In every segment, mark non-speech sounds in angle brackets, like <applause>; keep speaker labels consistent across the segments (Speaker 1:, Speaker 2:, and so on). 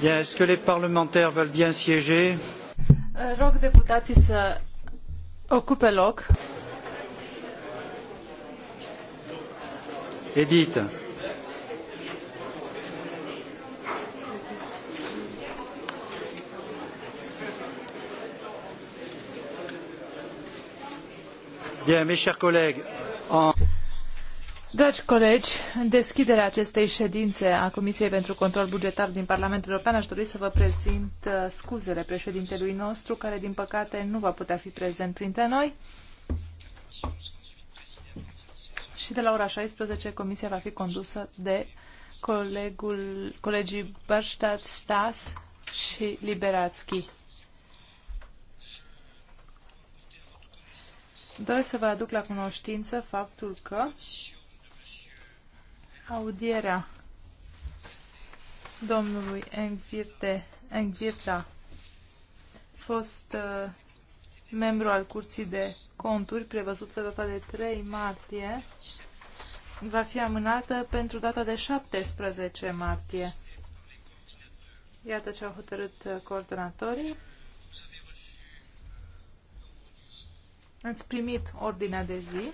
Speaker 1: Bien, est-ce que les parlementaires veulent bien siéger
Speaker 2: eh, Rog deputații să ocupe loc.
Speaker 1: Edith. Bien, mes chers collègues, en...
Speaker 2: Dragi colegi, în deschiderea acestei ședințe a Comisiei pentru Control Bugetar din Parlamentul European aș dori să vă prezint uh, scuzele președintelui nostru, care din păcate nu va putea fi prezent printre noi. Și de la ora 16 Comisia va fi condusă de colegul, colegii Bărștat, Stas și Liberațchi. Doresc să vă aduc la cunoștință faptul că audierea domnului Engvirte, Engvirta, fost uh, membru al Curții de Conturi, prevăzut pe data de 3 martie, va fi amânată pentru data de 17 martie. Iată ce au hotărât uh, coordonatorii. Ați primit ordinea de zi.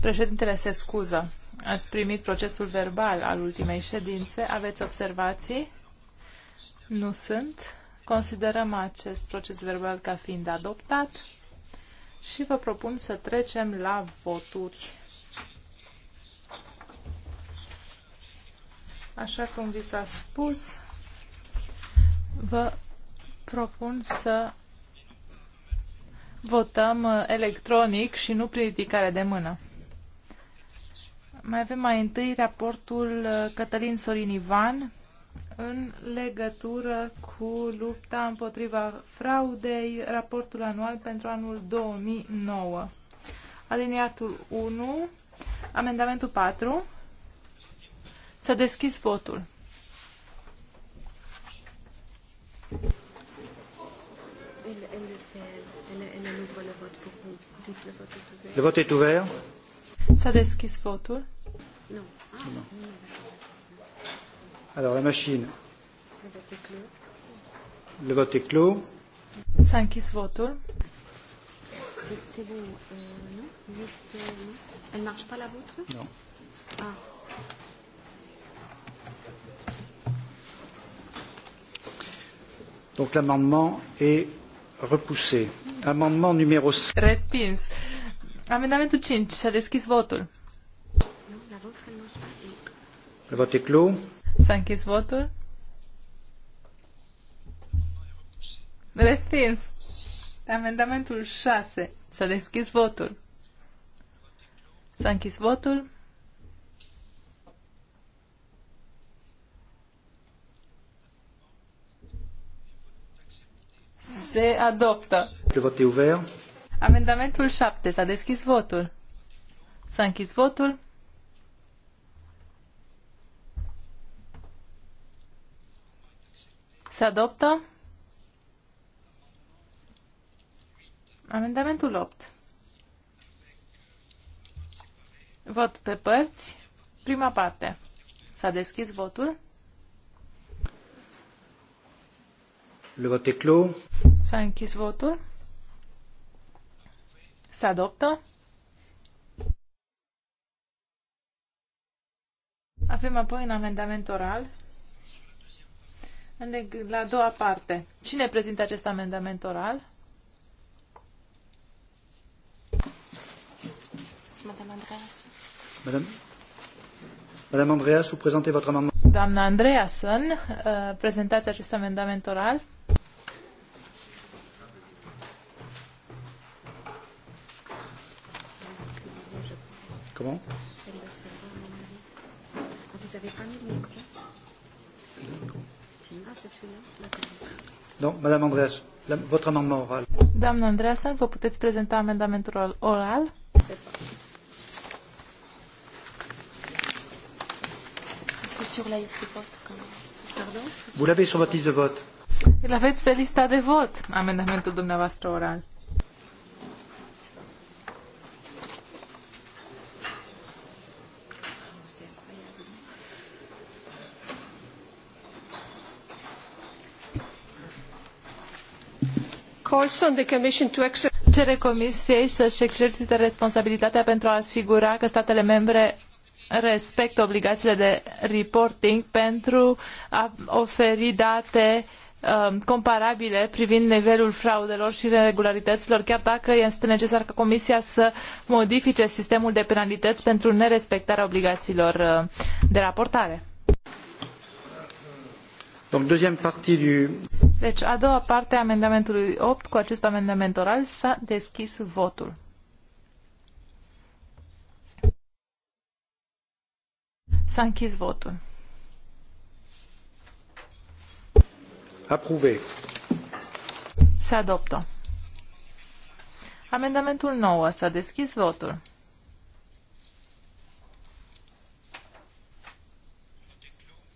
Speaker 2: Președintele se scuză. Ați primit procesul verbal al ultimei ședințe. Aveți observații? Nu sunt. Considerăm acest proces verbal ca fiind adoptat și vă propun să trecem la voturi. Așa cum vi s-a spus, vă propun să votăm uh, electronic și nu prin ridicare de mână. Mai avem mai întâi raportul Cătălin Sorin-Ivan în legătură cu lupta împotriva fraudei, raportul anual pentru anul 2009. Aliniatul 1, amendamentul 4. S-a deschis votul.
Speaker 3: Le vot est
Speaker 1: ouvert.
Speaker 2: s deschis votul. Ah.
Speaker 1: Alors la machine. Le vote est clos.
Speaker 2: S-a votul. C'est bon, euh, non 8, euh, Elle marche pas la vôtre Non. Ah.
Speaker 1: Donc l'amendement est repoussé. Amendement numéro 5.
Speaker 2: Respins. Amendamentul 5. S-a deschis votul. Vot S-a închis votul. Respins. Amendamentul 6. S-a deschis votul. S-a închis votul. Se adoptă.
Speaker 1: vot e ouvert.
Speaker 2: Amendamentul 7. S-a deschis votul. S-a închis votul. Se adoptă. Amendamentul 8. Vot pe părți. Prima parte. S-a deschis votul.
Speaker 1: Le vot est clos.
Speaker 2: S-a închis votul. Se adoptă. Avem apoi un amendament oral la a doua parte. Cine prezintă acest amendament oral? Madame Andreas.
Speaker 1: Madame, Madame Andreas, vous présentez votre amendement.
Speaker 2: Doamna Andreasen, uh, prezentați acest amendament oral.
Speaker 1: Comment
Speaker 3: Vous avez pas mis le micro
Speaker 1: Non, Madame Andreas, la, votre amendement oral.
Speaker 2: Doamna Andreasen, vă puteți prezenta amendamentul oral? sur la liste de vote quand même. Vous l'avez sur votre liste de vote. Îl aveți pe lista de vot, amendamentul dumneavoastră oral. Cere Comisiei să-și exercite responsabilitatea pentru a asigura că statele membre respectă obligațiile de reporting pentru a oferi date um, comparabile privind nivelul fraudelor și neregularităților, chiar dacă este necesar ca Comisia să modifice sistemul de penalități pentru nerespectarea obligațiilor uh, de raportare.
Speaker 1: Donc, deuxième partie du...
Speaker 2: Deci, a doua parte a amendamentului 8, cu acest amendament oral, s-a deschis votul. S-a închis votul. Aprove. Se adoptă. Amendamentul 9. S-a deschis votul.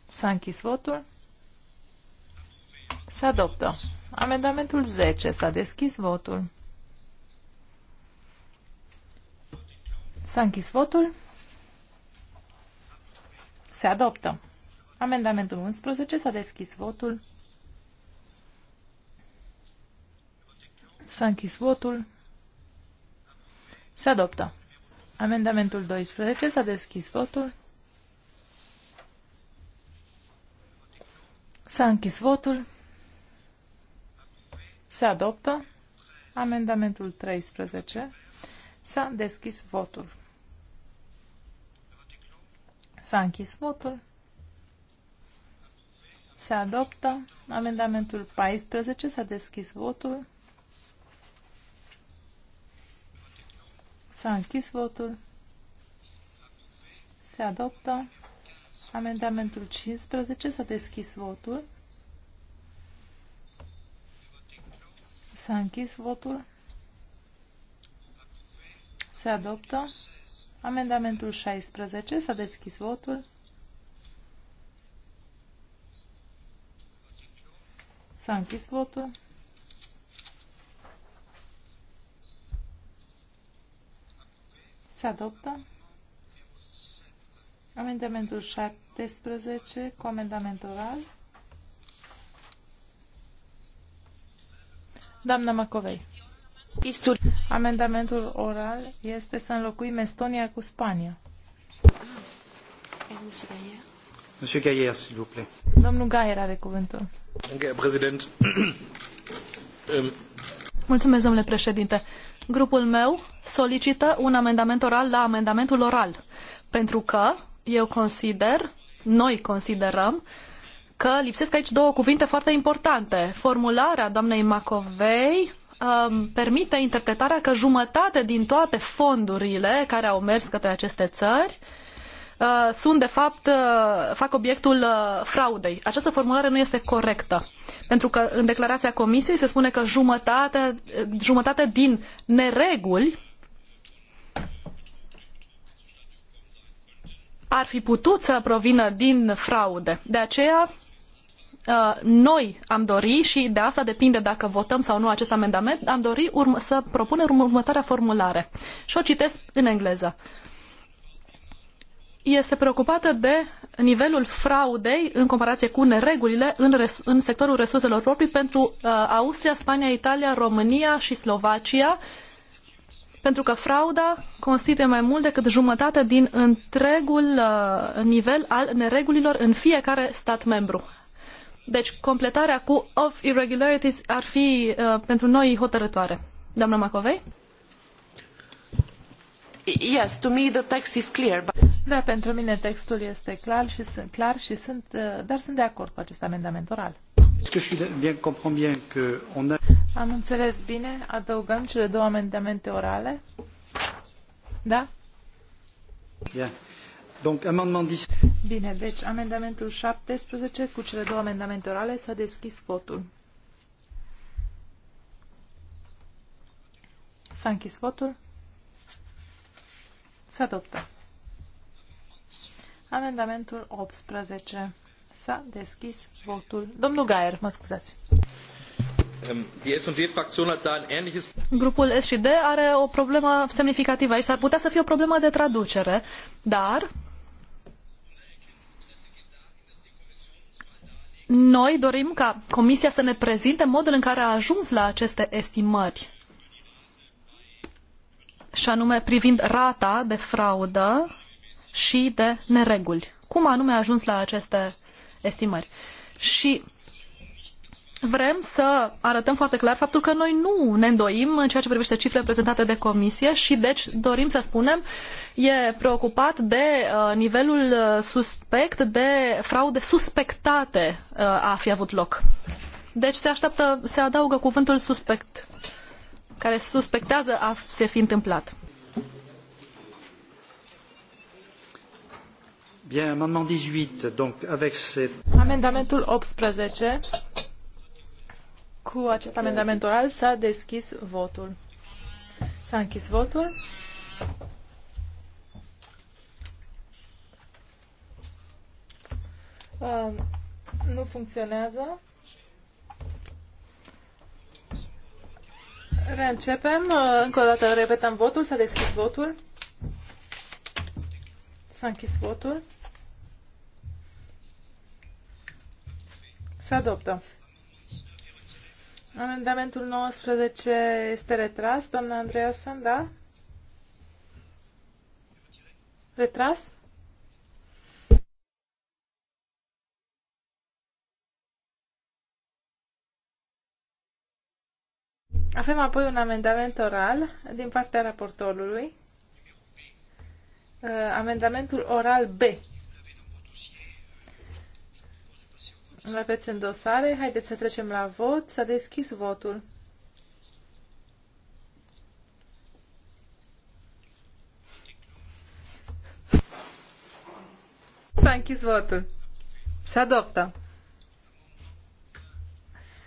Speaker 2: S-a închis votul. Se adoptă. Amendamentul 10. S-a deschis votul. S-a închis votul. Se adoptă. Amendamentul 11. S-a deschis votul. S-a închis votul. Se adoptă. Amendamentul 12. S-a deschis votul. S-a închis votul. Se adoptă. Amendamentul 13. S-a deschis votul. S-a închis votul. Se adoptă. Amendamentul 14. S-a deschis votul. S-a închis votul. Se adoptă. Amendamentul 15. S-a deschis votul. S-a închis votul. Se adoptă. Amendamentul 16. S-a deschis votul. S-a închis votul. Se adoptă. Amendamentul 17 cu amendament oral. Doamna Macovei. Amendamentul oral este să înlocuim Estonia cu Spania.
Speaker 1: Monsieur Gaier, s'il vous plaît.
Speaker 2: Domnul Gaier are cuvântul.
Speaker 1: President. <clears throat>
Speaker 3: Mulțumesc, domnule președinte. Grupul meu solicită un amendament oral la amendamentul oral, pentru că eu consider, noi considerăm, că lipsesc aici două cuvinte foarte importante. Formularea doamnei Macovei um, permite interpretarea că jumătate din toate fondurile care au mers către aceste țări uh, sunt de fapt, uh, fac obiectul uh, fraudei. Această formulare nu este corectă, pentru că în declarația Comisiei se spune că jumătate, jumătate din nereguli ar fi putut să provină din fraude. De aceea Uh, noi am dori și de asta depinde dacă votăm sau nu acest amendament, am dori să propunem următoarea formulare. Și o citesc în engleză. Este preocupată de nivelul fraudei în comparație cu neregulile în, res în sectorul resurselor proprii pentru uh, Austria, Spania, Italia, România și Slovacia, pentru că frauda constituie mai mult decât jumătate din întregul uh, nivel al neregulilor în fiecare stat membru. Deci, completarea cu of irregularities ar fi uh, pentru noi hotărătoare. Doamna Macovei?
Speaker 2: Yes, to me the text is clear. But... Da, pentru mine textul este clar și sunt, clar și sunt, uh, dar sunt de acord cu acest amendament oral. Am înțeles bine, adăugăm cele două amendamente orale. Da? Yeah. Bine, deci amendamentul 17 cu cele două amendamente orale s-a deschis votul. S-a închis votul. Se adoptă. Amendamentul 18. S-a deschis votul. Domnul Gaier, mă scuzați.
Speaker 3: Ähm, da Grupul S&D are o problemă semnificativă aici. S-ar putea să fie o problemă de traducere, dar noi dorim ca Comisia să ne prezinte modul în care a ajuns la aceste estimări, și anume privind rata de fraudă și de nereguli. Cum anume a ajuns la aceste estimări? Și vrem să arătăm foarte clar faptul că noi nu ne îndoim în ceea ce privește cifrele prezentate de comisie și deci dorim să spunem e preocupat de uh, nivelul uh, suspect de fraude suspectate uh, a fi avut loc. Deci se așteaptă, se adaugă cuvântul suspect care suspectează a se fi întâmplat.
Speaker 1: Bien, amendement 18, donc avec ces...
Speaker 2: Amendamentul 18 cu acest amendament oral s-a deschis votul. S-a închis votul. Uh, nu funcționează. Reîncepem. Uh, încă o dată repetăm votul. S-a deschis votul. S-a închis votul. Se adoptă. Amendamentul 19 este retras, doamna Andreea da? Retras? Avem apoi un amendament oral din partea raportorului. Uh, amendamentul oral B. îl aveți în dosare. Haideți să trecem la vot. S-a deschis votul. S-a închis votul. Se adoptă.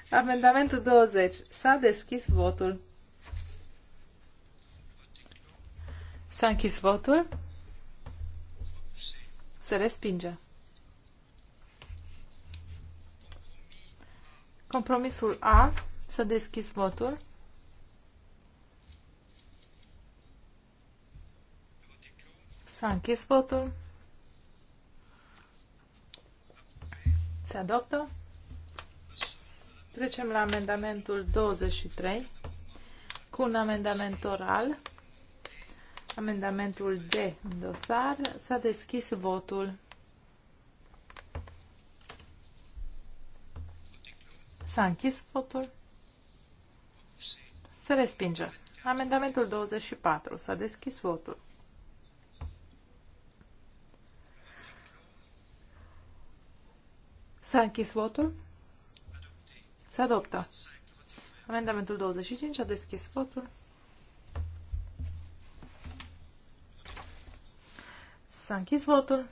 Speaker 2: Amendamentul 20. S-a deschis votul. S-a închis votul. Se respinge. Compromisul A. Să deschis votul. S-a închis votul. Se adoptă. Trecem la amendamentul 23 cu un amendament oral. Amendamentul D în dosar. S-a deschis votul. S-a închis votul. Se respinge. Amendamentul 24. S-a deschis votul. S-a închis votul. Se adoptă. Amendamentul 25. S-a deschis votul. S-a închis votul.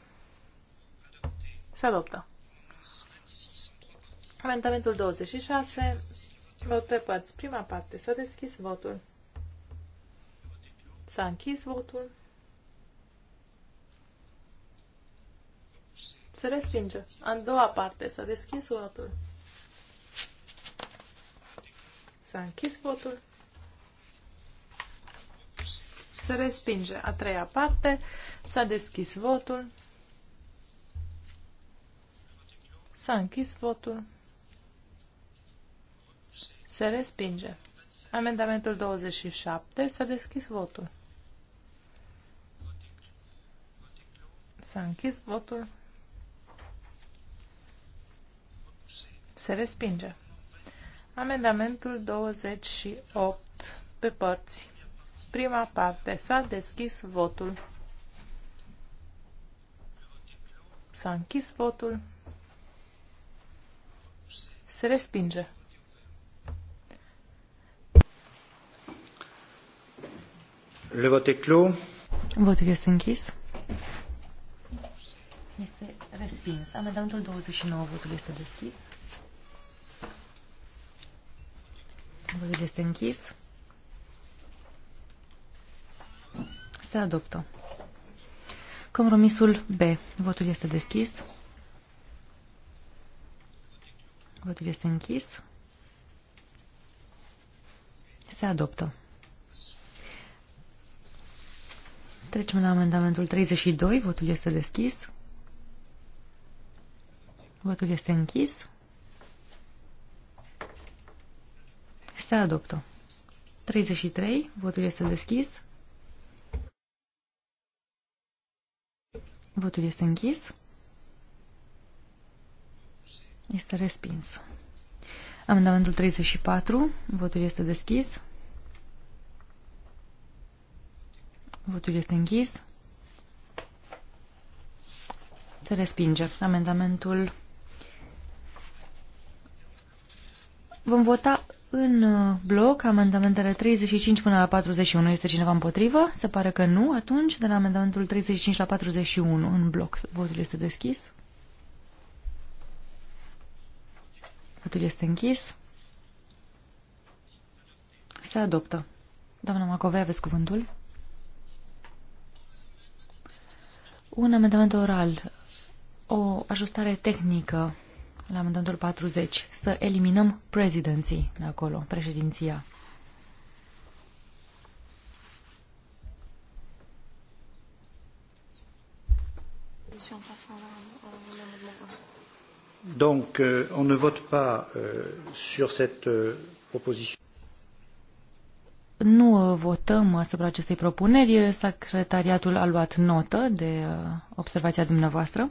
Speaker 2: Se adoptă. Amendamentul 26, vot pe părți. Prima parte, s-a deschis votul. S-a închis votul. Se respinge. A doua parte, s-a deschis votul. S-a închis votul. Se respinge. A treia parte, s-a deschis votul. S-a închis votul. Se respinge. Amendamentul 27. S-a deschis votul. S-a închis votul. Se respinge. Amendamentul 28 pe părți. Prima parte. S-a deschis votul. S-a închis votul. Se respinge.
Speaker 1: Le vot est clos.
Speaker 2: Votul
Speaker 4: este închis. Este respins. Amendamentul 29, votul este deschis. Votul este închis. Se adoptă. Compromisul B. Votul este deschis. Votul este închis. Se adoptă. Trecem la amendamentul 32. Votul este deschis. Votul este închis. Se adoptă. 33. Votul este deschis. Votul este închis. Este respins. Amendamentul 34. Votul este deschis. Votul este închis. Se respinge. Amendamentul. Vom vota în uh, bloc amendamentele 35 până la 41. Este cineva împotrivă? Se pare că nu. Atunci, de la amendamentul 35 la 41 în bloc, votul este deschis. Votul este închis. Se adoptă. Doamna Macovei, aveți cuvântul? Un amendament oral, o ajustare tehnică la amendamentul 40, să eliminăm prezidenții de acolo, președinția.
Speaker 1: Donc, euh, on ne vote pas euh, sur cette euh, proposition
Speaker 4: nu uh, votăm asupra acestei propuneri. Secretariatul a luat notă de uh, observația dumneavoastră.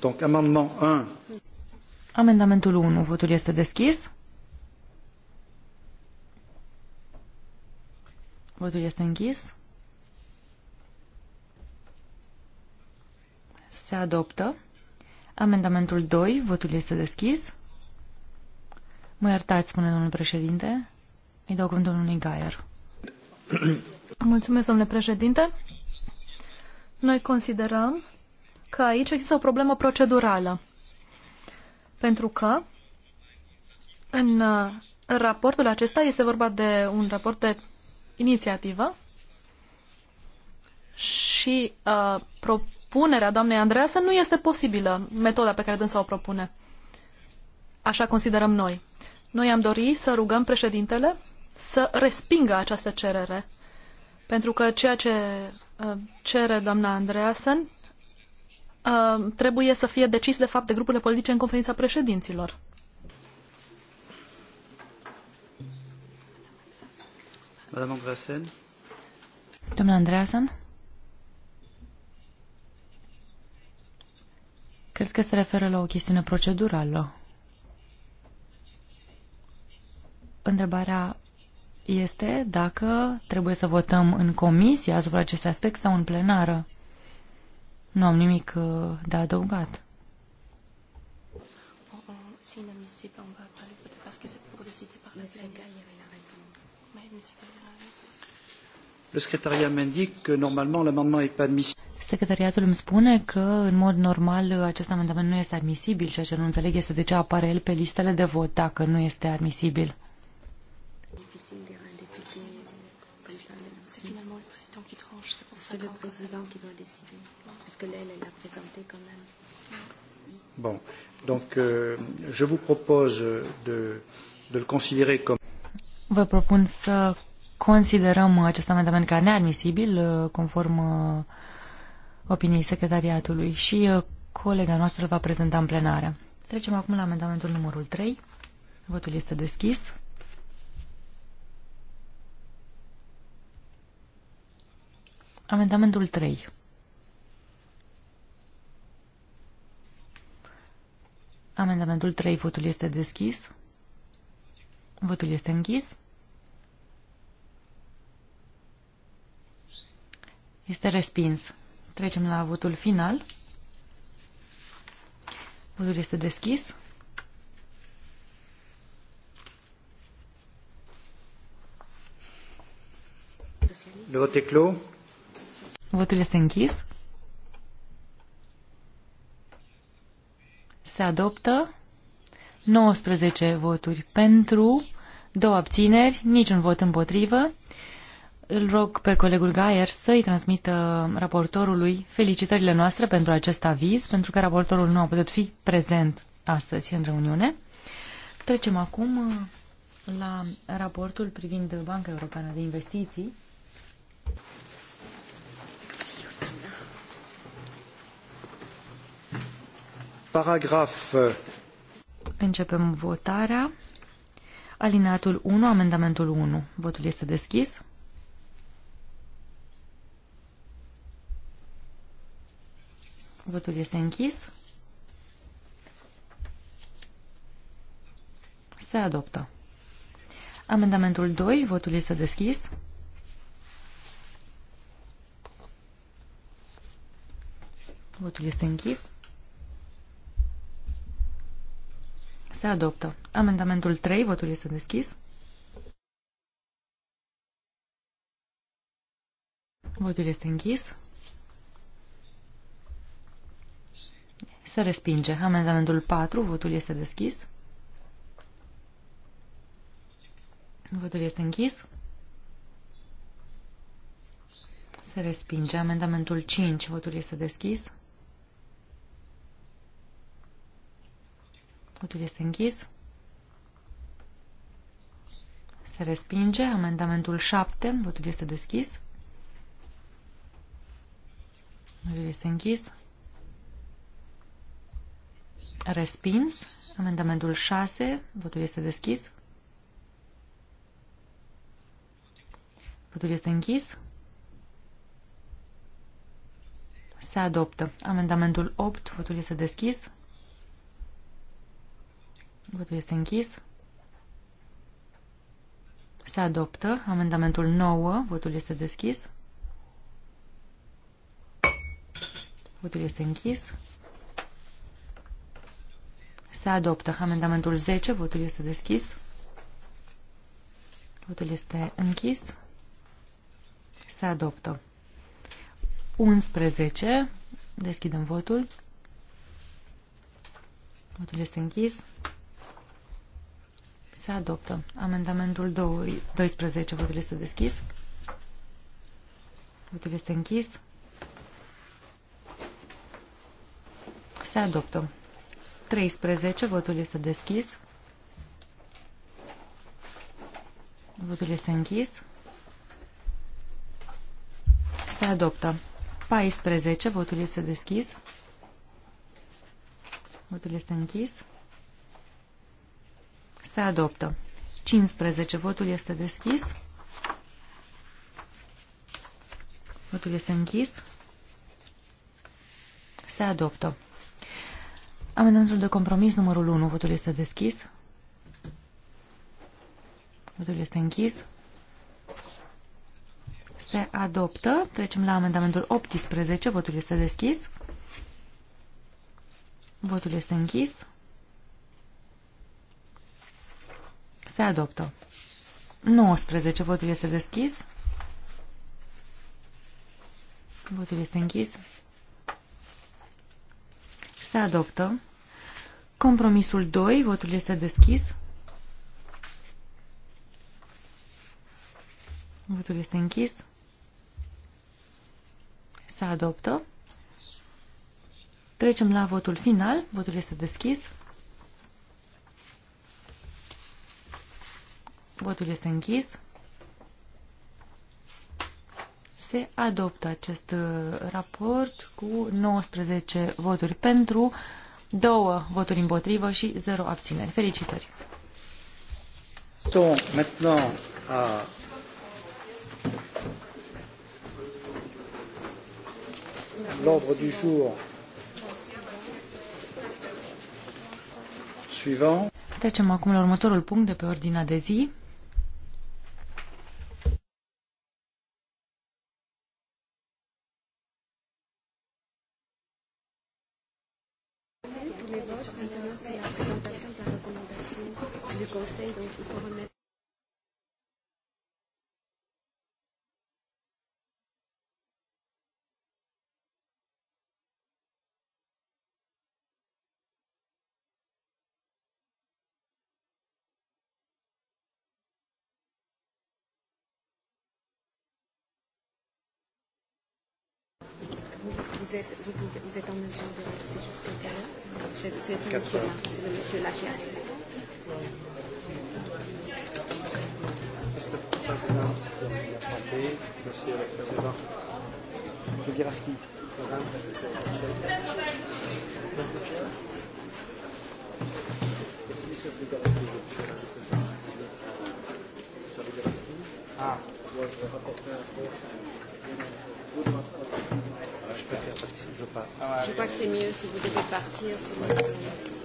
Speaker 1: Donc, amendement 1.
Speaker 4: Amendamentul 1. Votul este deschis. Votul este închis. Se adoptă. Amendamentul 2. Votul este deschis. Mă iertați, spune domnul președinte. Îi dau cuvântul Gaier.
Speaker 1: <clears throat>
Speaker 4: Mulțumesc, domnule președinte. Noi
Speaker 3: considerăm că aici există o problemă procedurală. Pentru că în uh, raportul acesta este vorba de un raport de inițiativă și uh, propunerea doamnei Andreasă nu este posibilă, metoda pe care dânsa o propune. Așa considerăm noi. Noi am dorit să rugăm președintele să respingă această cerere, pentru că ceea ce uh, cere doamna Andreasen uh, trebuie să fie decis de fapt de grupurile politice în conferința președinților.
Speaker 1: Madame Andreasen.
Speaker 4: Doamna Andreasen. Cred că se referă la o chestiune procedurală. Întrebarea este dacă trebuie să votăm în comisie asupra acestui aspect sau în plenară. Nu am nimic uh, de adăugat.
Speaker 2: Le
Speaker 1: Secretariatul
Speaker 4: îmi spune că, în mod normal, acest amendament nu este admisibil, ceea ce nu înțeleg este de ce apare el pe listele de vot dacă nu este admisibil. C'est le président qui doit décider,
Speaker 3: puisque l'aile, elle a présenté quand même.
Speaker 1: Bon, donc euh, je vous propose de, de le considérer comme.
Speaker 4: Vă propun să considerăm acest amendament ca neadmisibil, uh, conform uh, opiniei secretariatului și uh, colega noastră îl va prezenta în plenară. Trecem acum la amendamentul numărul 3. Votul este deschis. Amendamentul 3. Amendamentul 3, votul este deschis. Votul este închis. Este respins. Trecem la votul final. Votul este deschis.
Speaker 1: Le vote est clos.
Speaker 4: Votul este închis. Se adoptă 19 voturi pentru, două abțineri, niciun vot împotrivă. Îl rog pe colegul Gaier să-i transmită raportorului felicitările noastre pentru acest aviz, pentru că raportorul nu a putut fi prezent astăzi în reuniune. Trecem acum uh, la raportul privind Banca Europeană de Investiții.
Speaker 1: Uh.
Speaker 4: Începem votarea. Alineatul 1, amendamentul 1. Votul este deschis. Votul este închis. Se adoptă. Amendamentul 2, votul este deschis. Votul este închis. Se adoptă. Amendamentul 3, votul este deschis. Votul este închis. Se respinge. Amendamentul 4, votul este deschis. Votul este închis. Se respinge. Amendamentul 5, votul este deschis. Votul este închis. Se respinge. Amendamentul 7. Votul este deschis. Votul este închis. Respins. Amendamentul 6. Votul este deschis. Votul este închis. Se adoptă. Amendamentul 8. Votul este deschis. Votul este închis. Se adoptă amendamentul 9. Votul este deschis. Votul este închis. Se adoptă amendamentul 10. Votul este deschis. Votul este închis. Se adoptă. 11. Deschidem votul. Votul este închis. Se adoptă. Amendamentul 2, 12. Votul este deschis. Votul este închis. Se adoptă. 13. Votul este deschis. Votul este închis. Se adoptă. 14. Votul este deschis. Votul este închis. Se adoptă. 15. Votul este deschis. Votul este închis. Se adoptă. Amendamentul de compromis numărul 1. Votul este deschis. Votul este închis. Se adoptă. Trecem la amendamentul 18. Votul este deschis. Votul este închis. Se adoptă. 19. Votul este deschis. Votul este închis. Se adoptă. Compromisul 2. Votul este deschis. Votul este închis. Se adoptă. Trecem la votul final. Votul este deschis. Votul este închis. Se adoptă acest uh, raport cu 19 voturi pentru, 2 voturi împotrivă și 0 abțineri.
Speaker 1: Felicitări! Sunt maintenant à l'ordre du jour suivant.
Speaker 4: Trecem acum la următorul punct de pe ordinea de zi.
Speaker 2: vous êtes, vous,
Speaker 1: pouvez, vous êtes en mesure de rester jusqu'à quelle C'est ce monsieur-là, c'est le monsieur-là qui arrive. Monsieur le Président, Monsieur le Président, je dirai ce qui. Ah, was the rapporteur for Je préfère parce que je pars. Je crois que c'est mieux si vous devez
Speaker 2: partir.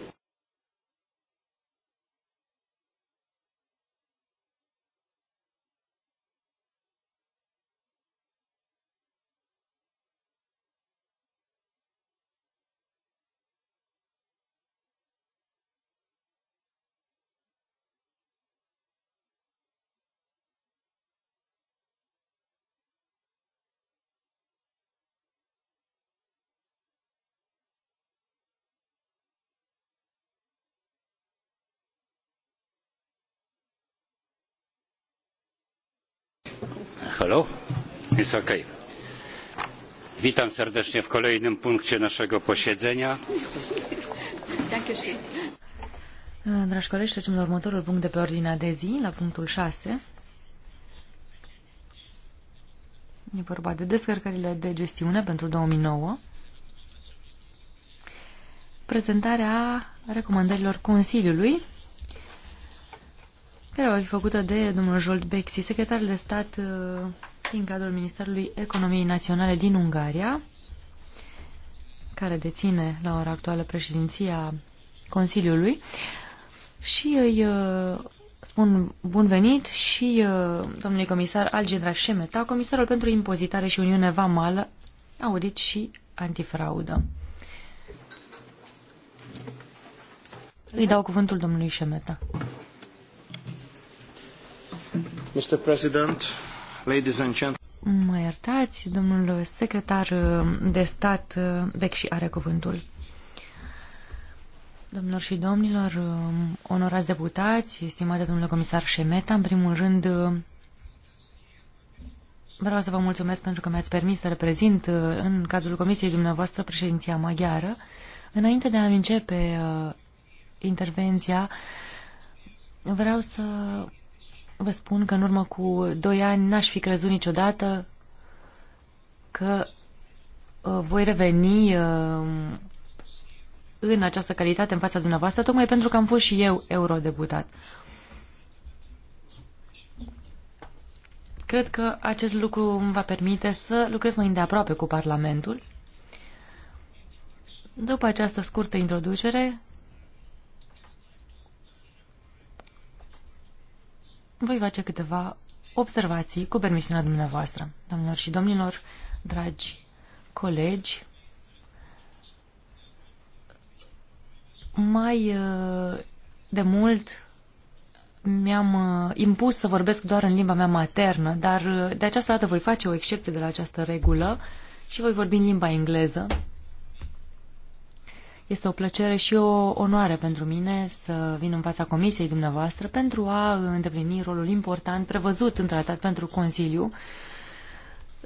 Speaker 1: Hello? It's ok. Witam serdecznie w kolejnym punkcie naszego posiedzenia.
Speaker 4: Dragi colegi, trecem la următorul punct de pe ordinea de zi, la punctul 6. E vorba de descărcările de gestiune pentru 2009. Prezentarea recomandărilor Consiliului care va fi făcută de domnul Jolt Bexi, secretar de stat uh, din cadrul Ministerului Economiei Naționale din Ungaria, care deține la ora actuală președinția Consiliului și îi uh, spun bun venit și uh, domnului comisar Algedra Șemeta, comisarul pentru impozitare și Uniune Vamală, audit și antifraudă. Îi dau cuvântul domnului Șemeta.
Speaker 1: Mr. President, ladies and gentlemen.
Speaker 4: Mă iertați, domnul secretar de stat Bec și are cuvântul. Domnilor și domnilor, onorați deputați, estimate domnule comisar Șemeta, în primul rând vreau să vă mulțumesc pentru că mi-ați permis să reprezint în cadrul comisiei dumneavoastră președinția maghiară. Înainte de a începe uh, intervenția, vreau să Vă spun că în urmă cu doi ani n-aș fi crezut niciodată că uh, voi reveni uh, în această calitate în fața dumneavoastră, tocmai pentru că am fost și eu eurodeputat. Cred că acest lucru îmi va permite să lucrez mai îndeaproape cu Parlamentul. După această scurtă introducere, voi face câteva observații cu permisiunea dumneavoastră. Domnilor și domnilor, dragi colegi, mai uh, de mult mi-am uh, impus să vorbesc doar în limba mea maternă, dar uh, de această dată voi face o excepție de la această regulă și voi vorbi în limba engleză, este o plăcere și o onoare pentru mine să vin în fața comisiei dumneavoastră pentru a îndeplini rolul important prevăzut în tratat pentru Consiliu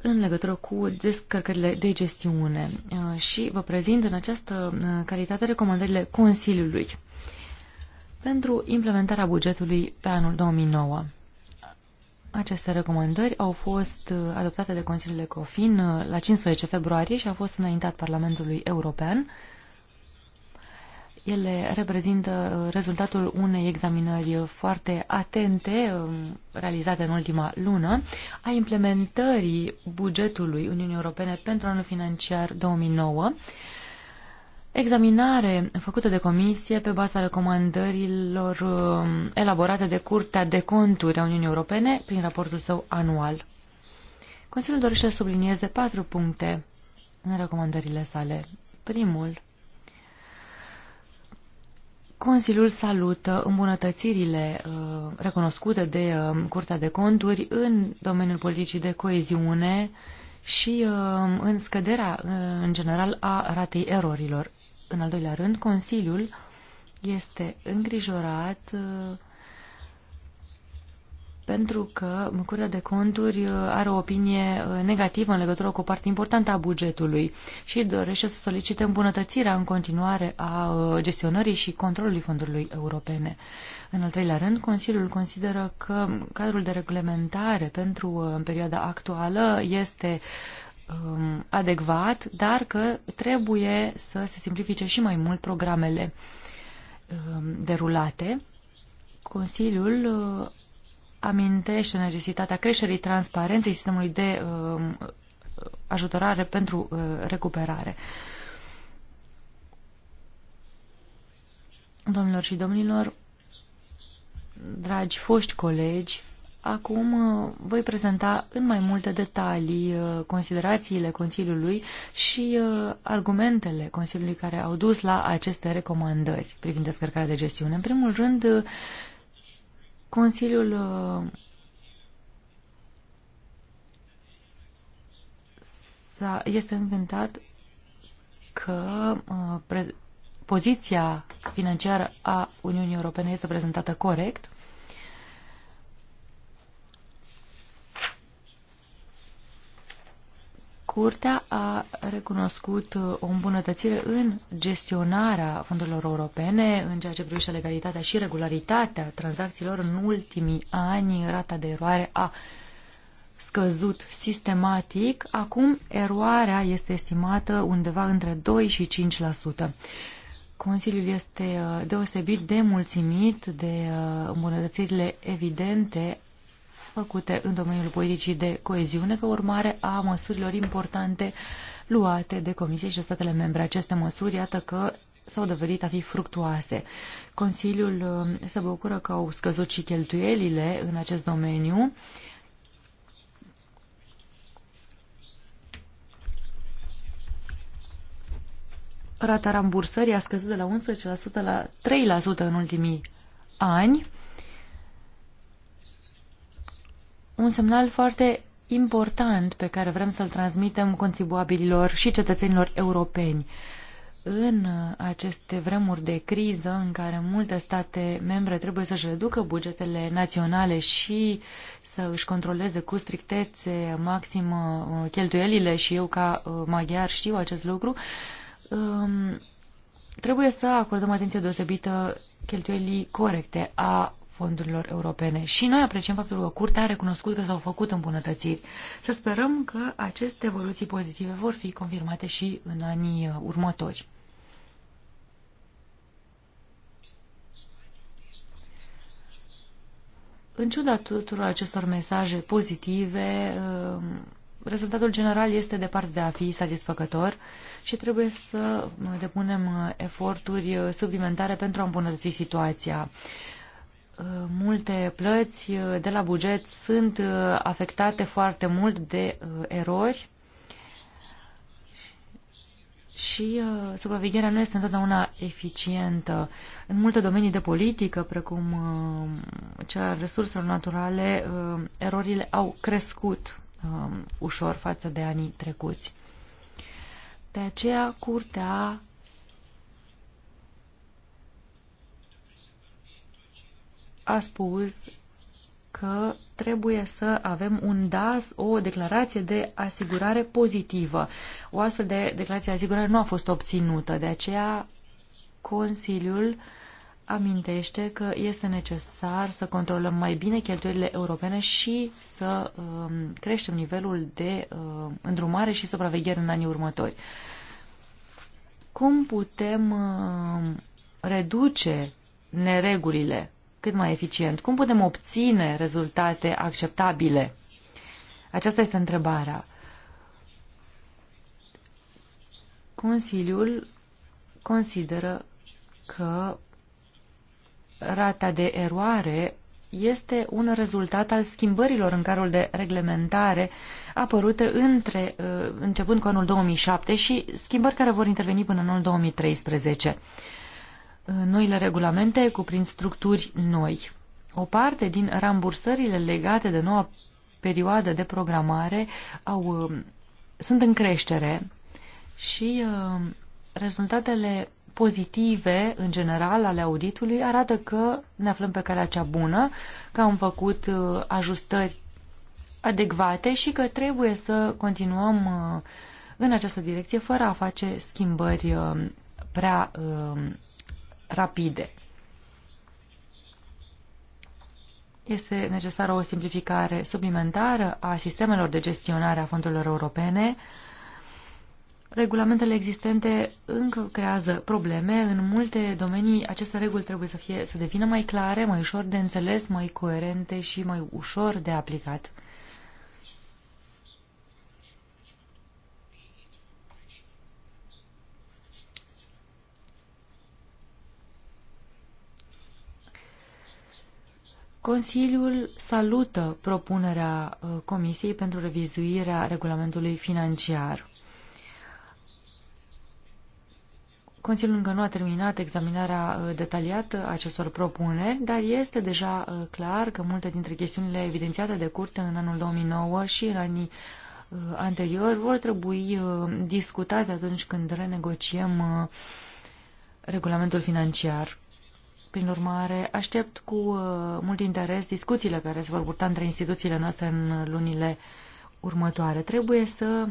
Speaker 4: în legătură cu descărcările de gestiune uh, și vă prezint în această uh, calitate recomandările Consiliului pentru implementarea bugetului pe anul 2009. Aceste recomandări au fost uh, adoptate de Consiliul Ecofin la 15 februarie și au fost înaintat Parlamentului European ele reprezintă uh, rezultatul unei examinări uh, foarte atente um, realizate în ultima lună a implementării bugetului Uniunii Europene pentru anul financiar 2009 Examinare făcută de comisie pe baza recomandărilor um, elaborate de Curtea de Conturi a Uniunii Europene prin raportul său anual. Consiliul dorește să sublinieze patru puncte în recomandările sale. Primul, Consiliul salută îmbunătățirile uh, recunoscute de uh, Curtea de Conturi în domeniul politicii de coeziune și uh, în scăderea, uh, în general, a ratei erorilor. În al doilea rând, Consiliul este îngrijorat uh, pentru că Curtea de Conturi uh, are o opinie uh, negativă în legătură cu o parte importantă a bugetului și dorește să solicite îmbunătățirea în continuare a uh, gestionării și controlului fondurilor europene. În al treilea rând, Consiliul consideră că cadrul de reglementare pentru în perioada actuală este um, adecvat, dar că trebuie să se simplifice și mai mult programele um, derulate. Consiliul amintește necesitatea creșterii transparenței sistemului de uh, ajutorare pentru uh, recuperare. Domnilor și domnilor, dragi foști colegi, acum uh, voi prezenta în mai multe detalii uh, considerațiile Consiliului și uh, argumentele Consiliului care au dus la aceste recomandări privind descărcarea de gestiune. În primul rând, Consiliul uh, este încântat că uh, poziția financiară a Uniunii Europene este prezentată corect Curtea a recunoscut uh, o îmbunătățire în gestionarea fondurilor europene în ceea ce privește legalitatea și regularitatea tranzacțiilor. În ultimii ani, rata de eroare a scăzut sistematic. Acum, eroarea este estimată undeva între 2 și 5%. Consiliul este uh, deosebit de mulțumit de uh, îmbunătățirile evidente făcute în domeniul politicii de coeziune, ca urmare a măsurilor importante luate de Comisie și de statele membre. Aceste măsuri, iată că s-au dovedit a fi fructuoase. Consiliul uh, se bucură că au scăzut și cheltuielile în acest domeniu. Rata rambursării a scăzut de la 11% la 3% în ultimii ani un semnal foarte important pe care vrem să-l transmitem contribuabililor și cetățenilor europeni. În aceste vremuri de criză în care multe state membre trebuie să-și reducă bugetele naționale și să își controleze cu strictețe maximă uh, cheltuielile și eu ca uh, maghiar știu acest lucru, um, trebuie să acordăm atenție deosebită cheltuielii corecte a fondurilor europene. Și noi apreciem faptul că Curtea a recunoscut că s-au făcut îmbunătățiri. Să sperăm că aceste evoluții pozitive vor fi confirmate și în anii uh, următori. În ciuda tuturor acestor mesaje pozitive, uh, rezultatul general este departe de a fi satisfăcător și trebuie să uh, depunem eforturi suplimentare pentru a îmbunătăți situația. Uh, multe plăți uh, de la buget sunt uh, afectate foarte mult de erori și supravegherea nu este întotdeauna eficientă. În multe domenii de politică, precum cea a resurselor naturale, erorile au crescut um, ușor față de anii trecuți. De aceea, Curtea a spus că trebuie să avem un DAS, o declarație de asigurare pozitivă. O astfel de declarație de asigurare nu a fost obținută, de aceea Consiliul amintește că este necesar să controlăm mai bine cheltuielile europene și să um, creștem nivelul de um, îndrumare și supraveghere în anii următori. Cum putem um, reduce neregulile cât mai eficient? Cum putem obține rezultate acceptabile? Aceasta este întrebarea. Consiliul consideră că rata de eroare este un rezultat al schimbărilor în carul de reglementare apărute între, începând cu anul 2007 și schimbări care vor interveni până în anul 2013. Uh, noile regulamente cuprind structuri noi. O parte din rambursările legate de noua perioadă de programare au, uh, sunt în creștere și uh, rezultatele pozitive, în general, ale auditului arată că ne aflăm pe calea cea bună, că am făcut ajustări adecvate și că trebuie să continuăm în această direcție fără a face schimbări prea rapide. Este necesară o simplificare suplimentară a sistemelor de gestionare a fondurilor europene. Regulamentele existente încă creează probleme. În multe domenii aceste reguli trebuie să, fie, să devină mai clare, mai ușor de înțeles, mai coerente și mai ușor de aplicat. Consiliul salută propunerea uh, Comisiei pentru revizuirea regulamentului financiar. Consiliul încă nu a terminat examinarea uh, detaliată a acestor propuneri, dar este deja uh, clar că multe dintre chestiunile evidențiate de curte în anul 2009 și în anii anteriori vor trebui discutate atunci când renegociem regulamentul financiar prin urmare, aștept cu uh, mult interes discuțiile care se vor purta între instituțiile noastre în lunile următoare. Trebuie să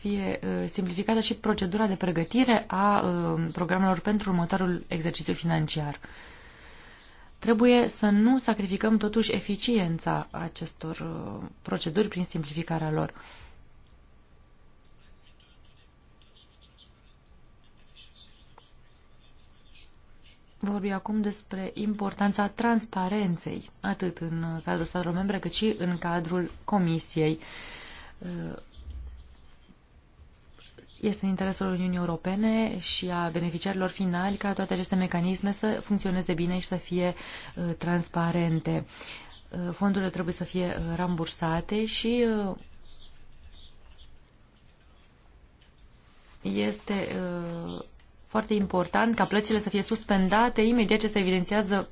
Speaker 4: fie uh, simplificată și procedura de pregătire a uh, programelor pentru următorul exercițiu financiar. Trebuie să nu sacrificăm totuși eficiența acestor proceduri prin simplificarea lor. vorbi acum despre importanța transparenței, atât în cadrul statelor membre, cât și în cadrul Comisiei. Este în interesul Uniunii Europene și a beneficiarilor finali ca toate aceste mecanisme să funcționeze bine și să fie uh, transparente. Uh, fondurile trebuie să fie uh, rambursate și este foarte important ca plățile să fie suspendate imediat ce se evidențiază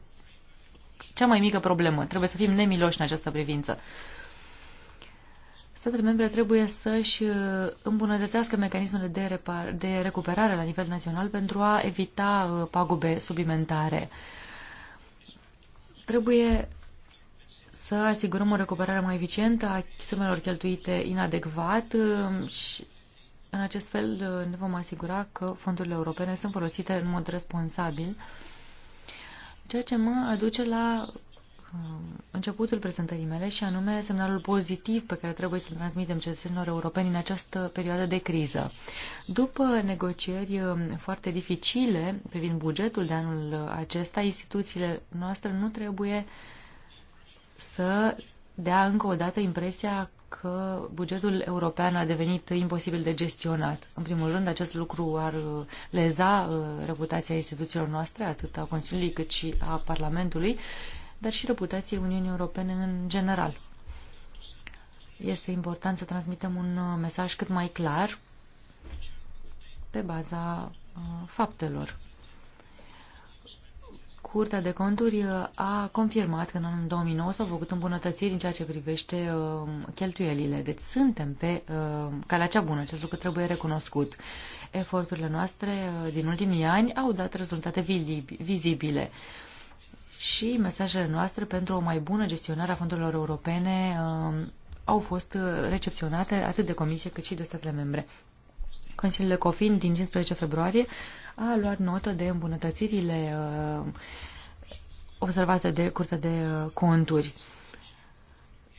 Speaker 4: cea mai mică problemă. Trebuie să fim nemiloși în această privință. Statele membre trebuie să-și uh, îmbunătățească mecanismele de, repar- de recuperare la nivel național pentru a evita uh, pagube suplimentare. Trebuie să asigurăm o recuperare mai eficientă a sumelor cheltuite inadecvat uh, și în acest fel uh, ne vom asigura că fondurile europene sunt folosite în mod responsabil, ceea ce mă aduce la uh, începutul prezentării mele și anume semnalul pozitiv pe care trebuie să-l transmitem cetățenilor europeni în această perioadă de criză. După negocieri uh, foarte dificile privind bugetul de anul acesta, instituțiile noastre nu trebuie să dea încă o dată impresia că bugetul european a devenit imposibil de gestionat. În primul rând, acest lucru ar uh, leza uh, reputația instituțiilor noastre, atât a Consiliului cât și a Parlamentului, dar și reputația Uniunii Europene în general. Este important să transmitem un uh, mesaj cât mai clar pe baza faptelor. Curtea de Conturi uh, a confirmat că în anul 2009 s-au făcut îmbunătățiri în ceea ce privește um, cheltuielile. Deci suntem pe um, calea cea bună, acest lucru trebuie recunoscut. Eforturile noastre uh, din ultimii ani au dat rezultate vizibile și mesajele noastre pentru o mai bună gestionare a fondurilor europene um, au fost uh, recepționate atât de Comisie cât și de statele membre. Consiliul de COFIN din 15 februarie a luat notă de îmbunătățirile uh, observate de Curtea de uh, Conturi.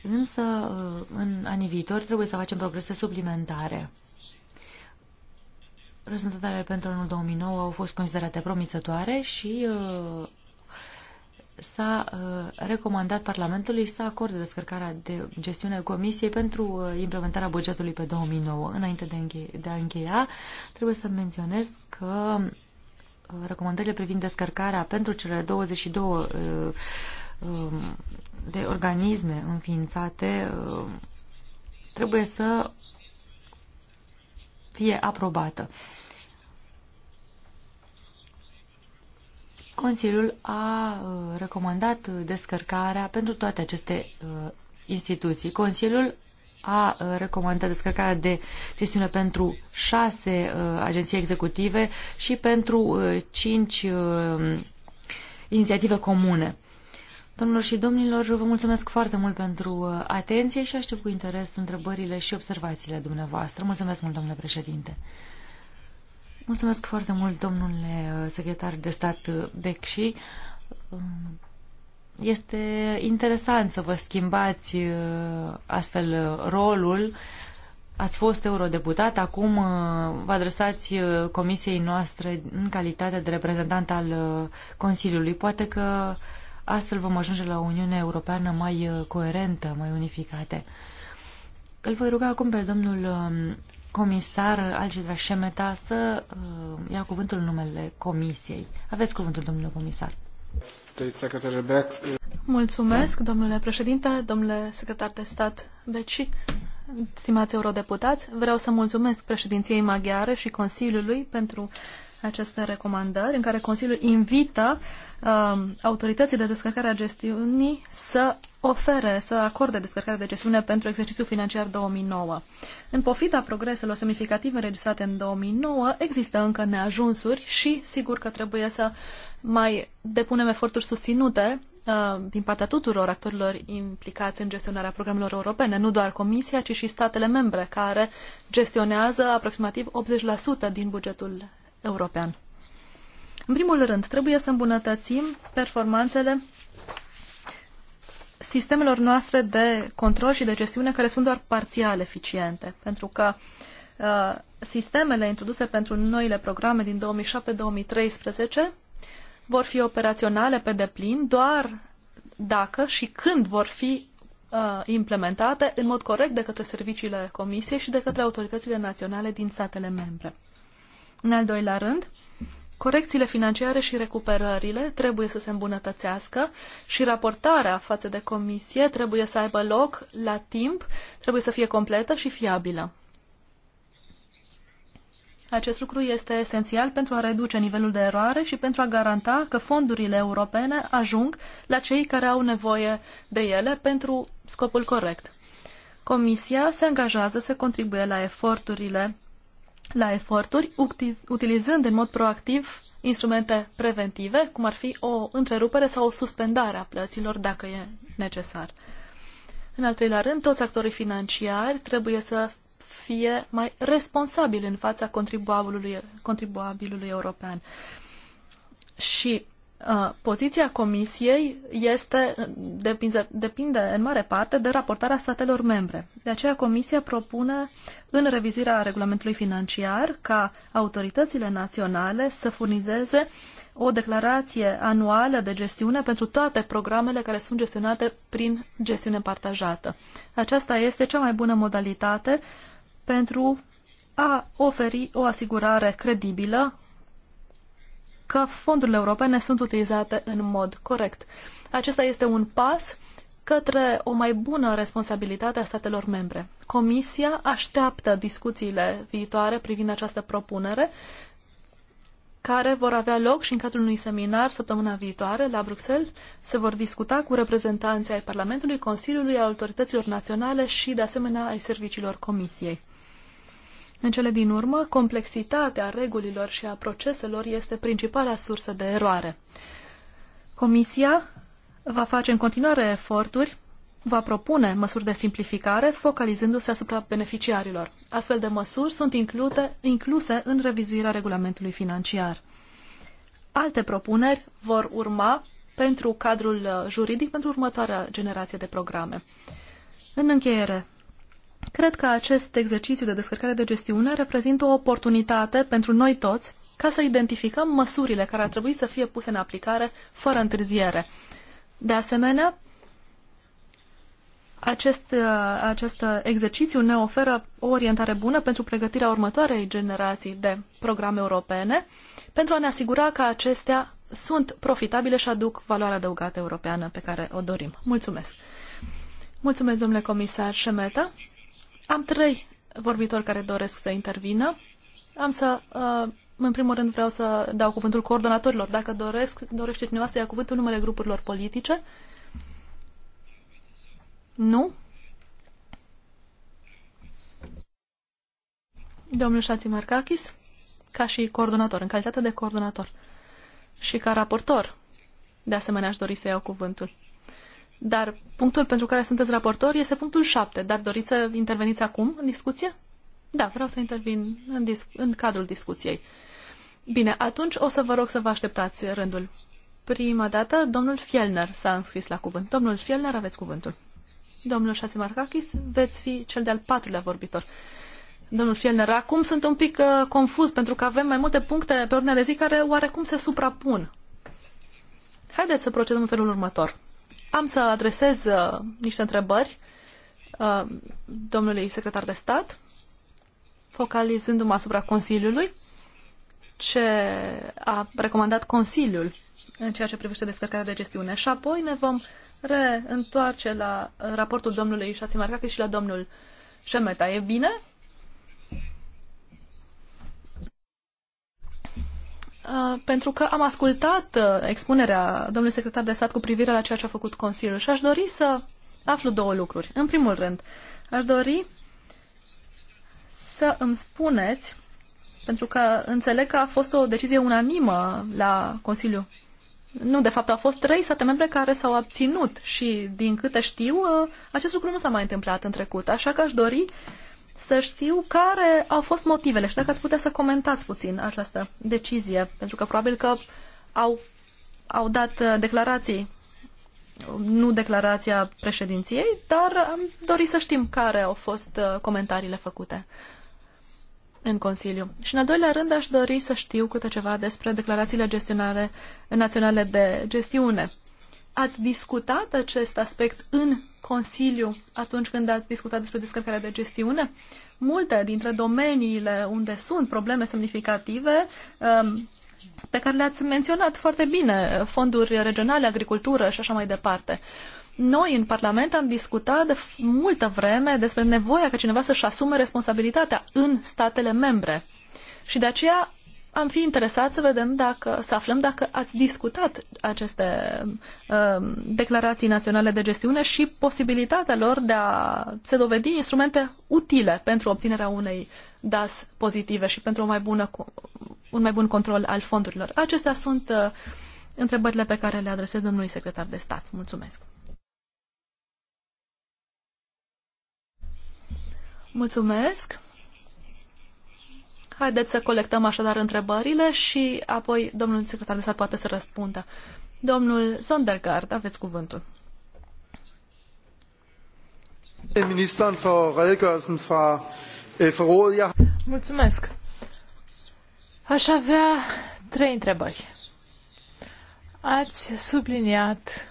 Speaker 4: Însă, uh, în anii viitori, trebuie să facem progrese suplimentare. Rezultatele pentru anul 2009 au fost considerate promițătoare și uh, s-a uh, recomandat Parlamentului să acorde descărcarea de gestiune Comisiei pentru uh, implementarea bugetului pe 2009. Înainte de, înche- de a încheia, trebuie să menționez că uh, recomandările privind descărcarea pentru cele 22 um, de organisme înființate trebuie să fie aprobată. Consiliul a uh, recomandat uh, descărcarea pentru toate aceste uh, instituții. Consiliul a recomandat descărcarea de gestiune pentru șase agenții executive și pentru cinci inițiative comune. Domnilor și domnilor, vă mulțumesc foarte mult pentru atenție și aștept cu interes întrebările și observațiile dumneavoastră. Mulțumesc mult, domnule președinte. Mulțumesc foarte mult, domnule uh, secretar de stat uh, Becșii. Um, este interesant să vă schimbați uh, astfel rolul. Ați fost eurodeputat, acum vă adresați comisiei noastre în calitate de reprezentant al Consiliului. Poate că astfel vom ajunge la o Uniune Europeană mai coerentă, mai unificată. Îl voi ruga acum pe domnul um, comisar Algidra Șemeta să uh, ia cuvântul în numele Comisiei. Aveți cuvântul, domnule comisar.
Speaker 3: State Secretary Beck.
Speaker 4: Mulțumesc,
Speaker 3: domnule președinte, domnule secretar de stat Beci, stimați eurodeputați. Vreau să mulțumesc președinției maghiare și Consiliului pentru aceste recomandări, în care Consiliul invită uh, Um, autorității de descărcare a gestiunii să ofere, să acorde descărcarea de gestiune pentru exercițiul financiar 2009. În pofita progreselor semnificative înregistrate în 2009, există încă neajunsuri și sigur că trebuie să mai depunem eforturi susținute uh, din partea tuturor actorilor implicați în gestionarea programelor europene, nu doar Comisia, ci și statele membre, care gestionează aproximativ 80% din bugetul european. În primul rând, trebuie să îmbunătățim performanțele sistemelor noastre de control și de gestiune care sunt doar parțial eficiente, pentru că uh, sistemele introduse pentru noile programe din 2007-2013 vor fi operaționale pe deplin doar dacă și când vor fi uh, implementate în mod corect de către serviciile Comisiei și de către autoritățile naționale din statele membre. În al doilea rând, Corecțiile financiare și recuperările trebuie să se îmbunătățească și raportarea față de comisie trebuie să aibă loc la timp, trebuie să fie completă și fiabilă. Acest lucru este esențial pentru a reduce nivelul de eroare și pentru a garanta că fondurile europene ajung la cei care au nevoie de ele pentru scopul corect. Comisia se angajează să contribuie la eforturile la eforturi, utilizând în mod proactiv instrumente preventive, cum ar fi o întrerupere sau o suspendare a plăților dacă e necesar. În al treilea rând, toți actorii financiari trebuie să fie mai responsabili în fața contribuabilului, contribuabilului european. Și Poziția Comisiei este, depinde, depinde în mare parte de raportarea statelor membre. De aceea Comisia propune în revizuirea regulamentului financiar ca autoritățile naționale să furnizeze o declarație anuală de gestiune pentru toate programele care sunt gestionate prin gestiune partajată. Aceasta este cea mai bună modalitate pentru a oferi o asigurare credibilă că fondurile europene sunt utilizate în mod corect. Acesta este un pas către o mai bună responsabilitate a statelor membre. Comisia așteaptă discuțiile viitoare privind această propunere, care vor avea loc și în cadrul unui seminar săptămâna viitoare la Bruxelles. Se vor discuta cu reprezentanții ai Parlamentului, Consiliului, autorităților naționale și, de asemenea, ai serviciilor Comisiei. În cele din urmă, complexitatea regulilor și a proceselor este principala sursă de eroare. Comisia va face în continuare eforturi, va propune măsuri de simplificare, focalizându-se asupra beneficiarilor. Astfel de măsuri sunt include, incluse în revizuirea regulamentului financiar. Alte propuneri vor urma pentru cadrul juridic pentru următoarea generație de programe. În încheiere, Cred că acest exercițiu de descărcare de gestiune reprezintă o oportunitate pentru noi toți ca să identificăm măsurile care ar trebui să fie puse în aplicare fără întârziere. De asemenea, acest, uh, acest exercițiu ne oferă o orientare bună pentru pregătirea următoarei generații de programe europene, pentru a ne asigura că acestea sunt profitabile și aduc valoarea adăugată europeană pe care o dorim. Mulțumesc! Mulțumesc, domnule comisar Șemeta! Am trei vorbitori care doresc să intervină. Am să, uh, în primul rând, vreau să dau cuvântul coordonatorilor. Dacă doresc, dorește cineva să ia cuvântul numele grupurilor politice? Nu? Domnul Șații Marcachis, ca și coordonator, în calitate de coordonator și ca raportor, de asemenea aș dori să iau cuvântul. Dar punctul pentru care sunteți raportor este punctul 7. Dar doriți să interveniți acum în discuție? Da, vreau să intervin în, dis- în cadrul discuției. Bine, atunci o să vă rog să vă așteptați rândul. Prima dată, domnul Fielner s-a înscris la cuvânt. Domnul Fielner, aveți cuvântul. Domnul Șațimarcachis, veți fi cel de-al patrulea vorbitor. Domnul Fielner, acum sunt un pic uh, confuz pentru că avem mai multe puncte pe ordinea de zi care oarecum se suprapun. Haideți să procedăm în felul următor. Am să adresez uh, niște întrebări uh, domnului secretar de stat, focalizându-mă asupra Consiliului, ce a recomandat Consiliul în ceea ce privește descărcarea de gestiune. Și apoi ne vom reîntoarce la raportul domnului Șațimarcache și la domnul Șemeta. E bine? pentru că am ascultat expunerea domnului secretar de stat cu privire la ceea ce a făcut Consiliul și aș dori să aflu două lucruri. În primul rând, aș dori să îmi spuneți, pentru că înțeleg că a fost o decizie unanimă la Consiliu. Nu, de fapt, au fost trei state membre care s-au abținut și, din câte știu, acest lucru nu s-a mai întâmplat în trecut. Așa că aș dori uh, să știu care au fost motivele și dacă ați putea să comentați puțin această decizie, pentru că probabil că au, au dat uh, declarații, nu declarația președinției, dar am dorit să știm care au fost uh, comentariile făcute în Consiliu. Și în al doilea rând aș dori să știu câte ceva despre declarațiile gestionare naționale de gestiune. Ați discutat acest aspect în Consiliu atunci când ați discutat despre descărcarea de gestiune. Multe dintre domeniile unde sunt probleme semnificative um, pe care le-ați menționat foarte bine, fonduri regionale, agricultură și așa mai departe. Noi în Parlament am discutat de multă vreme despre nevoia ca cineva să-și asume responsabilitatea în statele membre. Și de aceea am fi interesat să vedem dacă, să aflăm dacă ați discutat aceste uh, declarații naționale de gestiune și posibilitatea lor de a se dovedi instrumente utile pentru obținerea unei DAS pozitive și pentru o mai bună, un mai bun control al fondurilor. Acestea sunt uh, întrebările pe care le adresez domnului secretar de stat. Mulțumesc! Mulțumesc! Haideți să colectăm așadar întrebările și apoi domnul secretar de stat poate să răspundă. Domnul Sondergaard, aveți cuvântul.
Speaker 1: Øh, Mulțumesc.
Speaker 2: Aș avea trei întrebări. Ați subliniat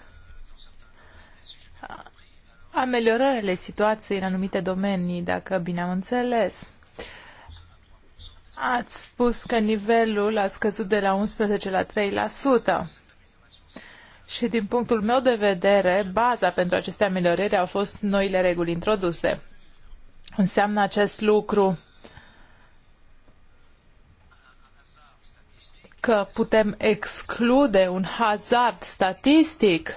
Speaker 2: ameliorările situației în anumite domenii, dacă bine am înțeles. Ați spus că nivelul a scăzut de la 11 la 3%. Și din punctul meu de vedere, baza pentru aceste ameliorări au fost noile reguli introduse. Înseamnă acest lucru că putem exclude un hazard statistic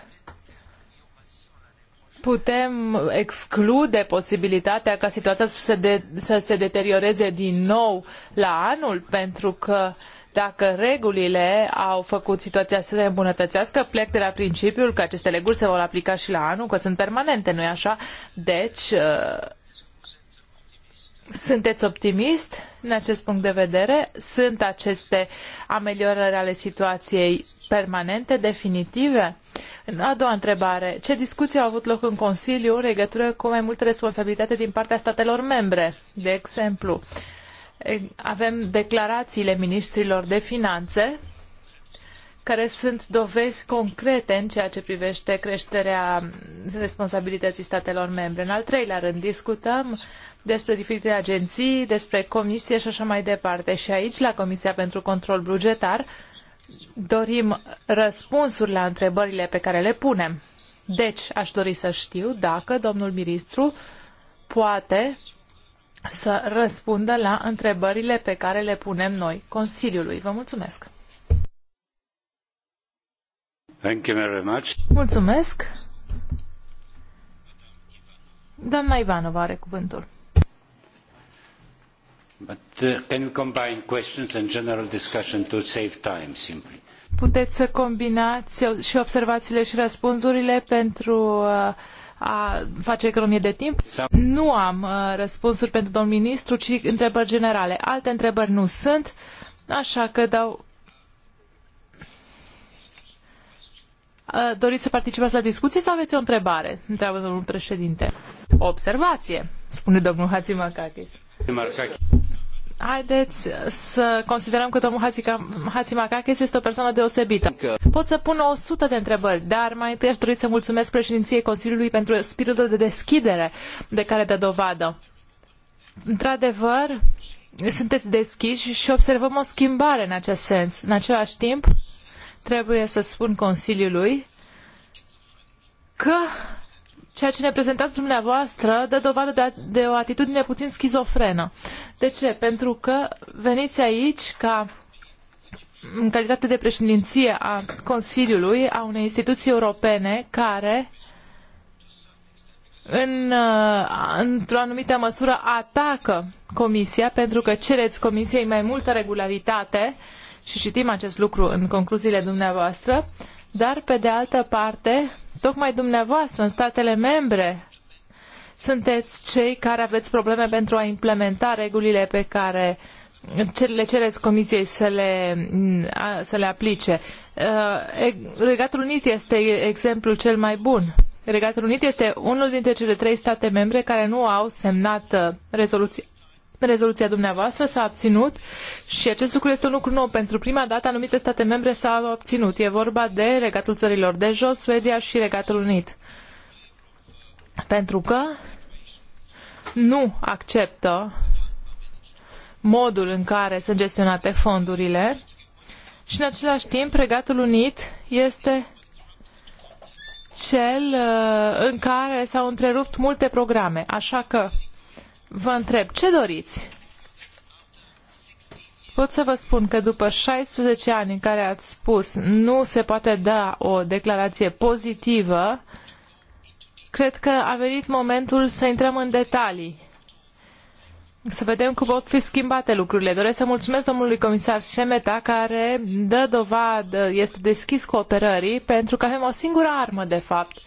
Speaker 2: putem exclude posibilitatea ca situația să se, de, să se deterioreze din nou la anul, pentru că dacă regulile au făcut situația să se îmbunătățească, plec de la principiul că aceste reguli se vor aplica și la anul, că sunt permanente, nu-i așa? Deci, uh, sunteți optimist în acest punct de vedere? Sunt aceste ameliorări ale situației permanente, definitive? Uh, a doua întrebare. Ce discuții au avut loc în Consiliu în legătură cu mai multă responsabilitate din partea statelor membre? De exemplu, avem declarațiile ministrilor de finanțe care sunt dovezi concrete în ceea ce privește creșterea responsabilității statelor membre. În al treilea rând, discutăm despre diferite agenții, despre comisie și așa mai departe. Și aici, la Comisia pentru Control Bugetar, dorim răspunsuri la întrebările pe care le punem. Deci, aș dori să știu dacă domnul ministru poate să răspundă la întrebările pe care le punem noi Consiliului. Vă mulțumesc!
Speaker 1: Thank you very much.
Speaker 2: Mulțumesc! Doamna Ivanova are cuvântul. Puteți să combinați și observațiile și răspunsurile pentru uh, a face economie de timp? Nu am uh, răspunsuri pentru domnul ministru, ci întrebări generale. Alte întrebări nu sunt, așa că dau... Uh, doriți să participați la discuție sau aveți o întrebare? Întreabă domnul președinte. O observație, spune domnul Hatzimakakis. Haideți să considerăm că domnul Hatzimakakis este o persoană deosebită. Pot să pun o sută de întrebări, dar mai întâi aș dori să mulțumesc președinției Consiliului pentru spiritul de deschidere de care dă dovadă. Într-adevăr, sunteți deschiși și observăm o schimbare în acest sens. În același timp, trebuie să spun Consiliului că ceea ce ne prezentați dumneavoastră dă dovadă de, a, de o atitudine puțin schizofrenă. De ce? Pentru că veniți aici ca în calitate de președinție a Consiliului, a unei instituții europene care în, uh, într-o anumită măsură atacă Comisia pentru că cereți Comisiei mai multă regularitate și citim acest lucru în concluziile dumneavoastră uh, dar, pe de altă parte, tocmai dumneavoastră, în statele membre, sunteți cei care aveți probleme pentru a implementa regulile pe care le cereți comisiei să le, să le aplice. Uh, Regatul Unit este exemplul cel mai bun. Regatul Unit este unul dintre cele trei state membre care nu au semnat uh, rezoluția rezoluția dumneavoastră s-a abținut și acest lucru este un lucru nou. Pentru prima dată anumite state membre s-au abținut. E vorba de regatul țărilor de jos, Suedia și Regatul Unit. Pentru că nu acceptă modul în care sunt gestionate fondurile și în același timp Regatul Unit este cel uh, în care s-au întrerupt multe programe. Așa că vă întreb ce doriți. Pot să vă spun că după 16 ani în care ați spus nu se poate da o declarație pozitivă, cred că a venit momentul să intrăm în detalii. Să vedem cum pot fi schimbate lucrurile. Doresc să mulțumesc domnului comisar Șemeta care dă dovadă, este deschis cooperării pentru că avem o singură armă de fapt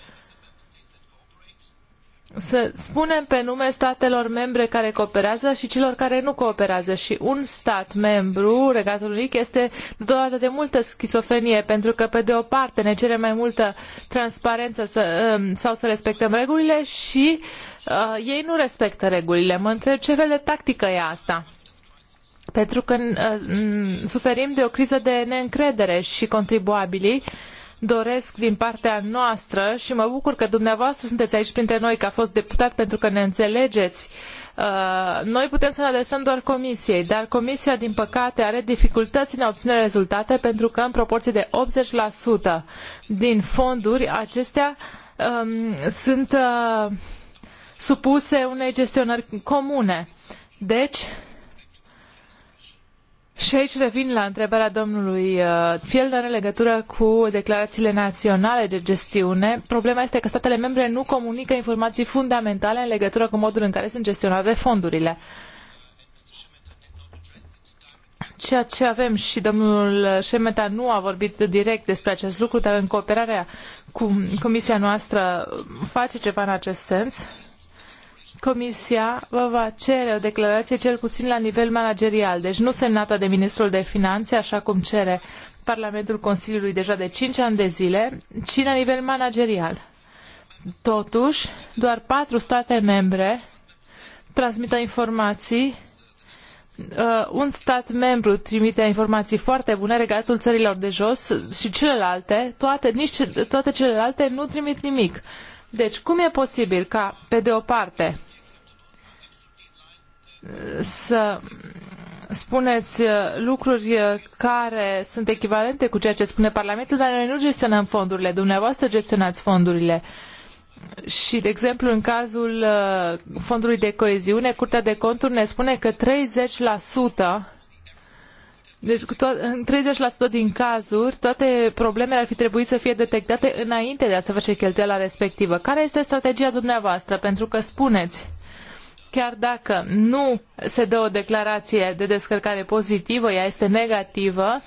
Speaker 2: să spunem pe nume statelor membre care cooperează și celor care nu cooperează. Și un stat membru, Regatul Unic, este dotată de multă schizofrenie, pentru că, pe de o parte, ne cere mai multă transparență să, um, sau să respectăm regulile și uh, ei nu respectă regulile. Mă întreb ce fel de tactică e asta? Pentru că uh, suferim de o criză de neîncredere și contribuabilii uh, doresc din partea noastră și mă bucur că dumneavoastră sunteți aici printre noi, că a fost deputat pentru că ne înțelegeți. Uh, noi putem să ne adresăm doar comisiei, dar comisia, din păcate, are dificultăți în a obține rezultate pentru că în proporție de 80% din fonduri acestea um, sunt uh, supuse unei gestionări comune. Deci, și aici revin la întrebarea domnului uh, Fielner în legătură cu declarațiile naționale de gestiune. Problema este că statele membre nu comunică informații fundamentale în legătură cu modul în care sunt gestionate fondurile. Ceea ce avem și domnul Șemeta nu a vorbit direct despre acest lucru, dar în cooperarea cu comisia noastră face ceva în acest sens. Comisia vă va cere o declarație cel puțin la nivel managerial, deci nu semnată de Ministrul de Finanțe, așa cum cere Parlamentul Consiliului deja de cinci ani de zile, ci la nivel managerial. Totuși, doar patru state membre transmită informații Uh, un stat membru trimite informații foarte bune, regatul țărilor de jos și celelalte, toate, nici, toate celelalte nu trimit nimic. Deci, cum e posibil ca, pe de o parte, să spuneți uh, lucruri uh, care sunt echivalente cu ceea ce spune Parlamentul, dar noi nu gestionăm fondurile, dumneavoastră gestionați fondurile. Și, de exemplu, în cazul uh, fondului de coeziune, Curtea de Conturi ne spune că 30% deci în 30% din cazuri, toate problemele ar fi trebuit să fie detectate înainte de a se face cheltuiala respectivă. Care este strategia dumneavoastră? Pentru că spuneți chiar dacă nu se dă o declarație de descărcare pozitivă, ea este negativă,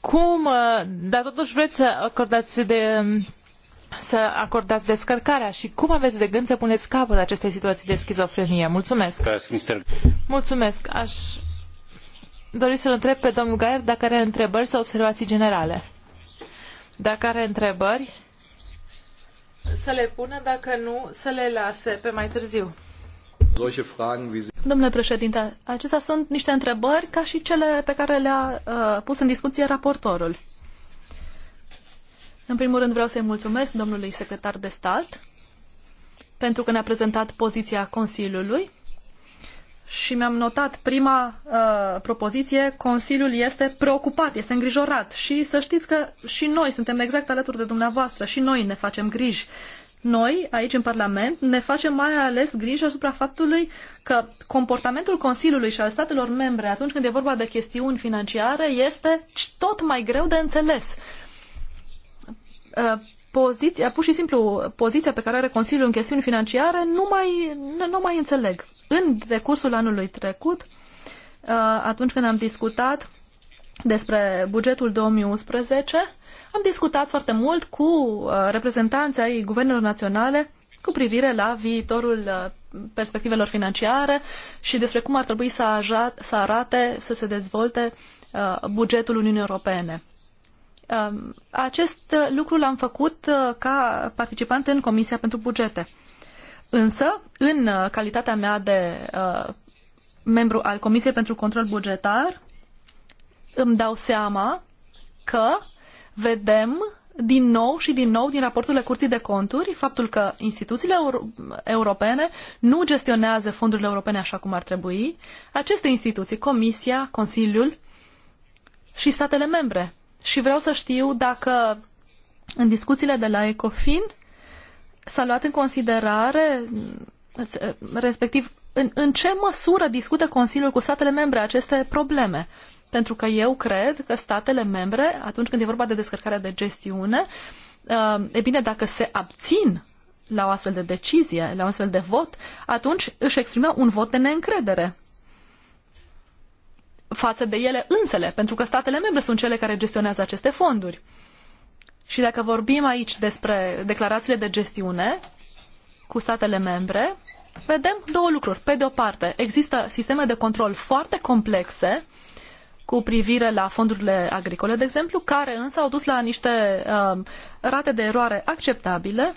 Speaker 2: cum, uh, dar totuși vreți să acordați de um, să acordați descărcarea și cum aveți de gând să puneți capăt acestei situații de schizofrenie? Mulțumesc! Mulțumesc! Aș dori să-l întreb pe domnul Gaier dacă are întrebări sau observații generale. Dacă are întrebări, să le pună, dacă nu, să le lase pe mai târziu.
Speaker 3: Domnule președinte, acestea sunt niște întrebări ca și cele pe care le-a uh, pus în discuție raportorul. În primul rând vreau să-i mulțumesc domnului secretar de stat pentru că ne-a prezentat poziția Consiliului și mi-am notat prima uh, propoziție, Consiliul este preocupat, este îngrijorat și să știți că și noi suntem exact alături de dumneavoastră, și noi ne facem griji noi, aici în Parlament, ne facem mai ales griji asupra faptului că comportamentul Consiliului și al statelor membre atunci când e vorba de chestiuni financiare este tot mai greu de înțeles. Uh, poziția, pur și simplu, poziția pe care are Consiliul în chestiuni financiare nu mai, nu mai înțeleg. În decursul anului trecut, uh, atunci când am discutat despre bugetul 2011, am discutat foarte mult cu uh, reprezentanții ai guvernelor naționale cu privire la viitorul uh, perspectivelor financiare și despre cum ar trebui să, să arate, să se dezvolte uh, bugetul Uniunii Europene. Um, acest lucru l-am făcut ca participant în Comisia pentru Bugete. Însă, în calitatea mea de membru al Comisiei pentru Control Bugetar, îmi dau seama că vedem din nou și din nou din raporturile Curții de Conturi faptul că instituțiile europene nu gestionează fondurile europene așa cum ar trebui. Aceste instituții, Comisia, Consiliul și statele membre. Și vreau să știu dacă în discuțiile de la ECOFIN s-a luat în considerare, respectiv, în, în ce măsură discută Consiliul cu statele membre aceste probleme pentru că eu cred că statele membre, atunci când e vorba de descărcarea de gestiune, uh, e bine, dacă se abțin la o astfel de decizie, la un astfel de vot, atunci își exprimă un vot de neîncredere față de ele însele, pentru că statele membre sunt cele care gestionează aceste fonduri. Și dacă vorbim aici despre declarațiile de gestiune cu statele membre, vedem două lucruri. Pe de o parte, există sisteme de control foarte complexe cu privire la fondurile agricole, de exemplu, care însă au dus la niște uh, rate de eroare acceptabile.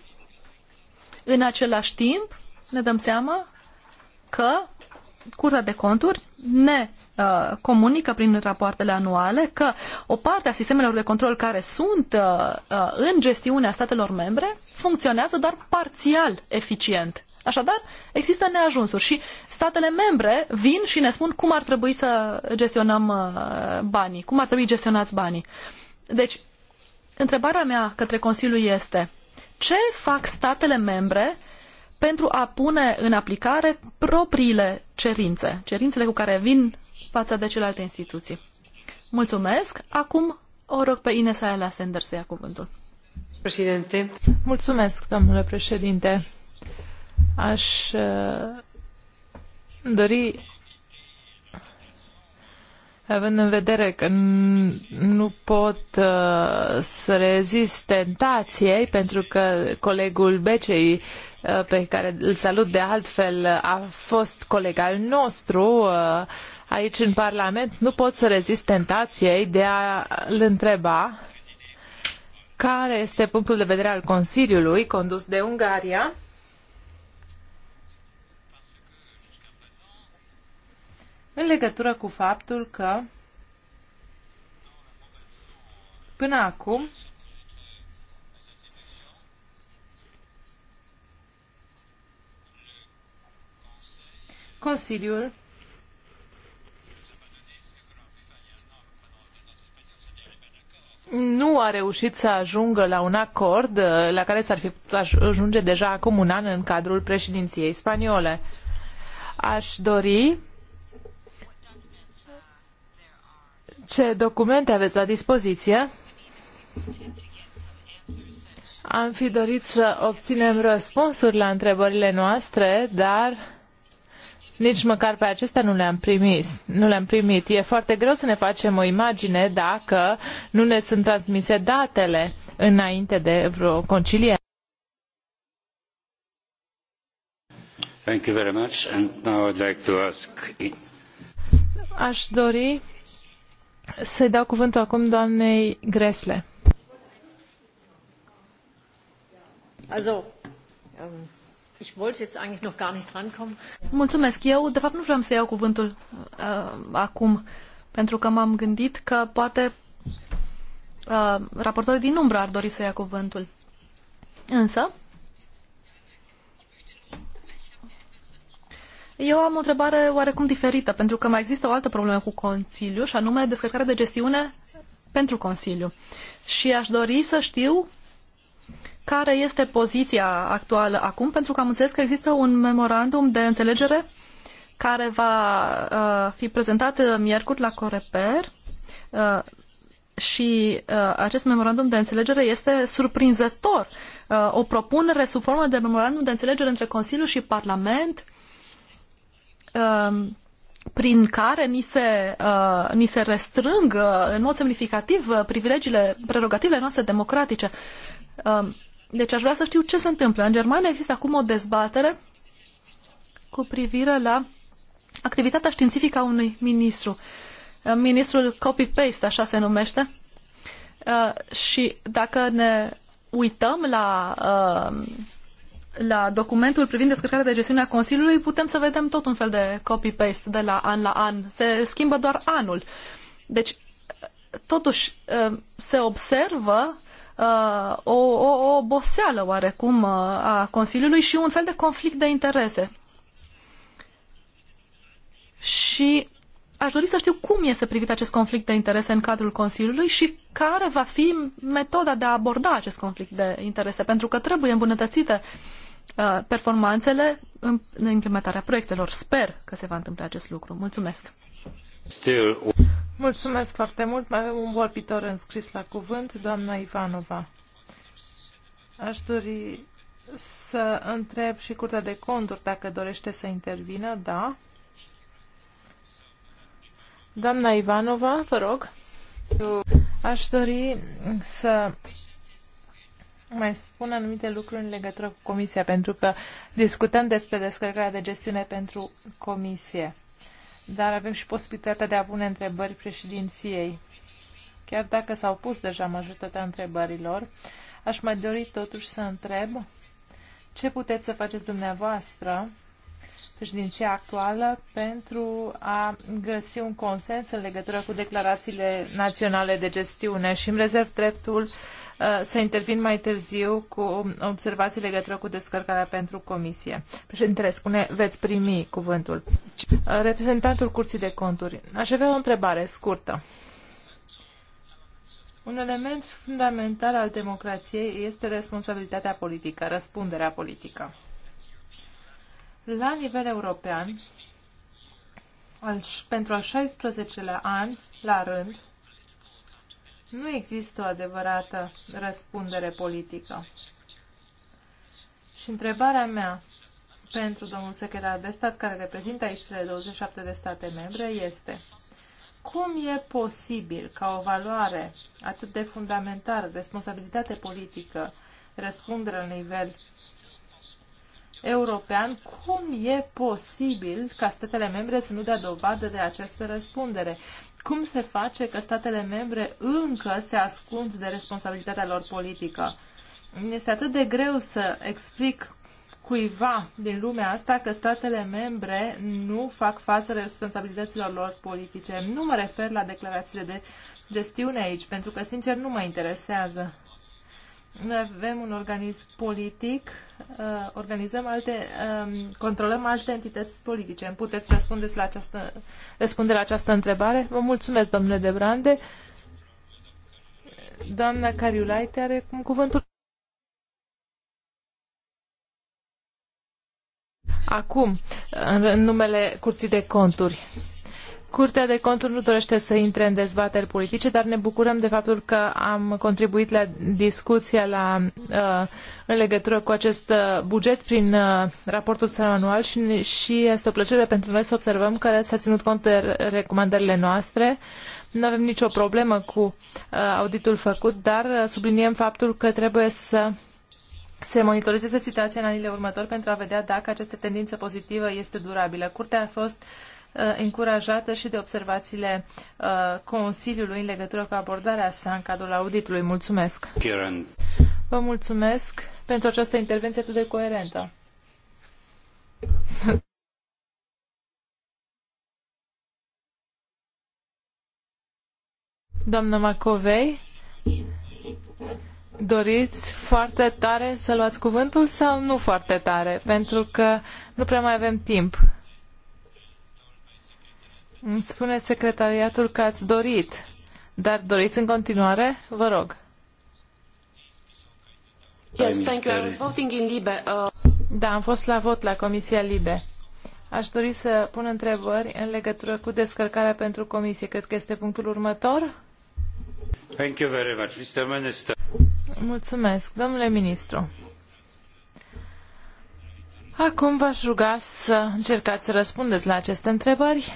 Speaker 3: În același timp, ne dăm seama că Curtea de Conturi ne uh, comunică prin rapoartele anuale că o parte a sistemelor de control care sunt uh, uh, în gestiunea statelor membre funcționează doar parțial eficient. Așadar, există neajunsuri și statele membre vin și ne spun cum ar trebui să gestionăm uh, banii, cum ar trebui gestionați banii. Deci, întrebarea mea către Consiliu este ce fac statele membre pentru a pune în aplicare propriile cerințe, cerințele cu care vin față de celelalte instituții. Mulțumesc. Acum o rog pe Ines Aela Sender să ia cuvântul.
Speaker 2: Președinte. Mulțumesc, domnule președinte. Aș uh, dori, având în vedere că nu pot uh, să rezist tentației, pentru că colegul Becei uh, pe care îl salut de altfel, a fost coleg al nostru aici în Parlament, nu pot să rezist tentației de a-l întreba care este punctul de vedere al Consiliului condus de Ungaria în legătură cu faptul că până acum Consiliul nu a reușit să ajungă la un acord uh, la care s-ar fi putut ajunge deja acum un an în cadrul președinției spaniole. Aș dori ce documente aveți la dispoziție. Am fi dorit să obținem răspunsuri la întrebările noastre, dar nici măcar pe acestea nu le-am primit. Nu le-am primit. E foarte greu să ne facem o imagine dacă nu ne sunt transmise datele înainte de vreo conciliere.
Speaker 1: Thank you very much and now I'd like to ask
Speaker 2: Aș dori să-i dau cuvântul acum doamnei Gresle. Also, ähm, ich wollte jetzt eigentlich noch gar nicht drankommen.
Speaker 3: Mulțumesc. Eu, de fapt, nu vreau să iau cuvântul uh, acum, pentru că m-am gândit că poate uh, raportorul din umbră ar dori să ia cuvântul. Însă, Eu am o întrebare oarecum diferită, pentru că mai există o altă problemă cu Consiliu, și anume descărcarea de gestiune pentru Consiliu. Și aș dori să știu care este poziția actuală acum, pentru că am înțeles că există un memorandum de înțelegere care va uh, fi prezentat uh, miercuri la Coreper uh, și uh, acest memorandum de înțelegere este surprinzător. Uh, o propunere sub formă de memorandum de înțelegere între Consiliu și Parlament Um, prin care ni se, uh, ni se restrâng uh, în mod semnificativ uh, privilegiile, prerogativele noastre democratice. Uh, deci aș vrea să știu ce se întâmplă. În Germania există acum o dezbatere cu privire la activitatea științifică a unui ministru. Uh, ministrul copy-paste, așa se numește. Uh, și dacă ne uităm la uh, la documentul privind descărcarea de gestiune a Consiliului putem să vedem tot un fel de copy-paste de la an la an. Se schimbă doar anul. Deci, totuși, ă, se observă ă, o, o, o oboseală oarecum ă, a Consiliului și un fel de conflict de interese. Și aș dori să știu cum este privit acest conflict de interese în cadrul Consiliului și care va fi metoda de a aborda acest conflict de interese, pentru că trebuie îmbunătățite uh, Uh, performanțele în implementarea
Speaker 2: proiectelor. Sper că se va întâmpla acest lucru. Mulțumesc! Mulțumesc foarte mult. Mai avem un vorbitor înscris la cuvânt, doamna Ivanova. Aș dori să întreb și Curtea de Conturi dacă dorește să intervină. Da. Doamna Ivanova, vă rog. Aș dori să mai spun anumite lucruri în legătură cu Comisia, pentru că discutăm despre descărcarea de gestiune pentru Comisie. Dar avem și posibilitatea de a pune întrebări președinției. Chiar dacă s-au pus deja majoritatea întrebărilor, aș mai dori totuși să întreb ce puteți să faceți dumneavoastră, președinția actuală, pentru a găsi un consens în legătură cu declarațiile naționale de gestiune și îmi rezerv dreptul Uh, să intervin mai târziu cu observații legătură cu descărcarea pentru comisie. Președintele spune, veți primi cuvântul. Uh, reprezentantul Curții de Conturi, aș avea o întrebare scurtă. Un element fundamental al democrației este responsabilitatea politică, răspunderea politică. La nivel european, al, pentru al 16-lea an la rând, nu există o adevărată răspundere politică. Și întrebarea mea pentru domnul secretar de stat, care reprezintă aici cele 27 de state membre, este cum e posibil ca o valoare atât de fundamentală, responsabilitate politică, răspundere la nivel european, cum e posibil ca statele membre să nu dea dovadă de această răspundere? Cum se face că statele membre încă se ascund de responsabilitatea lor politică? Este atât de greu să explic cuiva din lumea asta că statele membre nu fac față responsabilităților lor politice. Nu mă refer la declarațiile de gestiune aici, pentru că, sincer, nu mă interesează. Noi avem un organism politic, uh, organizăm alte, um, controlăm alte entități politice. Îmi puteți răspunde la această, răspunde la această întrebare? Vă mulțumesc, domnule De Brande. Doamna Cariulaite are cum cuvântul. Acum, în numele Curții de Conturi. Curtea de conturi nu dorește să intre în dezbateri politice, dar ne bucurăm de faptul că am contribuit la discuția la, uh, în legătură cu acest uh, buget prin uh, raportul său anual și, și este o plăcere pentru noi să observăm că s-a ținut cont de recomandările noastre. Nu avem nicio problemă cu auditul făcut, dar subliniem faptul că trebuie să se monitorizeze situația în anile următori pentru a vedea dacă această tendință pozitivă este durabilă. Curtea a fost uh, Uh, încurajată și de observațiile uh, Consiliului în legătură cu abordarea sa în cadrul auditului. Mulțumesc! Vă mulțumesc pentru această intervenție atât de coerentă. <laughs> Doamna Macovei, doriți foarte tare să luați cuvântul sau nu foarte tare? Pentru că nu prea mai avem timp. Îmi spune secretariatul că ați dorit, dar doriți în continuare? Vă rog.
Speaker 1: Yes, thank you. I was voting
Speaker 2: in Libe. Uh... Da, am fost la vot la Comisia Libe. Aș dori să pun întrebări în legătură cu descărcarea pentru comisie. Cred că este punctul următor.
Speaker 1: Thank you very much, Mr. Minister.
Speaker 2: Mulțumesc, domnule ministru. Acum v-aș ruga să încercați să răspundeți la aceste întrebări.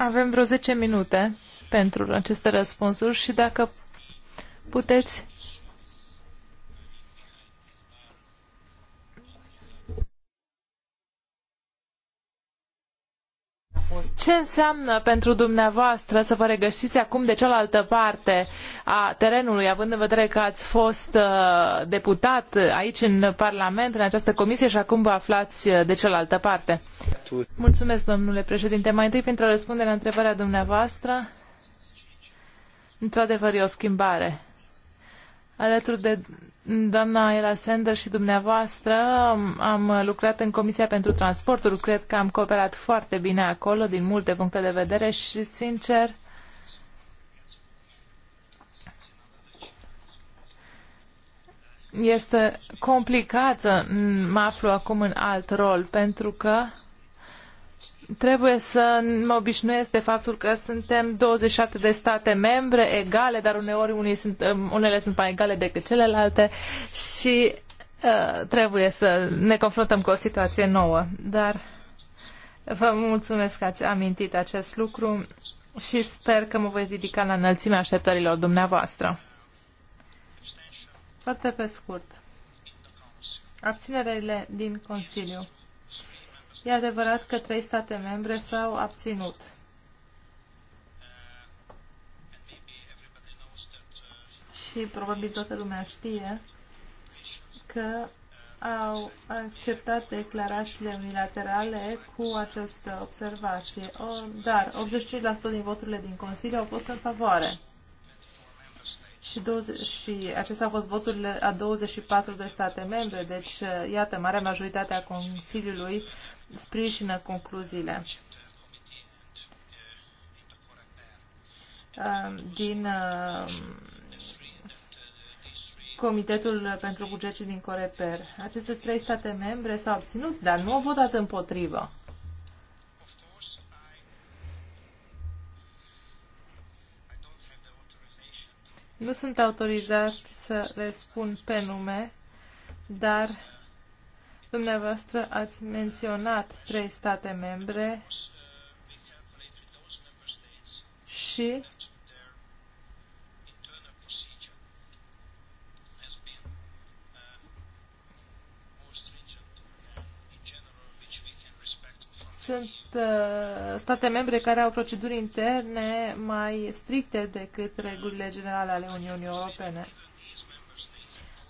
Speaker 2: Avem vreo 10 minute pentru aceste răspunsuri și dacă puteți Ce înseamnă pentru dumneavoastră să vă regăsiți acum de cealaltă parte a terenului, având în vedere că ați fost uh, deputat aici în Parlament, în această comisie și acum vă aflați uh, de cealaltă parte? Mulțumesc, domnule președinte. Mai întâi, pentru a răspunde la întrebarea dumneavoastră, într-adevăr e o schimbare Alături de doamna Ela Sender și dumneavoastră am lucrat în Comisia pentru Transportul. Cred că am cooperat foarte bine acolo din multe puncte de vedere și, sincer, este complicat să mă aflu acum în alt rol pentru că trebuie să mă obișnuiesc de faptul că suntem 27 de state membre egale, dar uneori unii sunt, um, unele sunt mai egale decât celelalte și uh, trebuie să ne confruntăm cu o situație nouă. Dar vă mulțumesc că ați amintit acest lucru și sper că mă voi ridica la înălțimea așteptărilor dumneavoastră. Foarte pe scurt. Abținerele din Consiliu. E adevărat că trei state membre s-au abținut. Și probabil toată lumea știe că au acceptat declarațiile unilaterale cu această observație, o, dar 85% din voturile din Consiliu au fost în favoare. Și, 20, și acestea au fost voturile a 24 de state membre, deci iată, marea majoritate a Consiliului sprijină concluziile din Comitetul pentru Buget și din Coreper. Aceste trei state membre s-au obținut, dar nu au votat împotrivă. Nu sunt autorizat să le spun pe nume, dar Dumneavoastră ați menționat trei state membre și sunt uh, state membre care au proceduri interne mai stricte decât regulile generale ale Uniunii Europene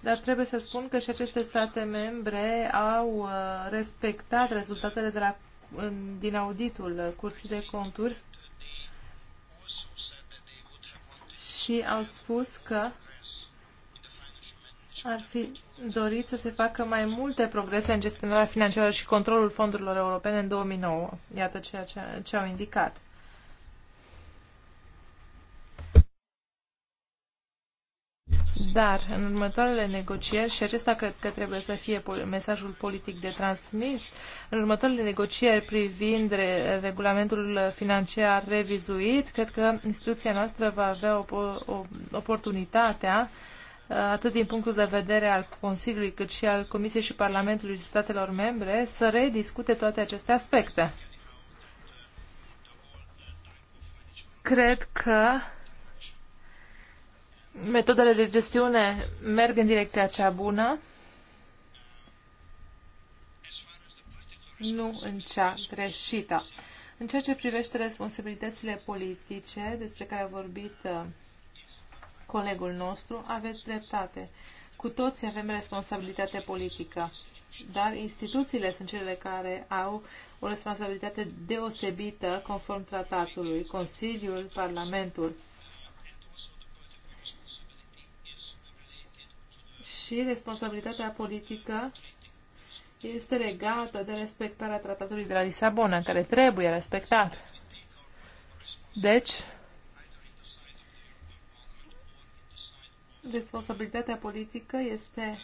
Speaker 2: dar trebuie să spun că și aceste state membre au uh, respectat rezultatele de la, din auditul Curții de Conturi și au spus că ar fi dorit să se facă mai multe progrese în gestionarea financiară și controlul fondurilor europene în 2009. Iată ceea ce, ce au indicat. Dar în următoarele negocieri, și acesta cred că trebuie să fie mesajul politic de transmis, în următoarele negocieri privind regulamentul financiar revizuit, cred că instituția noastră va avea o, o, oportunitatea atât din punctul de vedere al Consiliului, cât și al Comisiei și Parlamentului și statelor membre, să rediscute toate aceste aspecte. Cred că metodele de gestiune merg în direcția cea bună, nu în cea greșită. În ceea ce privește responsabilitățile politice despre care a vorbit uh, colegul nostru, aveți dreptate. Cu toți avem responsabilitate politică, dar instituțiile sunt cele care au o responsabilitate deosebită conform tratatului, Consiliul, Parlamentul. și responsabilitatea politică este legată de respectarea tratatului de la Lisabona, care trebuie respectat. Deci, responsabilitatea politică este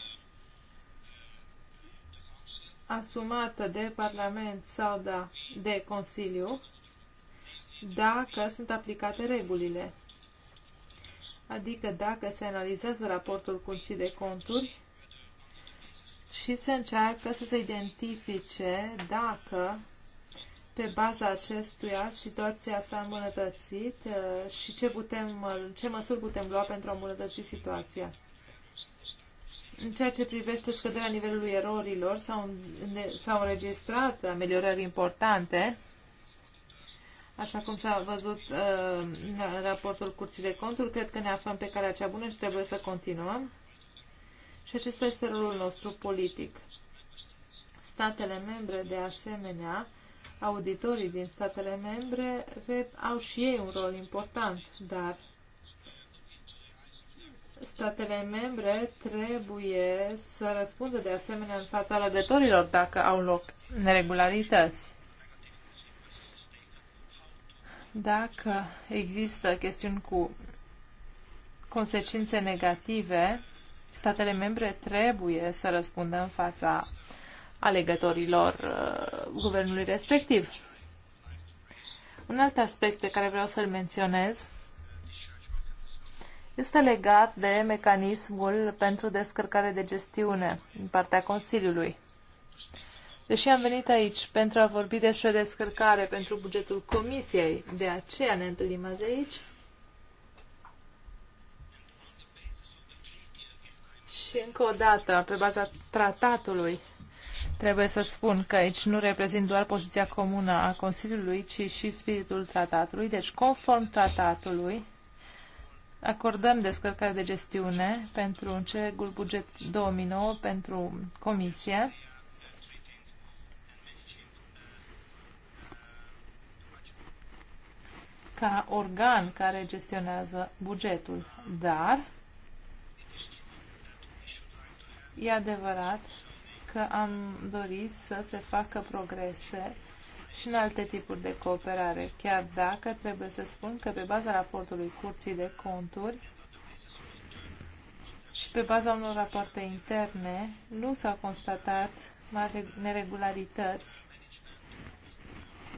Speaker 2: asumată de Parlament sau de, da, de Consiliu dacă sunt aplicate regulile adică dacă se analizează raportul Curții de Conturi și se încearcă să se identifice dacă pe baza acestuia situația s-a îmbunătățit uh, și ce, putem, uh, ce măsuri putem lua pentru a îmbunătăți situația. În ceea ce privește scăderea nivelului erorilor, s-au înregistrat ameliorări importante, Așa cum s-a văzut uh, în raportul Curții de Conturi, cred că ne aflăm pe calea cea bună și trebuie să continuăm. Și acesta este rolul nostru politic. Statele membre, de asemenea, auditorii din statele membre au și ei un rol important, dar statele membre trebuie să răspundă de asemenea în fața alădătorilor dacă au loc neregularități dacă există chestiuni cu consecințe negative, statele membre trebuie să răspundă în fața alegătorilor uh, guvernului respectiv. Un alt aspect pe care vreau să-l menționez este legat de mecanismul pentru descărcare de gestiune din partea Consiliului. Deși am venit aici pentru a vorbi despre descărcare pentru bugetul comisiei, de aceea ne întâlnim azi aici. Și încă o dată, pe baza tratatului, trebuie să spun că aici nu reprezint doar poziția comună a Consiliului, ci și spiritul tratatului. Deci, conform tratatului, acordăm descărcare de gestiune pentru întregul buget 2009 pentru comisie ca organ care gestionează bugetul, dar e adevărat că am dorit să se facă progrese și în alte tipuri de cooperare, chiar dacă trebuie să spun că pe baza raportului Curții de Conturi și pe baza unor rapoarte interne nu s-au constatat mari neregularități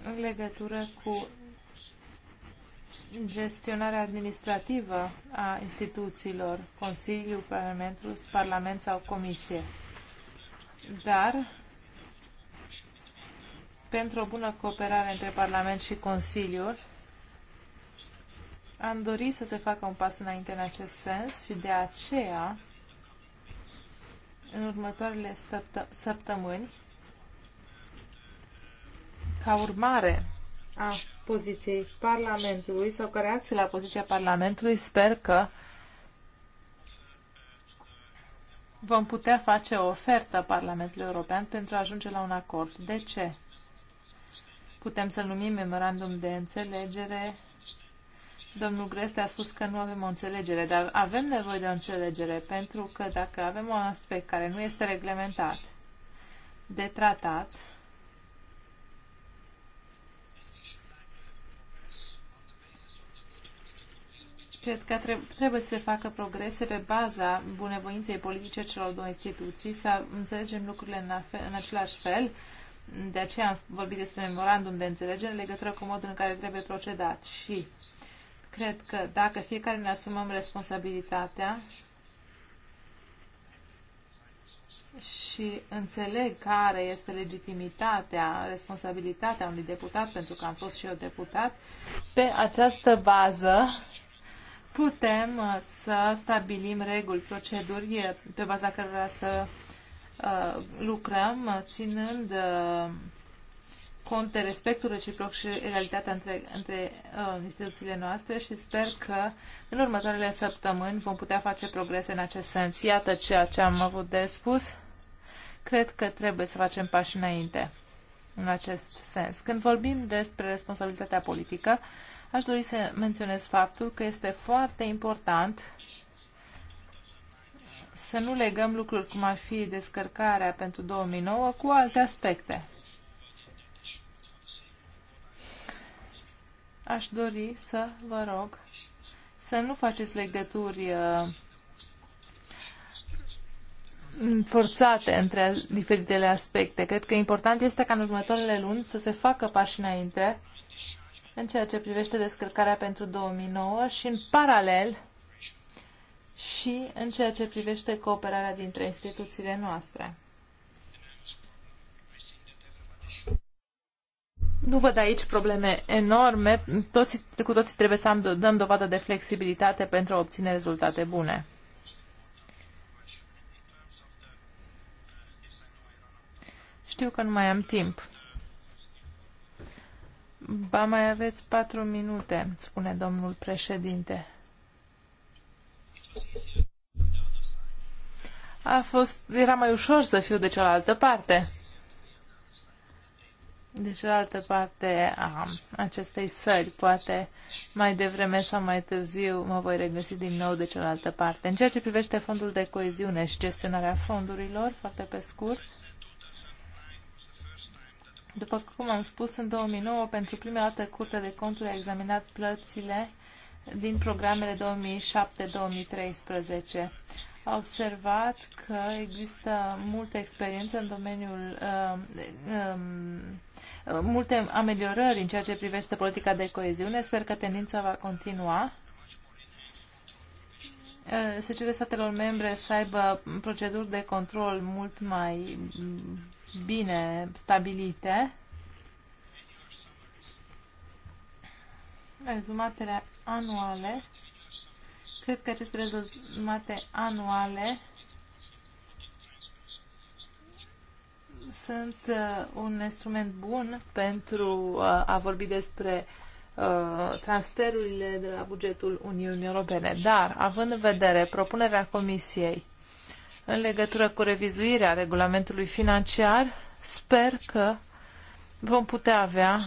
Speaker 2: în legătură cu gestionarea administrativă a instituțiilor, Consiliu, Parlamentul, Parlament sau Comisie. Dar, pentru o bună cooperare între Parlament și Consiliu, am dorit să se facă un pas înainte în acest sens și de aceea, în următoarele săptămâni, ca urmare a poziției Parlamentului sau ca reacție la poziția Parlamentului, sper că vom putea face o ofertă Parlamentului European pentru a ajunge la un acord. De ce? Putem să-l numim memorandum de înțelegere. Domnul Greste a spus că nu avem o înțelegere, dar avem nevoie de o înțelegere, pentru că dacă avem un aspect care nu este reglementat de tratat, Cred că trebuie să se facă progrese pe baza bunăvoinței politice celor două instituții, să înțelegem lucrurile în, fel, în același fel. De aceea am vorbit despre memorandum de înțelegere în legătură cu modul în care trebuie procedat. Și cred că dacă fiecare ne asumăm responsabilitatea și înțeleg care este legitimitatea, responsabilitatea unui deputat, pentru că am fost și eu deputat, pe această bază putem uh, să stabilim reguli, proceduri pe baza cărora să uh, lucrăm, uh, ținând cont de respectul reciproc și egalitatea între, între uh, instituțiile noastre și sper că în următoarele săptămâni vom putea face progrese în acest sens. Iată ceea ce am avut de spus. Cred că trebuie să facem pași înainte în acest sens. Când vorbim despre responsabilitatea politică, uh, Aș dori să menționez faptul că este foarte important să nu legăm lucruri cum ar fi descărcarea pentru 2009 cu alte aspecte. Aș dori să vă rog să nu faceți legături uh, forțate între diferitele aspecte. Cred că important este ca în următoarele luni să se facă pași înainte în ceea ce privește descărcarea pentru 2009 și în paralel și în ceea ce privește cooperarea dintre instituțiile noastre. Nu văd aici probleme enorme. Toți, cu toții trebuie să am, dăm dovadă de flexibilitate pentru a obține rezultate bune. Știu că nu mai am timp. Ba mai aveți patru minute, spune domnul președinte. A fost, era mai ușor să fiu de cealaltă parte. De cealaltă parte a acestei sări, poate mai devreme sau mai târziu mă voi regăsi din nou de cealaltă parte. În ceea ce privește fondul de coeziune și gestionarea fondurilor, foarte pe scurt, după cum am spus, în 2009, pentru prima dată, Curtea de Conturi a examinat plățile din programele 2007-2013. A observat că există multă experiență în domeniul, uh, um, multe ameliorări în ceea ce privește politica de coeziune. Sper că tendința va continua uh, se cere statelor membre să aibă proceduri de control mult mai bine stabilite. Rezumatele anuale. Cred că aceste rezumate anuale sunt uh, un instrument bun pentru uh, a vorbi despre uh, transferurile de la bugetul Uniunii Europene. Dar, având în vedere propunerea Comisiei în legătură cu revizuirea regulamentului financiar, sper că vom putea avea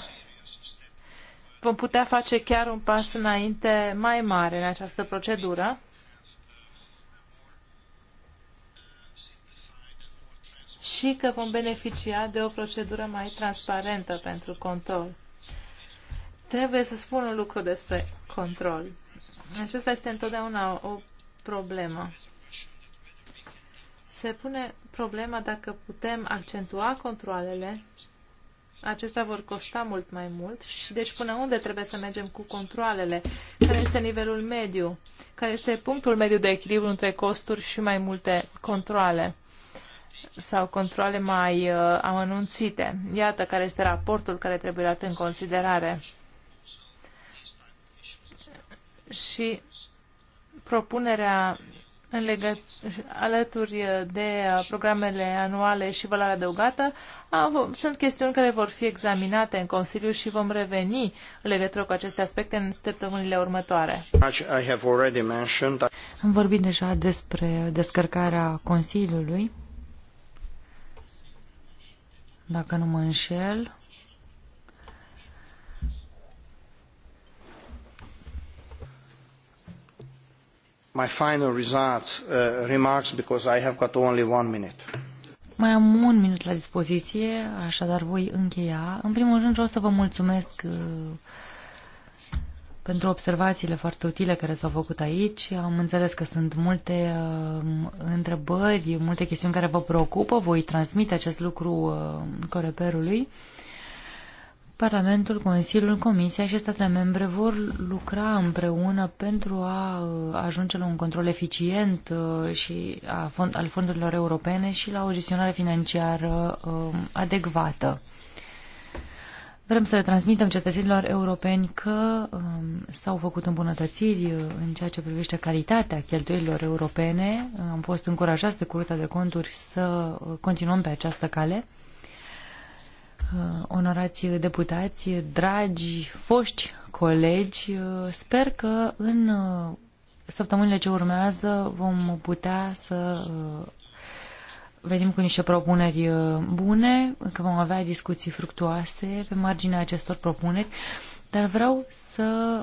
Speaker 2: vom putea face chiar un pas înainte mai mare în această procedură. și că vom beneficia de o procedură mai transparentă pentru control. Trebuie să spun un lucru despre control. Acesta este întotdeauna o problemă se pune problema dacă putem accentua controlele. Acestea vor costa mult mai mult și deci până unde trebuie să mergem cu controlele? Care este nivelul mediu? Care este punctul mediu de echilibru între costuri și mai multe controle? sau controle mai uh, amănunțite. Iată care este raportul care trebuie luat în considerare. Și propunerea în legă, alături de programele anuale și valoarea adăugată, sunt chestiuni care vor fi examinate în Consiliu și vom reveni în legătură cu aceste aspecte în săptămânile următoare.
Speaker 4: Am vorbit deja despre descărcarea Consiliului. Dacă nu mă înșel,
Speaker 1: my final results, uh, remarks because I have got only one minute.
Speaker 4: Mai am un minut la dispoziție, așadar voi încheia. În primul rând vreau să vă mulțumesc uh, pentru observațiile foarte utile care s-au făcut aici. Am înțeles că sunt multe uh, întrebări, multe chestiuni care vă preocupă. Voi transmite acest lucru uh, coreperului. Uh, Parlamentul, Consiliul, Comisia și statele membre vor lucra împreună pentru a uh, ajunge la un control eficient uh, și a fond, al fondurilor europene și la o gestionare financiară um, adecvată. Vrem să le transmitem cetățenilor europeni că um, s-au făcut îmbunătățiri uh, în ceea ce privește calitatea cheltuielilor europene. Am fost încurajați de Curtea de Conturi să continuăm pe această cale. Uh, onorați deputați, dragi foști colegi, uh, sper că în uh, săptămânile ce urmează vom putea să venim cu niște propuneri bune, că vom avea discuții fructuoase pe marginea acestor propuneri, dar vreau să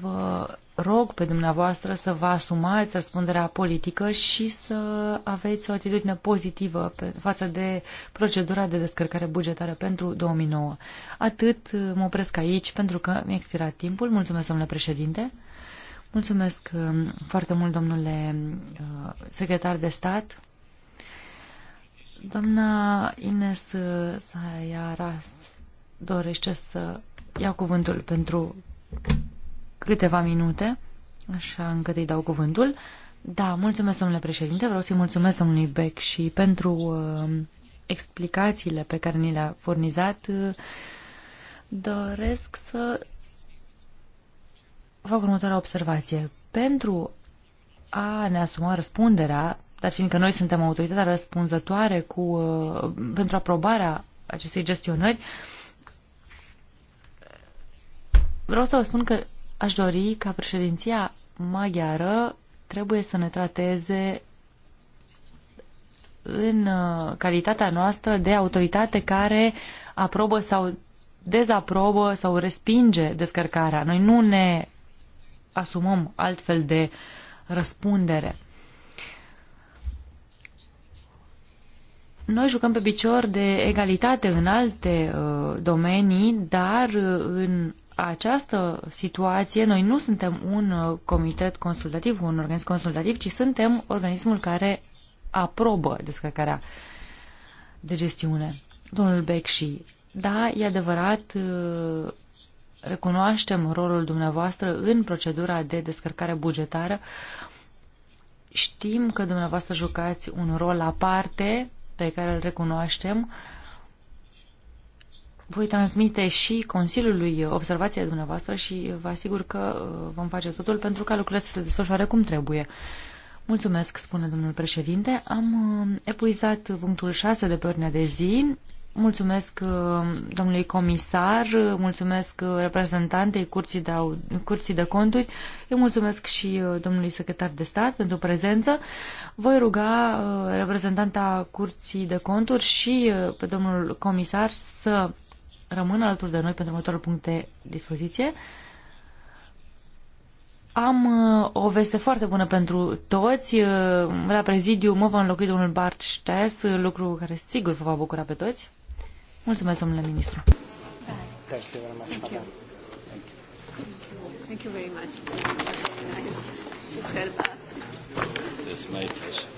Speaker 4: vă rog pe dumneavoastră să vă asumați răspunderea politică și să aveți o atitudine pozitivă pe, față de procedura de descărcare bugetară pentru 2009. Atât mă opresc aici pentru că mi-a expirat timpul. Mulțumesc, domnule președinte. Mulțumesc um, foarte mult, domnule uh, secretar de stat. Doamna Ines Saiaras dorește să ia cuvântul pentru câteva minute, așa încât îi dau cuvântul. Da, mulțumesc, domnule președinte. Vreau să-i mulțumesc domnului Beck și pentru uh, explicațiile pe care ni le-a furnizat. doresc să fac următoarea observație. Pentru a ne asuma răspunderea, dar fiindcă noi suntem autoritatea răspunzătoare cu, uh, pentru aprobarea acestei gestionări, vreau să vă spun că Aș dori ca președinția maghiară trebuie să ne trateze în uh, calitatea noastră de autoritate care aprobă sau dezaprobă sau respinge descărcarea. Noi nu ne asumăm altfel de răspundere. Noi jucăm pe picior de egalitate în alte uh, domenii, dar uh, în această situație, noi nu suntem un uh, comitet consultativ, un organism consultativ, ci suntem organismul care aprobă descărcarea de gestiune. Domnul Becșii, da, e adevărat, uh, recunoaștem rolul dumneavoastră în procedura de descărcare bugetară. Știm că dumneavoastră jucați un rol aparte pe care îl recunoaștem uh, voi transmite și Consiliului observația dumneavoastră și vă asigur că uh, vom face totul pentru ca lucrurile să se desfășoare cum trebuie. Mulțumesc, spune domnul președinte. Am uh, epuizat punctul 6 de pe ordinea de zi. Mulțumesc uh, domnului comisar, mulțumesc reprezentantei Curții de, Curții de Conturi, Eu mulțumesc și domnului secretar de stat pentru prezență. Voi ruga reprezentanta Curții de Conturi și pe domnul comisar să rămână alături de noi pentru următorul punct de dispoziție. Am o veste foarte bună pentru toți. La prezidiu mă va înlocui domnul Bart Ștes, lucru care sigur vă va bucura pe toți. Mulțumesc, domnule ministru.
Speaker 1: Thank you very much,
Speaker 2: Thank you.
Speaker 3: Thank you very
Speaker 1: much. Nice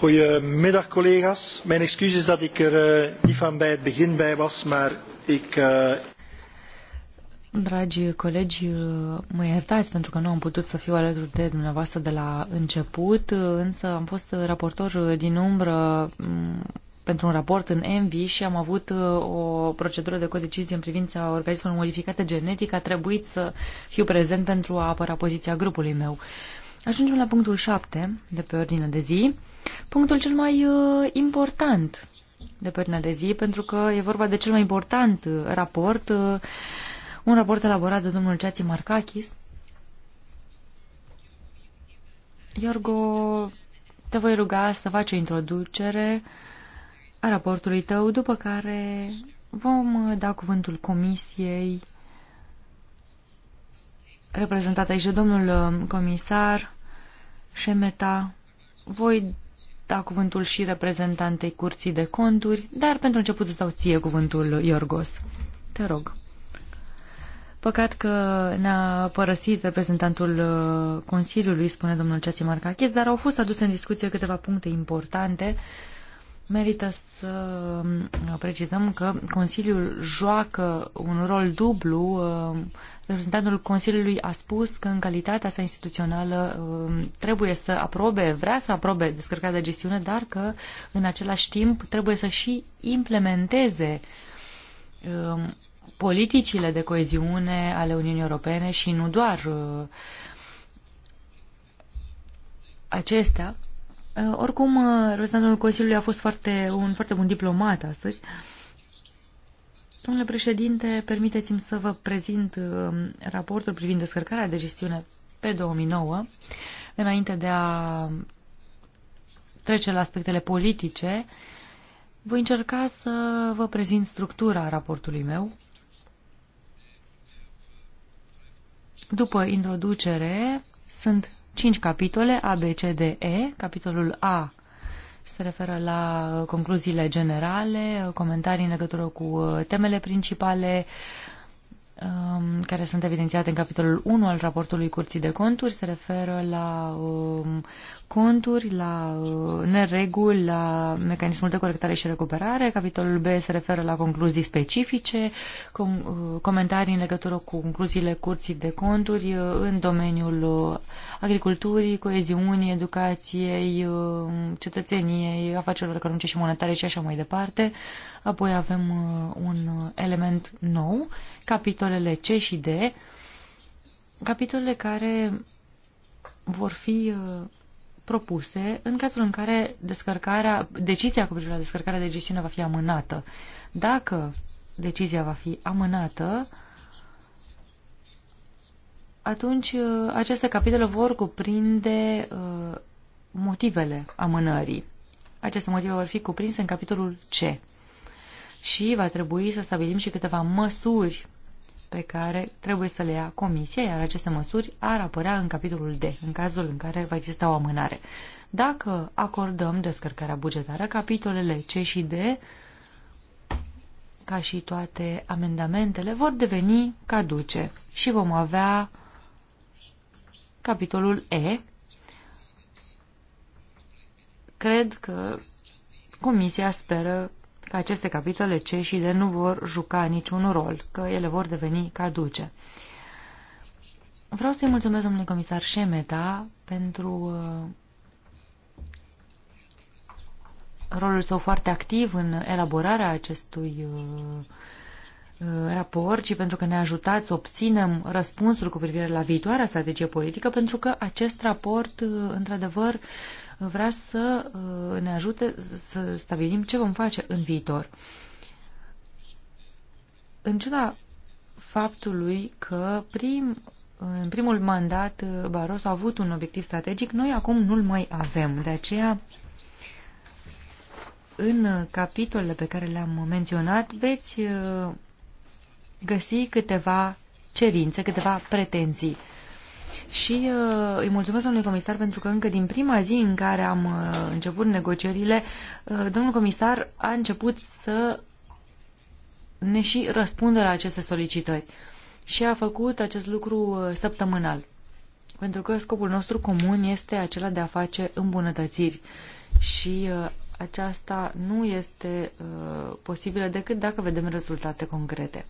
Speaker 1: Goedemiddag collega's. Mijn excuses dat ik er uh, niet van bij het begin bij was, maar ik... Uh...
Speaker 4: Dragi colegi, mă iertați pentru că nu am putut să fiu alături de dumneavoastră de la început, însă am fost raportor din umbră mm, pentru un raport în Envi și am avut eh, o procedură de codecizie în privința organismelor modificate genetic. A trebuit să fiu prezent pentru a apăra poziția grupului meu. Ajungem la punctul 7 de pe ordine de zi punctul cel mai uh, important de pe de zi, pentru că e vorba de cel mai important uh, raport, uh, un raport elaborat de domnul Ceații Marcachis. Iorgo, te voi ruga să faci o introducere a raportului tău, după care vom da cuvântul comisiei reprezentată aici de domnul comisar Șemeta. Voi da cuvântul și reprezentantei Curții de Conturi, dar pentru început îți dau ție cuvântul, Iorgos. Te rog. Păcat că ne-a părăsit reprezentantul uh, Consiliului, spune domnul Ceații Marcachis, dar au fost aduse în discuție câteva puncte importante. Merită să uh, precizăm că Consiliul joacă un rol dublu uh, reprezentantul Consiliului a spus că în calitatea sa instituțională um, trebuie să aprobe, vrea să aprobe descărcarea de gestiune, dar că în același timp trebuie să și implementeze um, politicile de coeziune ale Uniunii Europene și nu doar uh, acestea. Uh, oricum, uh, reprezentantul Consiliului a fost foarte, un foarte bun diplomat astăzi. Domnule președinte, permiteți-mi să vă prezint uh, raportul privind descărcarea de gestiune pe 2009, înainte de a trece la aspectele politice, voi încerca să vă prezint structura raportului meu. După introducere, sunt 5 capitole, A, B, C, D, E. Capitolul A se referă la uh, concluziile generale, uh, comentarii în legătură cu uh, temele principale, uh, um, care sunt evidențiate în capitolul 1 al raportului Curții de Conturi se referă la um, conturi, la uh, nereguli, la mecanismul de corectare și recuperare. Capitolul B se referă la concluzii specifice, com, uh, comentarii în legătură cu concluziile Curții de Conturi uh, în domeniul uh, agriculturii, coeziunii, educației, uh, cetățeniei, afacerilor economice și monetare și așa mai departe. Apoi avem uh, un uh, element nou capitolele C și D, capitolele care vor fi uh, propuse în cazul în care descărcarea, decizia cu privire la descărcarea de gestiune va fi amânată. Dacă decizia va fi amânată, atunci uh, aceste capitole vor cuprinde uh, motivele amânării. Aceste motive vor fi cuprinse în capitolul C. Și va trebui să stabilim și câteva măsuri pe care trebuie să le ia Comisia, iar aceste măsuri ar apărea în capitolul D, în cazul în care va exista o amânare. Dacă acordăm descărcarea bugetară, capitolele C și D, ca și toate amendamentele, vor deveni caduce și vom avea capitolul E. Cred că Comisia speră aceste capitole ceșile nu vor juca niciun rol, că ele vor deveni caduce. Vreau să-i mulțumesc domnului comisar Șemeta pentru uh, rolul său foarte activ în elaborarea acestui uh, raport și pentru că ne-a ajutat să obținem răspunsuri cu privire la viitoarea strategie politică, pentru că acest raport, uh, într-adevăr, vrea să uh, ne ajute să stabilim ce vom face în viitor. În ciuda faptului că prim, în primul mandat uh, Barroso a avut un obiectiv strategic, noi acum nu-l mai avem. De aceea, în capitolele pe care le-am menționat, veți uh, găsi câteva cerințe, câteva pretenții și uh, îi mulțumesc domnului comisar pentru că încă din prima zi în care am uh, început negocierile, uh, domnul comisar a început să ne și răspundă la aceste solicitări și a făcut acest lucru săptămânal. Pentru că scopul nostru comun este acela de a face îmbunătățiri și aceasta nu este uh, posibilă decât dacă vedem rezultate concrete.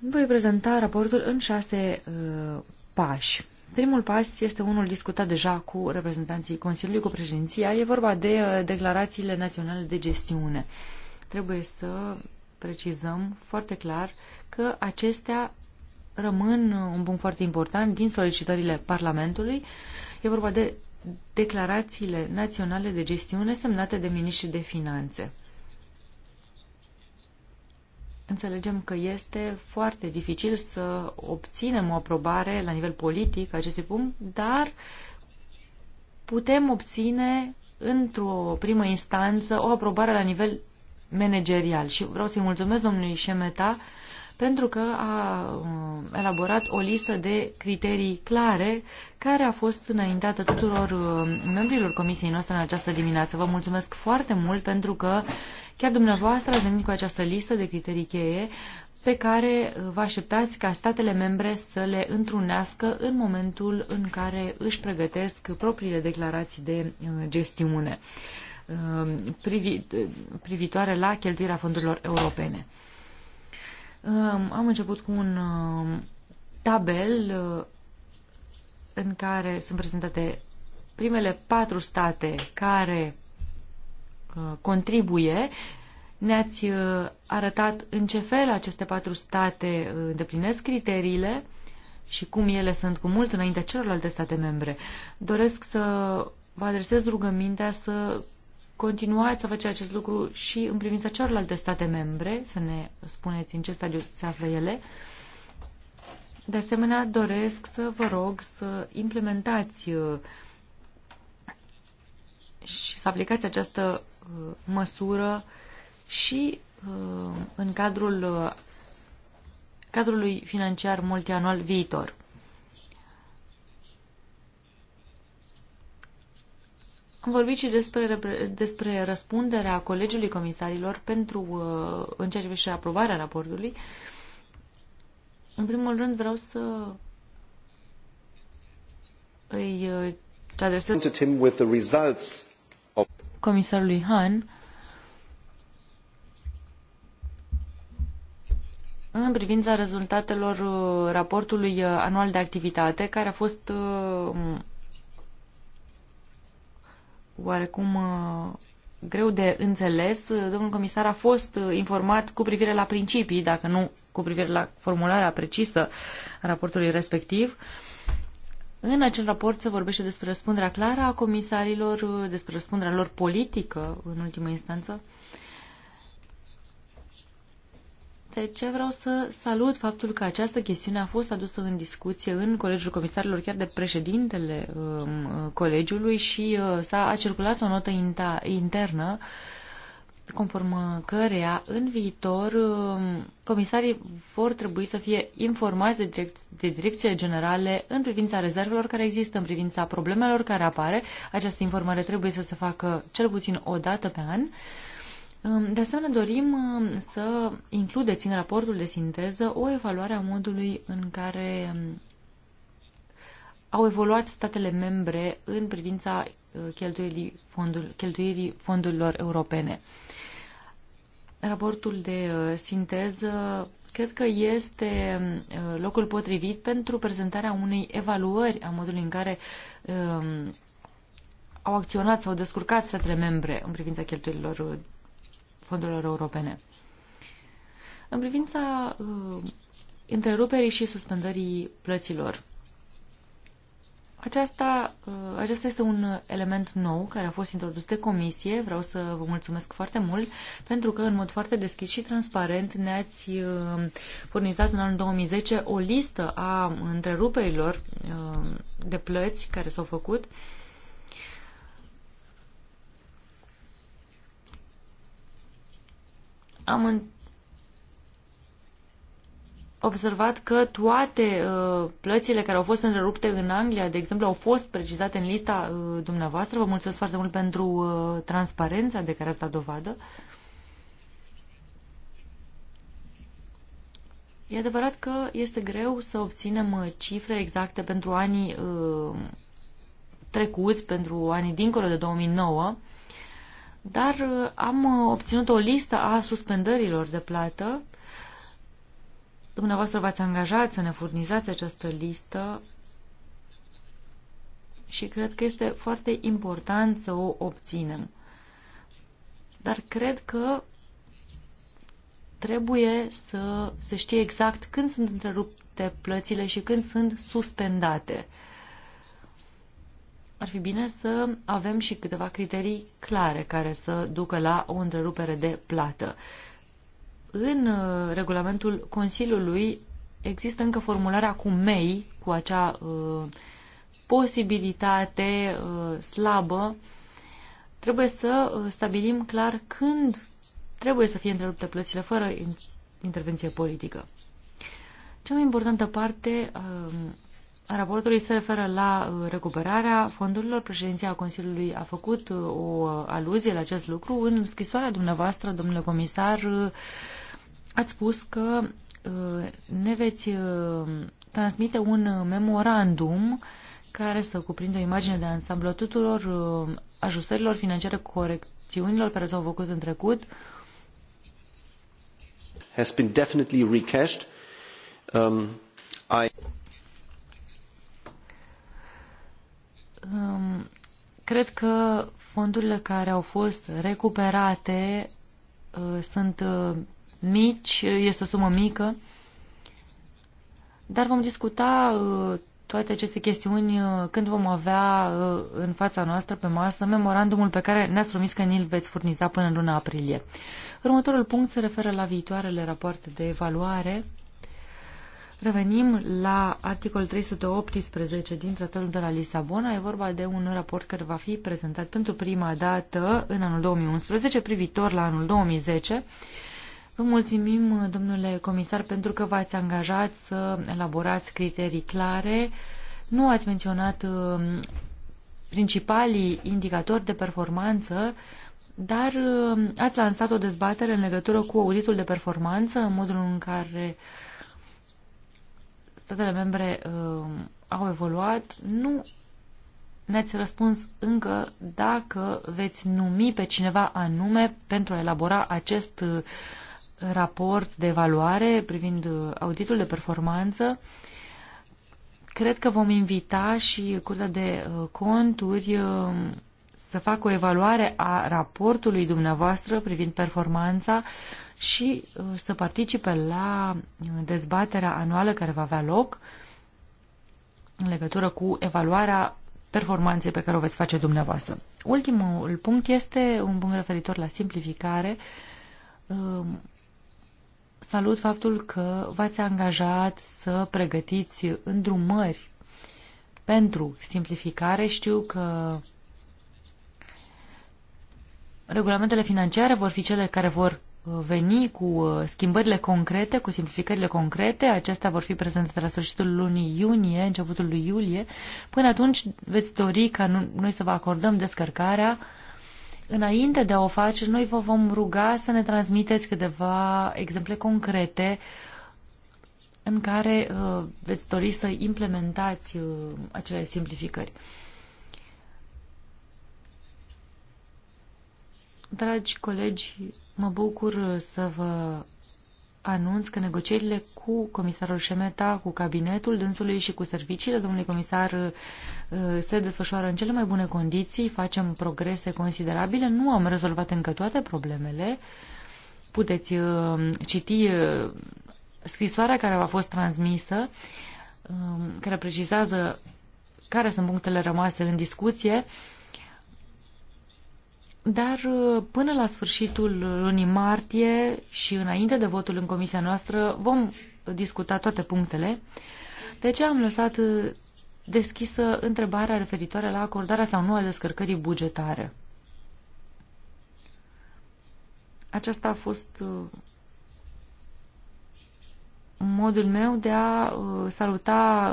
Speaker 4: Voi prezenta raportul în șase uh, pași. Primul pas este unul discutat deja cu reprezentanții Consiliului, cu președinția. E vorba de uh, declarațiile naționale de gestiune. Trebuie să precizăm foarte clar că acestea rămân uh, un punct foarte important din solicitările Parlamentului. E vorba de declarațiile naționale de gestiune semnate de miniștri de finanțe. Înțelegem că este foarte dificil să obținem o aprobare la nivel politic acestui punct, dar putem obține într-o primă instanță o aprobare la nivel managerial. Și vreau să-i mulțumesc domnului Șemeta pentru că a um, elaborat o listă de criterii clare care a fost înaintată tuturor um, membrilor comisiei noastre în această dimineață. Vă mulțumesc foarte mult pentru că chiar dumneavoastră ați venit cu această listă de criterii cheie pe care uh, vă așteptați ca statele membre să le întrunească în momentul în care își pregătesc propriile declarații de uh, gestiune um, uh, privitoare la cheltuirea fondurilor europene. Um, am început cu un um, tabel uh, în care sunt prezentate primele patru state care uh, contribuie. Ne-ați uh, arătat în ce fel aceste patru state îndeplinesc criteriile și cum ele sunt cu mult înaintea celorlalte state membre. Doresc să vă adresez rugămintea să continuați să faceți acest lucru și în privința celorlalte state membre, să ne spuneți în ce stadiu se află ele. De asemenea, doresc să vă rog să implementați uh, și să aplicați această uh, măsură și uh, în cadrul cadrului financiar multianual viitor. Am vorbit și despre, despre răspunderea Colegiului Comisarilor pentru, uh, în ceea ce privește aprobarea raportului. În primul rând vreau să îi uh, adresez comisarului Han în privința rezultatelor uh, raportului anual de activitate care a fost oarecum uh, greu de înțeles. Uh, domnul comisar a fost uh, informat cu privire la principii, dacă nu cu privire la formularea precisă a raportului respectiv. În acel raport se vorbește despre răspunderea clară a comisarilor, despre răspunderea lor politică, în ultimă instanță. de ce vreau să salut faptul că această chestiune a fost adusă în discuție în Colegiul Comisarilor, chiar de președintele um, colegiului și uh, s-a circulat o notă inta, internă conform căreia în viitor um, comisarii vor trebui să fie informați de, direct, de direcțiile generale în privința rezervelor care există, în privința problemelor care apare. Această informare trebuie să se facă cel puțin o dată pe an. Uh, de asemenea, dorim să includeți în raportul de sinteză o evaluare a modului în care au evoluat statele membre în privința uh, cheltuirii, fondul, cheltuirii fondurilor europene. Raportul de uh, sinteză cred că este uh, locul potrivit pentru prezentarea unei evaluări a modului în care um, au acționat sau descurcat statele membre în privința cheltuielilor fondurilor europene. În privința uh, întreruperii și suspendării plăților, aceasta, uh, acesta este un element nou care a fost introdus de comisie. Vreau să vă mulțumesc foarte mult pentru că, în mod foarte deschis și transparent, ne-ați uh, furnizat în anul 2010 o listă a întreruperilor uh, de plăți care s-au făcut uh, am observat că toate uh, plățile care au fost întrerupte în Anglia, de exemplu, au fost precizate în lista uh, dumneavoastră. Vă mulțumesc foarte mult pentru uh, transparența de care ați dat dovadă. E adevărat că este greu să obținem uh, cifre exacte pentru anii uh, trecuți, pentru anii dincolo de 2009, dar uh, am uh, obținut o listă a suspendărilor de plată. Dumneavoastră v-ați angajat să ne furnizați această listă și cred că este foarte important să o obținem. Dar cred că trebuie să se știe exact când sunt întrerupte plățile și când sunt suspendate ar fi bine să avem și câteva criterii clare care să ducă la o întrerupere de plată. În uh, regulamentul Consiliului există încă formularea cu mei, cu acea uh, posibilitate uh, slabă. Trebuie să uh, stabilim clar când trebuie să fie întrerupte plățile fără intervenție politică. Cea mai importantă parte uh, raportului se referă la uh, recuperarea fondurilor. Președinția Consiliului a făcut uh, o aluzie la acest lucru. În scrisoarea dumneavoastră, domnule comisar, uh, ați spus că ne veți transmite un memorandum care să cuprindă o imagine de ansamblu a tuturor ajustărilor financiare, corecțiunilor care s-au făcut în trecut.
Speaker 1: Has been definitely recashed. Um, I...
Speaker 4: Um, cred că fondurile care au fost recuperate uh, sunt uh, mici, este o sumă mică, dar vom discuta uh, toate aceste chestiuni când vom avea în fața noastră pe masă memorandumul pe care ne-ați promis că ni-l veți furniza până în luna aprilie. Următorul punct se referă la viitoarele rapoarte de evaluare Revenim la articolul 318 din Tratatul de la Lisabona. E vorba de un raport care va fi prezentat pentru prima dată în anul 2011, privitor la anul 2010. Vă mulțumim, domnule comisar, pentru că v-ați angajat să elaborați criterii clare. Nu ați menționat um, principalii indicatori de performanță, dar um, ați lansat o dezbatere în legătură cu auditul de performanță, în modul în care uh, statele membre uh, au evoluat, nu ne-ați răspuns încă dacă veți numi pe cineva anume pentru a elabora acest uh, raport de evaluare privind uh, auditul de performanță. Cred că vom invita și Curtea de uh, Conturi um, să fac o evaluare a raportului dumneavoastră privind performanța și uh, să participe la uh, dezbaterea anuală care va avea loc în legătură cu evaluarea performanței pe care o veți face dumneavoastră. Ultimul punct este un punct referitor la simplificare. Uh, salut faptul că v-ați angajat să pregătiți îndrumări pentru simplificare. Știu că Regulamentele financiare vor fi cele care vor uh, veni cu uh, schimbările concrete, cu simplificările concrete. Acestea vor fi prezentate la sfârșitul lunii iunie, începutul lui iulie. Până atunci veți dori ca noi să vă acordăm descărcarea. Înainte de a o face, noi vă vom ruga să ne transmiteți câteva exemple concrete în care uh, veți dori să implementați uh, acele simplificări. Dragi colegi, mă bucur să vă anunț că negocierile cu comisarul Șemeta, cu cabinetul dânsului și cu serviciile domnului comisar uh, se desfășoară în cele mai bune condiții, facem progrese considerabile, nu am rezolvat încă toate problemele. Puteți uh, citi uh, scrisoarea care a fost transmisă, care precizează care sunt punctele rămase în discuție. Dar uh, până la sfârșitul lunii martie și înainte de votul în comisia noastră vom discuta toate punctele. De ce am lăsat uh, deschisă întrebarea referitoare la acordarea sau nu a descărcării bugetare? Aceasta a fost uh, modul meu de a saluta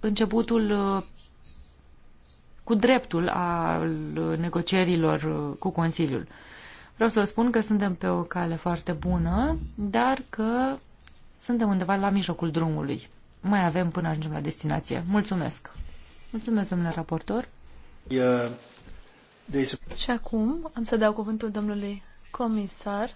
Speaker 4: începutul cu dreptul al negocierilor cu Consiliul. Vreau să vă spun că suntem pe o cale foarte bună, dar că suntem undeva la mijlocul drumului. Mai avem până ajungem la destinație. Mulțumesc! Mulțumesc, domnule raportor!
Speaker 3: Și acum am să dau cuvântul domnului comisar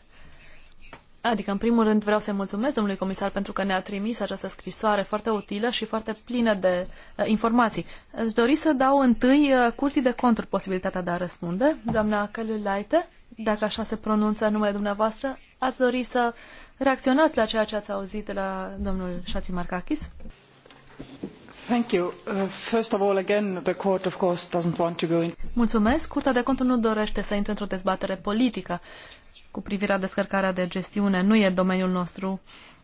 Speaker 3: Adică, în primul rând, vreau să-i mulțumesc domnului comisar pentru că ne-a trimis această scrisoare foarte utilă și foarte plină de uh, informații. Îți dori să dau întâi uh, curții de conturi posibilitatea de a răspunde. Doamna Căliulaite, dacă așa se pronunță numele dumneavoastră, ați dori să reacționați la ceea ce ați auzit de la domnul Șații Marcachis?
Speaker 1: Thank you. Uh, first of all, again, the court, of course, doesn't want to go in...
Speaker 3: Mulțumesc. Curtea de conturi nu dorește să intre într-o dezbatere politică. Uh, cu privire la descărcarea de gestiune. Nu e domeniul nostru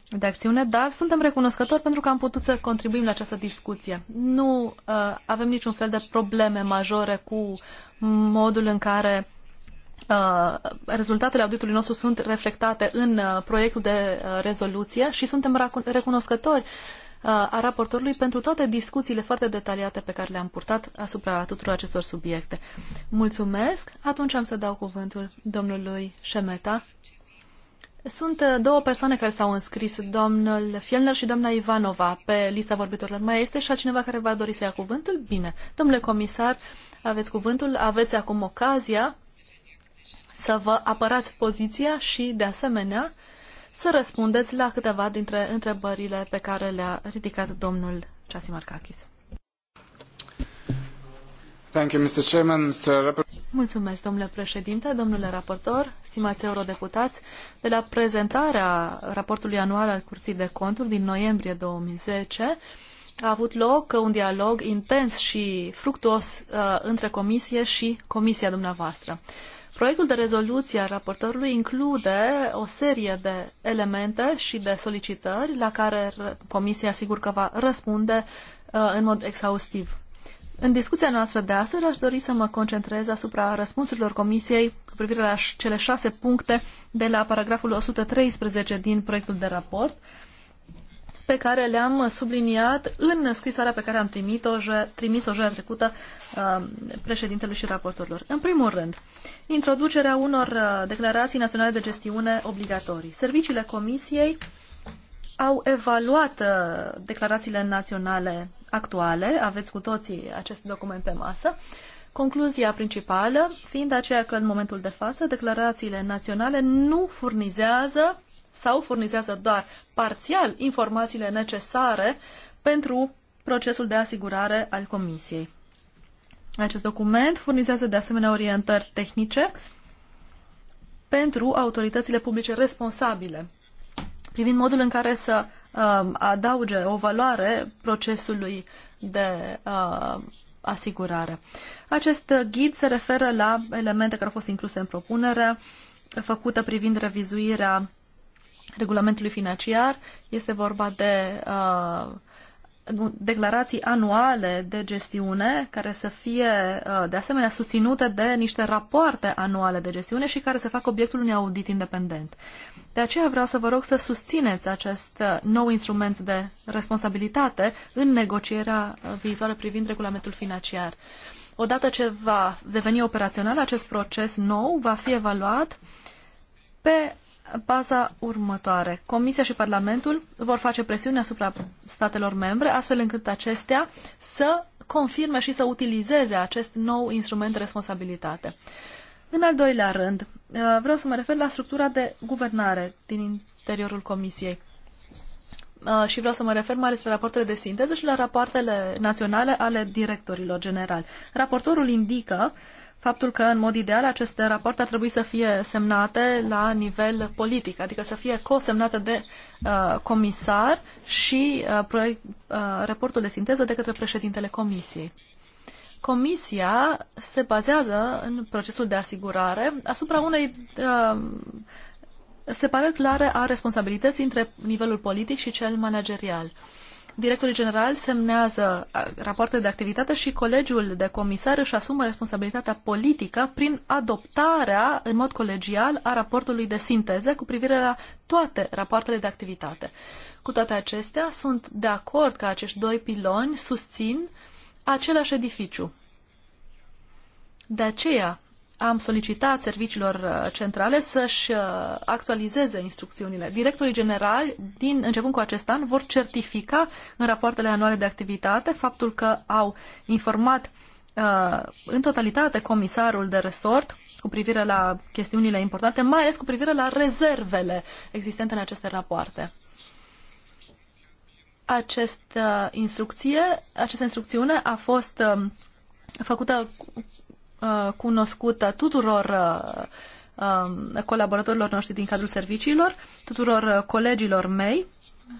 Speaker 3: de acțiune, dar suntem recunoscători pentru că am putut să contribuim la această discuție. Nu uh, avem niciun fel de probleme majore cu modul în care Uh, rezultatele auditului nostru sunt reflectate în uh, proiectul de uh, rezoluție și suntem recunoscători a raportorului pentru toate discuțiile foarte detaliate pe care le-am purtat asupra tuturor acestor subiecte. Mulțumesc! Atunci am să dau cuvântul domnului Șemeta. Sunt uh, două persoane care s-au înscris, domnul Fielner și doamna Ivanova, pe lista vorbitorilor. Mai este și cineva care va dori să ia cuvântul? Bine. Domnule comisar, aveți cuvântul, aveți acum ocazia să vă apărați poziția și, de asemenea, să răspundeți la câteva dintre întrebările pe care le-a ridicat domnul Arcachis.
Speaker 1: Thank you, Mr. Chairman, Mr.
Speaker 3: Mulțumesc, domnule președinte, domnule raportor, stimați eurodeputați. De la prezentarea raportului anual al Curții de Conturi din noiembrie 2010, a avut loc un dialog intens și fructuos uh, între comisie și comisia dumneavoastră. Proiectul de rezoluție a raportorului include o serie de elemente și de solicitări la care Comisia sigur că va răspunde uh, în mod exhaustiv. În discuția noastră de astăzi aș dori să mă concentrez asupra răspunsurilor Comisiei cu privire la cele șase puncte de la paragraful 113 din proiectul de raport, uh, pe care le-am subliniat în scrisoarea pe care am trimis-o trimis joia trecută uh, președintelui și raportorilor. În primul rând, introducerea unor uh, declarații naționale de gestiune obligatorii. Serviciile Comisiei au evaluat uh, declarațiile naționale actuale, aveți cu toții acest document pe masă, Concluzia principală fiind aceea că în momentul de față declarațiile naționale nu furnizează sau furnizează doar parțial informațiile necesare pentru procesul de asigurare al Comisiei. Acest document furnizează de asemenea orientări tehnice pentru autoritățile publice responsabile privind modul în care să uh, adauge o valoare procesului de uh, asigurare. Acest ghid se referă la elemente care au fost incluse în propunere, făcută privind revizuirea regulamentului financiar. Este vorba de uh, declarații anuale de gestiune care să fie uh, de asemenea susținute de niște rapoarte anuale de gestiune și care să facă obiectul unui audit independent. De aceea vreau să vă rog să susțineți acest uh, nou instrument de responsabilitate în negocierea viitoare privind regulamentul financiar. Odată ce va deveni operațional acest proces nou, va fi evaluat pe baza următoare. Comisia și Parlamentul vor face presiune asupra statelor membre, astfel încât acestea să confirme și să utilizeze acest nou instrument de responsabilitate. În al doilea rând, uh, vreau să mă refer la structura de guvernare din interiorul Comisiei. Uh, și vreau să mă refer mai ales la rapoartele de sinteză și la rapoartele naționale ale directorilor generali. Raportorul indică uh, faptul că, în mod ideal, aceste rapoarte ar trebui să fie semnate la nivel politic, adică să fie cosemnate de uh, comisar și uh, proiect, uh, raportul de sinteză de către președintele comisiei. Comisia se bazează în procesul de asigurare asupra unei uh, separări clare a responsabilității între nivelul politic și cel managerial. Uh, directorul general semnează rapoarte de activitate și colegiul de comisar își asumă responsabilitatea politică prin adoptarea în mod colegial a raportului de sinteză cu privire la toate rapoartele de activitate. Cu toate acestea, sunt de acord că acești doi piloni susțin același edificiu. De aceea, am solicitat serviciilor uh, centrale să-și uh, actualizeze instrucțiunile. Directorii generali, din începând cu acest an, vor certifica în rapoartele anuale de activitate faptul că au informat uh, în totalitate comisarul de resort cu privire la chestiunile importante, mai ales cu privire la rezervele existente în aceste rapoarte. Această uh, instrucție, această instrucțiune a fost uh, făcută Uh, cunoscută tuturor uh, um, colaboratorilor noștri din cadrul serviciilor, tuturor uh, colegilor mei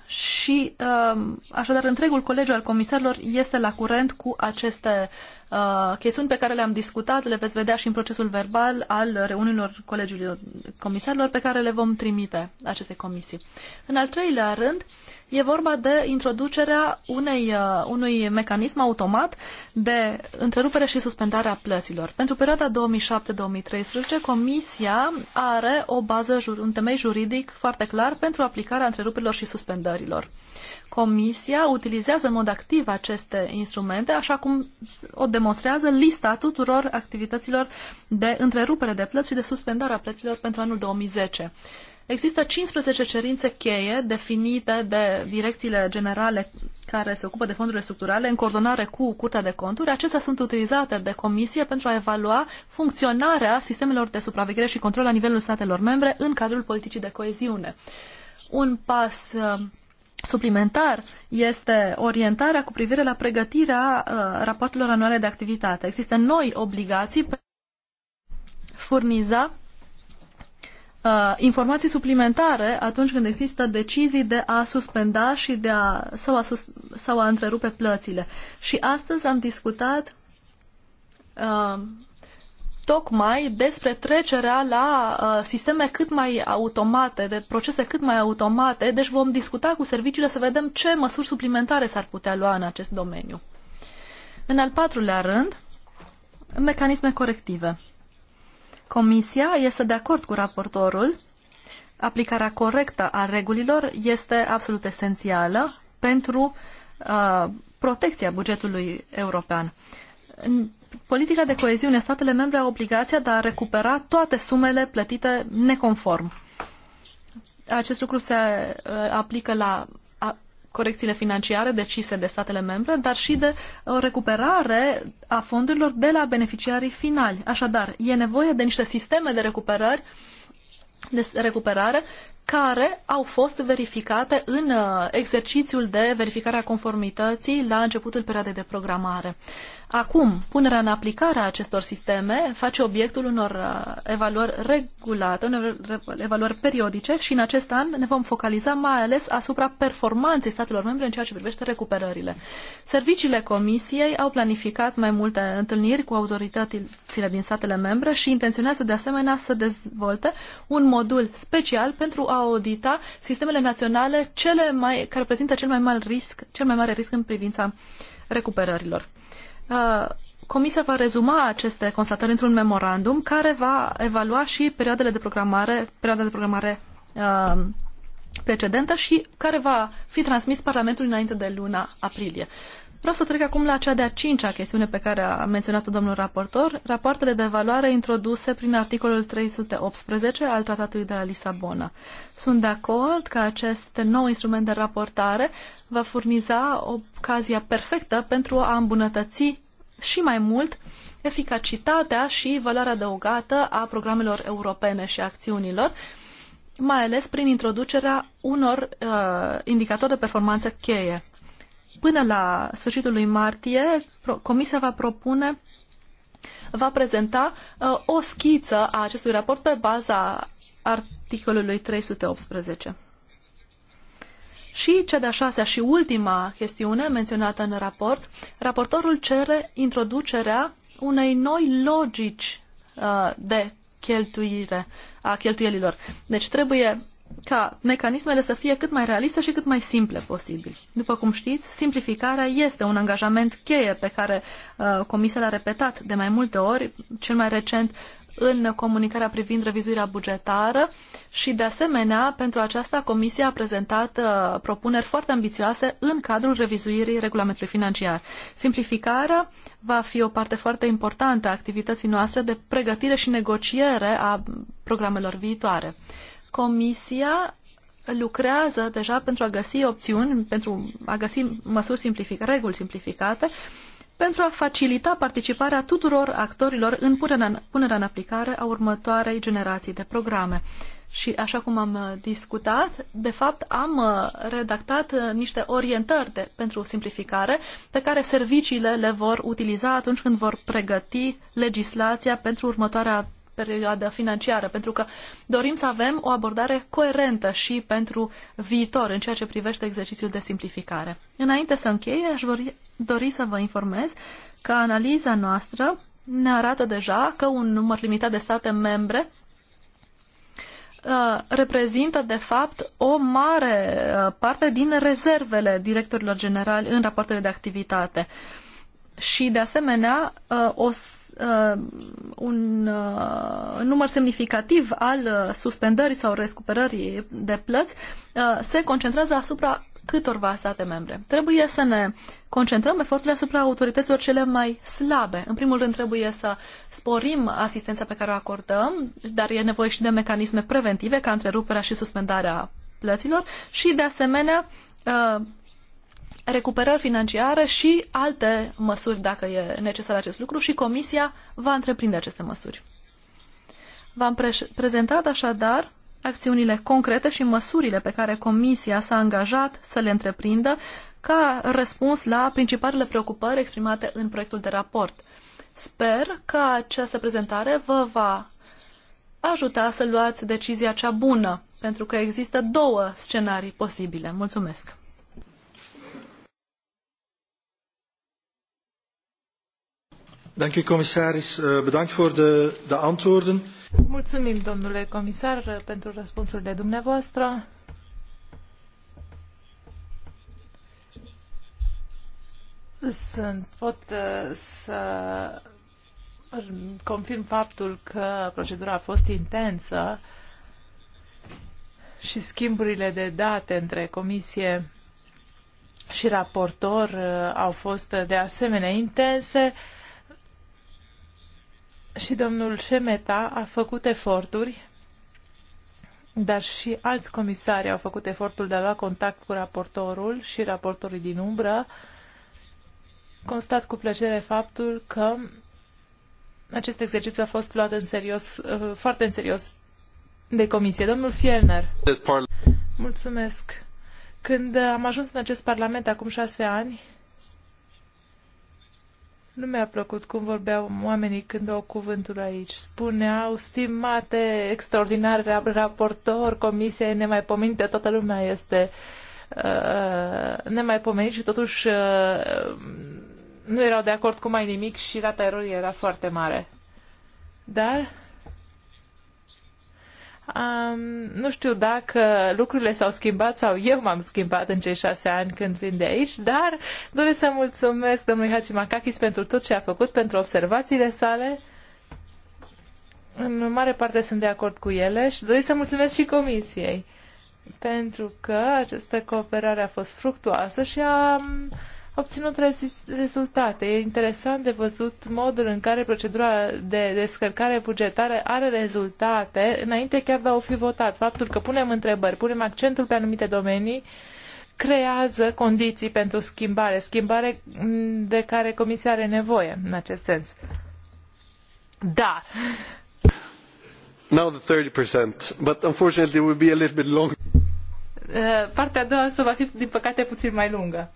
Speaker 3: și um, așadar întregul colegiu al comisarilor este la curent cu aceste uh, Uh, chestiuni pe care le-am discutat, le veți vedea și în procesul verbal al reuniunilor colegiilor comisarilor pe care le vom trimite aceste comisii. În al treilea rând, e vorba de introducerea unei, uh, unui mecanism automat de întrerupere și suspendare a plăților. Pentru perioada 2007-2013, Comisia are o bază, un temei juridic foarte clar pentru aplicarea întreruperilor și suspendărilor. Uh, Comisia utilizează în mod activ aceste instrumente, așa cum o demonstrează lista tuturor activităților de întrerupere de plăți și de suspendare a plăților pentru anul 2010. Există 15 cerințe cheie definite de direcțiile generale care se ocupă de fondurile structurale în coordonare cu Curtea de Conturi. Acestea sunt utilizate de Comisie pentru a evalua funcționarea sistemelor de supraveghere și control la nivelul statelor membre în cadrul politicii de coeziune. Un pas uh, suplimentar este orientarea cu privire la pregătirea uh, raportelor anuale de activitate. Există noi obligații pentru a furniza uh, informații suplimentare atunci când există decizii de a suspenda și de a, sau, a sus, sau a întrerupe plățile. Și astăzi am discutat uh, tocmai despre trecerea la uh, sisteme cât mai automate, de procese cât mai automate, deci vom discuta cu serviciile să vedem ce măsuri suplimentare s-ar putea lua în acest domeniu. În al patrulea rând, mecanisme corective. Comisia este de acord cu raportorul. Aplicarea corectă a regulilor este absolut esențială pentru uh, protecția bugetului european politica de coeziune, statele membre au obligația de a recupera toate sumele plătite neconform. Acest lucru se uh, aplică la corecțiile financiare decise de statele membre, dar și de o uh, recuperare a fondurilor de la beneficiarii finali. Așadar, e nevoie de niște sisteme de recuperări de recuperare care au fost verificate în uh, exercițiul de verificare a conformității la începutul perioadei de programare. Acum, punerea în aplicare a acestor sisteme face obiectul unor uh, evaluări regulate, unor evaluări periodice și în acest an ne vom focaliza mai ales asupra performanței statelor membre în ceea ce privește recuperările. Serviciile Comisiei au planificat mai multe întâlniri cu autoritățile din statele membre și intenționează de asemenea să dezvolte un modul special pentru a audita sistemele naționale cele mai, care prezintă cel mai mare risc, cel mai mare risc în privința recuperărilor. Uh, comisia va rezuma aceste constatări într-un memorandum care va evalua și perioadele de programare, perioada de programare uh, precedentă și care va fi transmis Parlamentului înainte de luna aprilie. Vreau să trec acum la cea de-a cincea chestiune pe care a menționat-o domnul raportor, rapoartele de valoare introduse prin articolul 318 al Tratatului de la Lisabona. Sunt de acord că acest nou instrument de raportare va furniza ocazia perfectă pentru a îmbunătăți și mai mult eficacitatea și valoarea adăugată a programelor europene și acțiunilor, mai ales prin introducerea unor uh, indicatori de performanță cheie. Până la sfârșitul lui martie, Comisia va propune, va prezenta uh, o schiță a acestui raport pe baza articolului 318. Și cea de-a șasea și ultima chestiune menționată în raport, raportorul cere introducerea unei noi logici uh, de cheltuire a cheltuielilor. Deci trebuie ca mecanismele să fie cât mai realiste și cât mai simple posibil. După cum știți, simplificarea este un angajament cheie pe care uh, Comisia l-a repetat de mai multe ori, cel mai recent în comunicarea privind revizuirea bugetară și, de asemenea, pentru aceasta Comisia a prezentat uh, propuneri foarte ambițioase în cadrul revizuirii regulamentului financiar. Simplificarea va fi o parte foarte importantă a activității noastre de pregătire și negociere a programelor viitoare. Comisia lucrează deja pentru a găsi opțiuni, pentru a găsi măsuri simplificate, reguli simplificate, pentru a facilita participarea tuturor actorilor în punerea în, în aplicare a următoarei generații de programe. Și așa cum am uh, discutat, de fapt am uh, redactat uh, niște orientări de, pentru simplificare pe care serviciile le vor utiliza atunci când vor pregăti legislația pentru următoarea perioadă financiară, pentru că dorim să avem o abordare coerentă și pentru viitor în ceea ce privește exercițiul de simplificare. Înainte să încheie, aș dori să vă informez că analiza noastră ne arată deja că un număr limitat de state membre uh, reprezintă, de fapt, o mare uh, parte din rezervele directorilor generali în rapoartele de activitate. Uh, și, de asemenea, uh, o, uh, un uh, număr semnificativ al suspendării sau recuperării de plăți se concentrează asupra câtorva state membre. Trebuie să ne concentrăm eforturile asupra autorităților cele mai slabe. În primul rând trebuie să sporim asistența pe care o acordăm, dar e nevoie și de mecanisme preventive ca întreruperea și suspendarea plăților și de asemenea recuperări financiare și alte măsuri dacă e necesar acest lucru și Comisia va întreprinde aceste măsuri. V-am pre prezentat așadar acțiunile concrete și măsurile pe care Comisia s-a angajat să le întreprindă ca răspuns la principalele preocupări exprimate în proiectul de raport. Sper că această prezentare vă va ajuta să luați decizia cea bună, pentru că există două scenarii posibile. Mulțumesc!
Speaker 1: Dank u commissaris. Eh, bedankt voor de, de antwoorden.
Speaker 2: Mulțumim, domnule comisar, eh, pentru răspunsurile dumneavoastră. Sunt, pot eh, să confirm faptul că procedura a fost intensă și schimburile de date între comisie și raportor au fost de asemenea intense și domnul Șemeta a făcut eforturi, dar și alți comisari au făcut efortul de a lua contact cu raportorul și raportorii din umbră. Constat cu plăcere faptul că acest exercițiu a fost luat în serios, uh, foarte în serios de comisie. Domnul Fielner. Mulțumesc. Când am ajuns în acest parlament acum șase ani, nu mi-a plăcut cum vorbeau oamenii când au cuvântul aici. Spuneau, stimate, extraordinar raportor, comisia e nemaipomenită, toată lumea este uh, nemaipomenit și totuși uh, nu erau de acord cu mai nimic și rata erorii era foarte mare. Dar Um, nu știu dacă lucrurile s-au schimbat sau eu m-am schimbat în cei șase ani când vin de aici, dar doresc să mulțumesc domnului Hacimakakis pentru tot ce a făcut, pentru observațiile sale. În mare parte sunt de acord cu ele și doresc să mulțumesc și comisiei pentru că această cooperare a fost fructuoasă și a obținut rezultate. E interesant de văzut modul în care procedura de descărcare bugetară are rezultate înainte chiar de a o fi votat. Faptul că punem întrebări, punem accentul pe anumite domenii, creează condiții pentru schimbare, schimbare de care Comisia are nevoie în acest sens. Da.
Speaker 1: Now the 30%, but unfortunately will be a little bit long.
Speaker 2: Eh, partea a doua să va fi, din păcate, puțin mai lungă.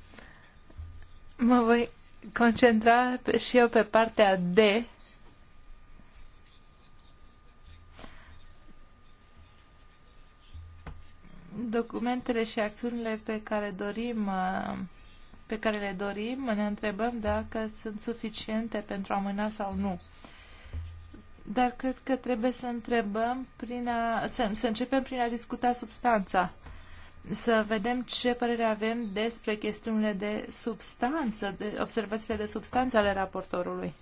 Speaker 2: Mă voi concentra și eu pe partea D. Documentele și acțiunile pe care dorim uh, pe care le dorim, ne întrebăm dacă sunt suficiente pentru a mâna sau nu. Dar cred că trebuie să întrebăm prin a, să, să începem prin a discuta substanța să vedem ce părere avem despre chestiunile de substanță, de observațiile de substanță ale raportorului.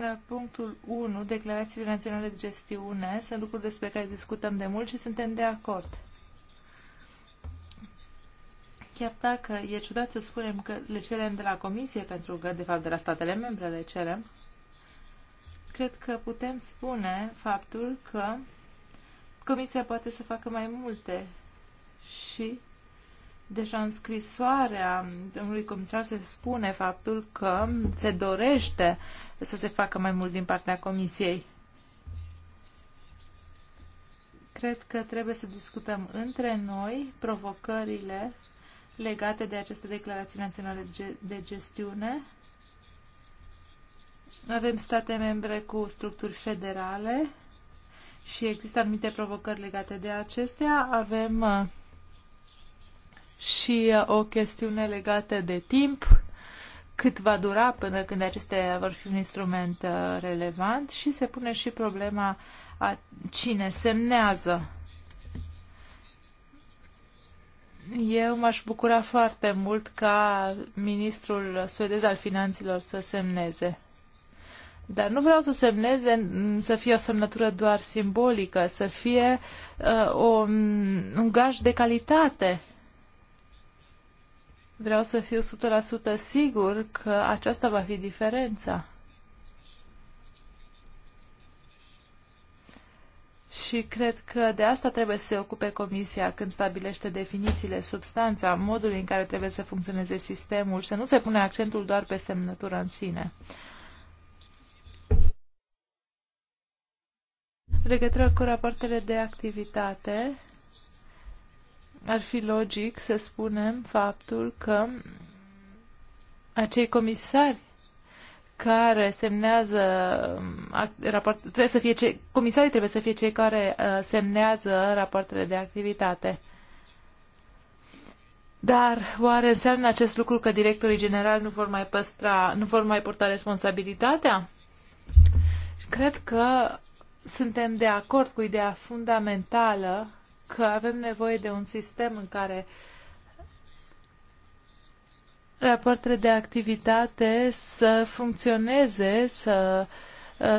Speaker 2: La punctul 1, declarațiile naționale de gestiune, sunt lucruri despre care discutăm de mult și suntem de acord. Chiar dacă e ciudat să spunem că le cerem de la Comisie, pentru că, de fapt, de la statele membre le cerem, cred că putem spune faptul că Comisia poate să facă mai multe și deja în scrisoarea domnului comisar se spune faptul că se dorește să se facă mai mult din partea comisiei. Cred că trebuie să discutăm între noi provocările legate de aceste declarații naționale de gestiune. Avem state membre cu structuri federale și există anumite provocări legate de acestea. Avem uh, și o chestiune legată de timp, cât va dura până când acestea vor fi un instrument uh, relevant și se pune și problema a cine semnează. Eu m-aș bucura foarte mult ca ministrul suedez al finanțelor să semneze. Dar nu vreau să semneze, să fie o semnătură doar simbolică, să fie uh, o, un gaj de calitate Vreau să fiu 100% sigur că aceasta va fi diferența. Și cred că de asta trebuie să se ocupe Comisia când stabilește definițiile, substanța, modul în care trebuie să funcționeze sistemul, să nu se pune accentul doar pe semnătura în sine. Legătură cu rapoartele de activitate, ar fi logic să spunem faptul că acei comisari care semnează um, raport, trebuie să fie cei, comisarii trebuie să fie cei care uh, semnează rapoartele de activitate. Dar oare înseamnă acest lucru că directorii generali nu vor mai păstra, nu vor mai purta responsabilitatea? Cred că suntem de acord cu ideea fundamentală că avem nevoie de un sistem în care rapoartele de activitate să funcționeze, să,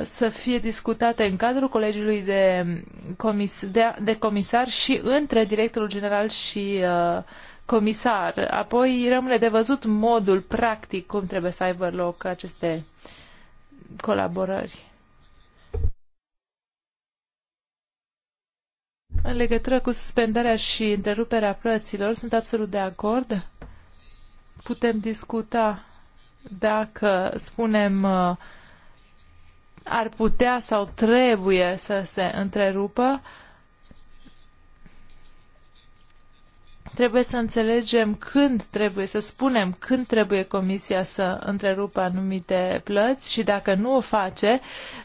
Speaker 2: să fie discutate în cadrul colegiului de, comis, de, de comisar și între directorul general și uh, comisar. Apoi rămâne de văzut modul practic cum trebuie să aibă loc aceste colaborări. În legătură cu suspendarea și întreruperea plăților, sunt absolut de acord. Putem discuta dacă spunem uh, ar putea sau trebuie să se întrerupă. Trebuie să înțelegem când trebuie, să spunem când trebuie Comisia să întrerupă anumite plăți și dacă nu o face,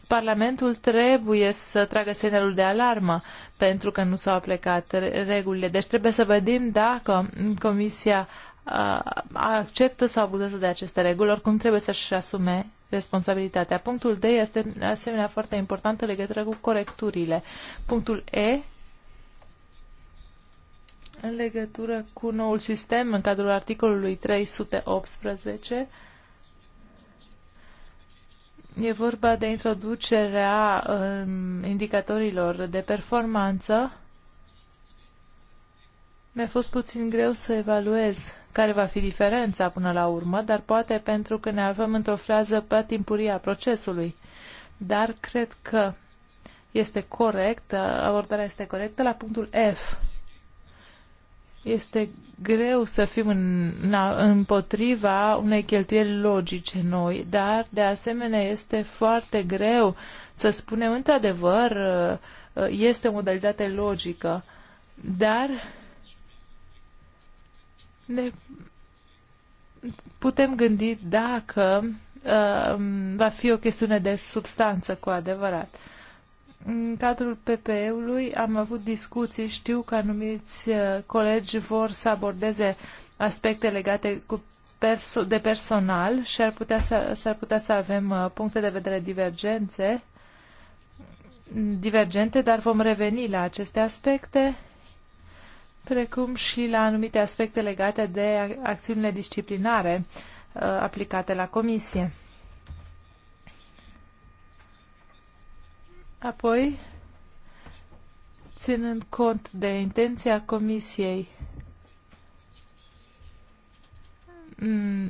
Speaker 2: Parlamentul trebuie să tragă semnalul de alarmă pentru că nu s-au aplicat regulile. Deci trebuie să vedem dacă Comisia acceptă sau abuzează de aceste reguli, oricum trebuie să-și asume responsabilitatea. Punctul D este asemenea foarte important în legătură cu corecturile. Punctul E în legătură cu noul sistem în cadrul articolului 318. E vorba de introducerea um, indicatorilor de performanță. Mi-a fost puțin greu să evaluez care va fi diferența până la urmă, dar poate pentru că ne avem într-o frază pe timpurie a procesului. Dar cred că este corect, uh, abordarea este corectă la punctul F este greu să fim în, în, împotriva unei cheltuieli logice noi, dar de asemenea este foarte greu să spunem într-adevăr uh, este o modalitate logică, dar ne putem gândi dacă uh, va fi o chestiune de substanță cu adevărat. În cadrul PPE-ului am avut discuții, știu că anumiți uh, colegi vor să abordeze aspecte legate cu perso- de personal și ar putea să, s-ar putea să avem uh, puncte de vedere divergențe, divergente, dar vom reveni la aceste aspecte, precum și la anumite aspecte legate de acțiunile disciplinare uh, aplicate la comisie. Apoi, ținând cont de intenția Comisiei mm,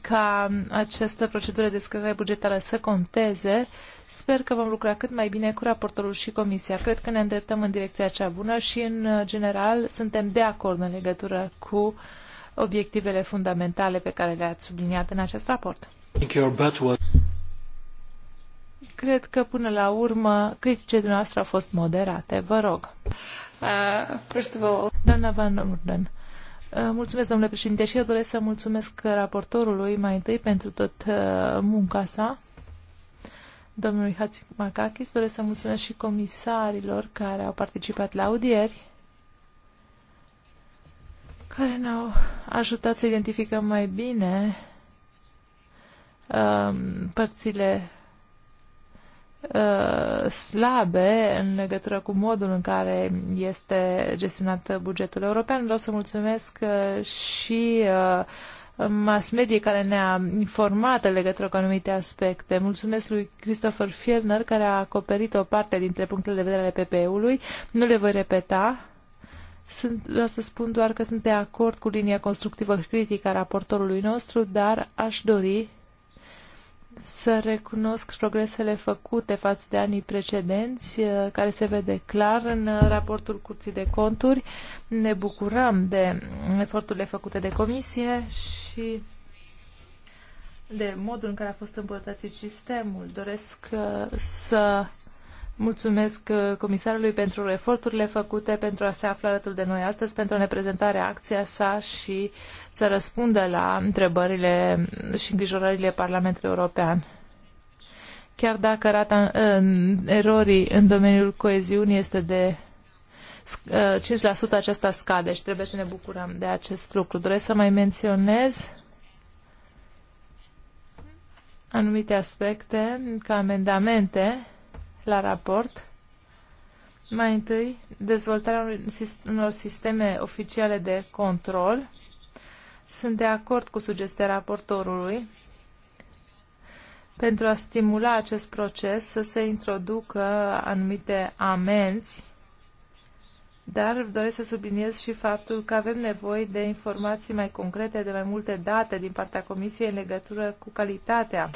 Speaker 2: ca această procedură de scădere bugetară să conteze. Sper că vom lucra cât mai bine cu raportorul și comisia. Cred că ne îndreptăm în direcția cea bună și, în general, suntem de acord în legătură cu obiectivele fundamentale pe care le-ați subliniat în acest raport. Cred că până la urmă criticile dumneavoastră au fost moderate. Vă rog. Uh, Doamna Van Orden. Uh, mulțumesc, domnule președinte, și eu doresc să mulțumesc raportorului mai întâi pentru tot uh, munca sa, domnului Hatzi Makakis. Doresc să mulțumesc și comisarilor care au participat la audieri, care ne-au ajutat să identificăm mai bine um, părțile Uh, slabe în legătură cu modul în care este gestionat bugetul european. Vreau să mulțumesc uh, și uh, mass media care ne-a informat în legătură cu anumite aspecte. Mulțumesc lui Christopher Fierner care a acoperit o parte dintre punctele de vedere ale PPE-ului. Nu le voi repeta. Sunt, vreau să spun doar că sunt de acord cu linia constructivă critică a raportorului nostru, dar aș dori să recunosc progresele făcute față de anii precedenți, uh, care se vede clar în uh, raportul Curții de Conturi. Ne bucurăm de mm, eforturile făcute de comisie și de modul în care a fost îmbunătățit sistemul. Doresc uh, să mulțumesc comisarului pentru eforturile făcute, pentru a se afla alături de noi astăzi, pentru a ne prezenta reacția sa și să răspundă la întrebările și îngrijorările Parlamentului European. Chiar dacă rata în, uh, erorii în domeniul coeziunii este de 5% uh, aceasta scade și trebuie să ne bucurăm de acest lucru. Doresc să mai menționez anumite aspecte ca amendamente la raport. Mai întâi, dezvoltarea unor sisteme oficiale de control sunt de acord cu sugestia raportorului pentru a stimula acest proces să se introducă anumite amenzi, dar doresc să subliniez și faptul că avem nevoie de informații mai concrete, de mai multe date din partea Comisiei în legătură cu calitatea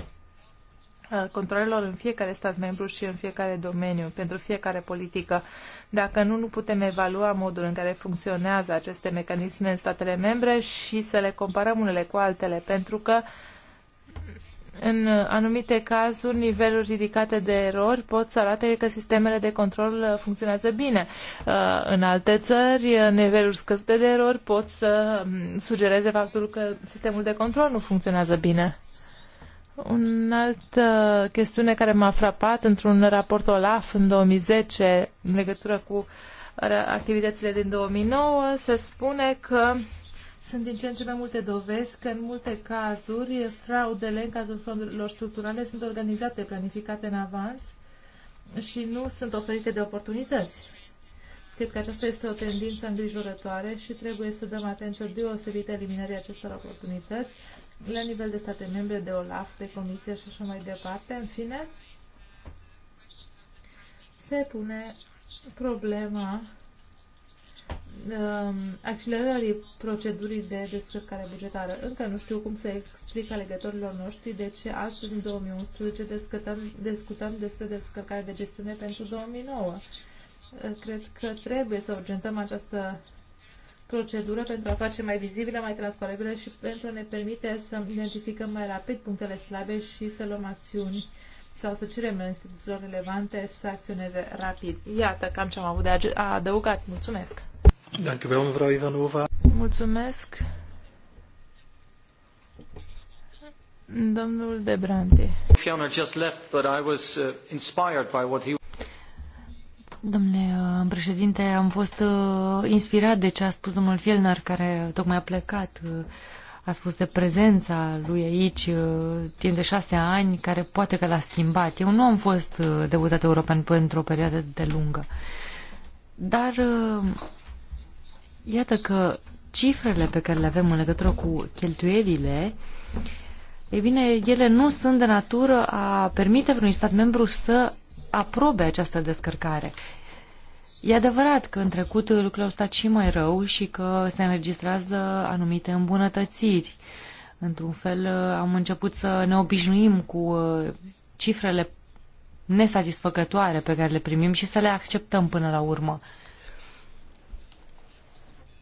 Speaker 2: controlelor în fiecare stat membru și în fiecare domeniu, pentru fiecare politică. Dacă nu, nu putem evalua modul în care funcționează aceste mecanisme în statele membre și să le comparăm unele cu altele, pentru că în anumite cazuri, niveluri ridicate de erori pot să arate că sistemele de control funcționează bine. Uh, în alte țări, niveluri scăzute de erori pot să mm, sugereze faptul că sistemul de control nu funcționează bine. Un altă uh, chestiune care m-a frapat într-un raport OLAF în 2010 în legătură cu activitățile din 2009 se spune că sunt din ce în ce mai multe dovezi că în multe cazuri fraudele în cazul fondurilor structurale sunt organizate, planificate în avans și nu sunt oferite de oportunități. Cred că aceasta este o tendință îngrijorătoare și trebuie să dăm atenție deosebită eliminării acestor oportunități la nivel de state membre, de OLAF, de comisie și așa mai departe. În fine, se pune problema um, accelerării procedurii de descărcare bugetară. Încă nu știu cum să explic alegătorilor noștri de ce astăzi, în 2011, discutăm, discutăm despre descărcare de gestiune pentru 2009. Cred că trebuie să urgentăm această procedură pentru a face mai vizibile, mai transparabile și pentru a ne permite să identificăm mai rapid punctele slabe și să luăm acțiuni sau să cerem instituțiilor relevante să acționeze rapid. Iată cam ce am avut de adăugat. Mulțumesc!
Speaker 1: Mulțumesc!
Speaker 2: Domnul Debrante.
Speaker 1: Fiona just left, but I was uh, inspired by what he
Speaker 4: Domnule uh, președinte, am fost uh, inspirat de ce a spus domnul Fielner, care tocmai a plecat. Uh, a spus de prezența lui aici uh, timp de șase ani, care poate că l-a schimbat. Eu nu am fost uh, deputat european pentru o perioadă de lungă. Dar uh, iată că cifrele pe care le avem în legătură cu cheltuielile ei bine, ele nu sunt de natură a permite vreunui stat membru să aprobe această descărcare. E adevărat că în trecut lucrurile au stat și mai rău și că se înregistrează anumite îmbunătățiri. Într-un fel uh, am început să ne obișnuim cu uh, cifrele nesatisfăcătoare pe care le primim și să le acceptăm până la urmă.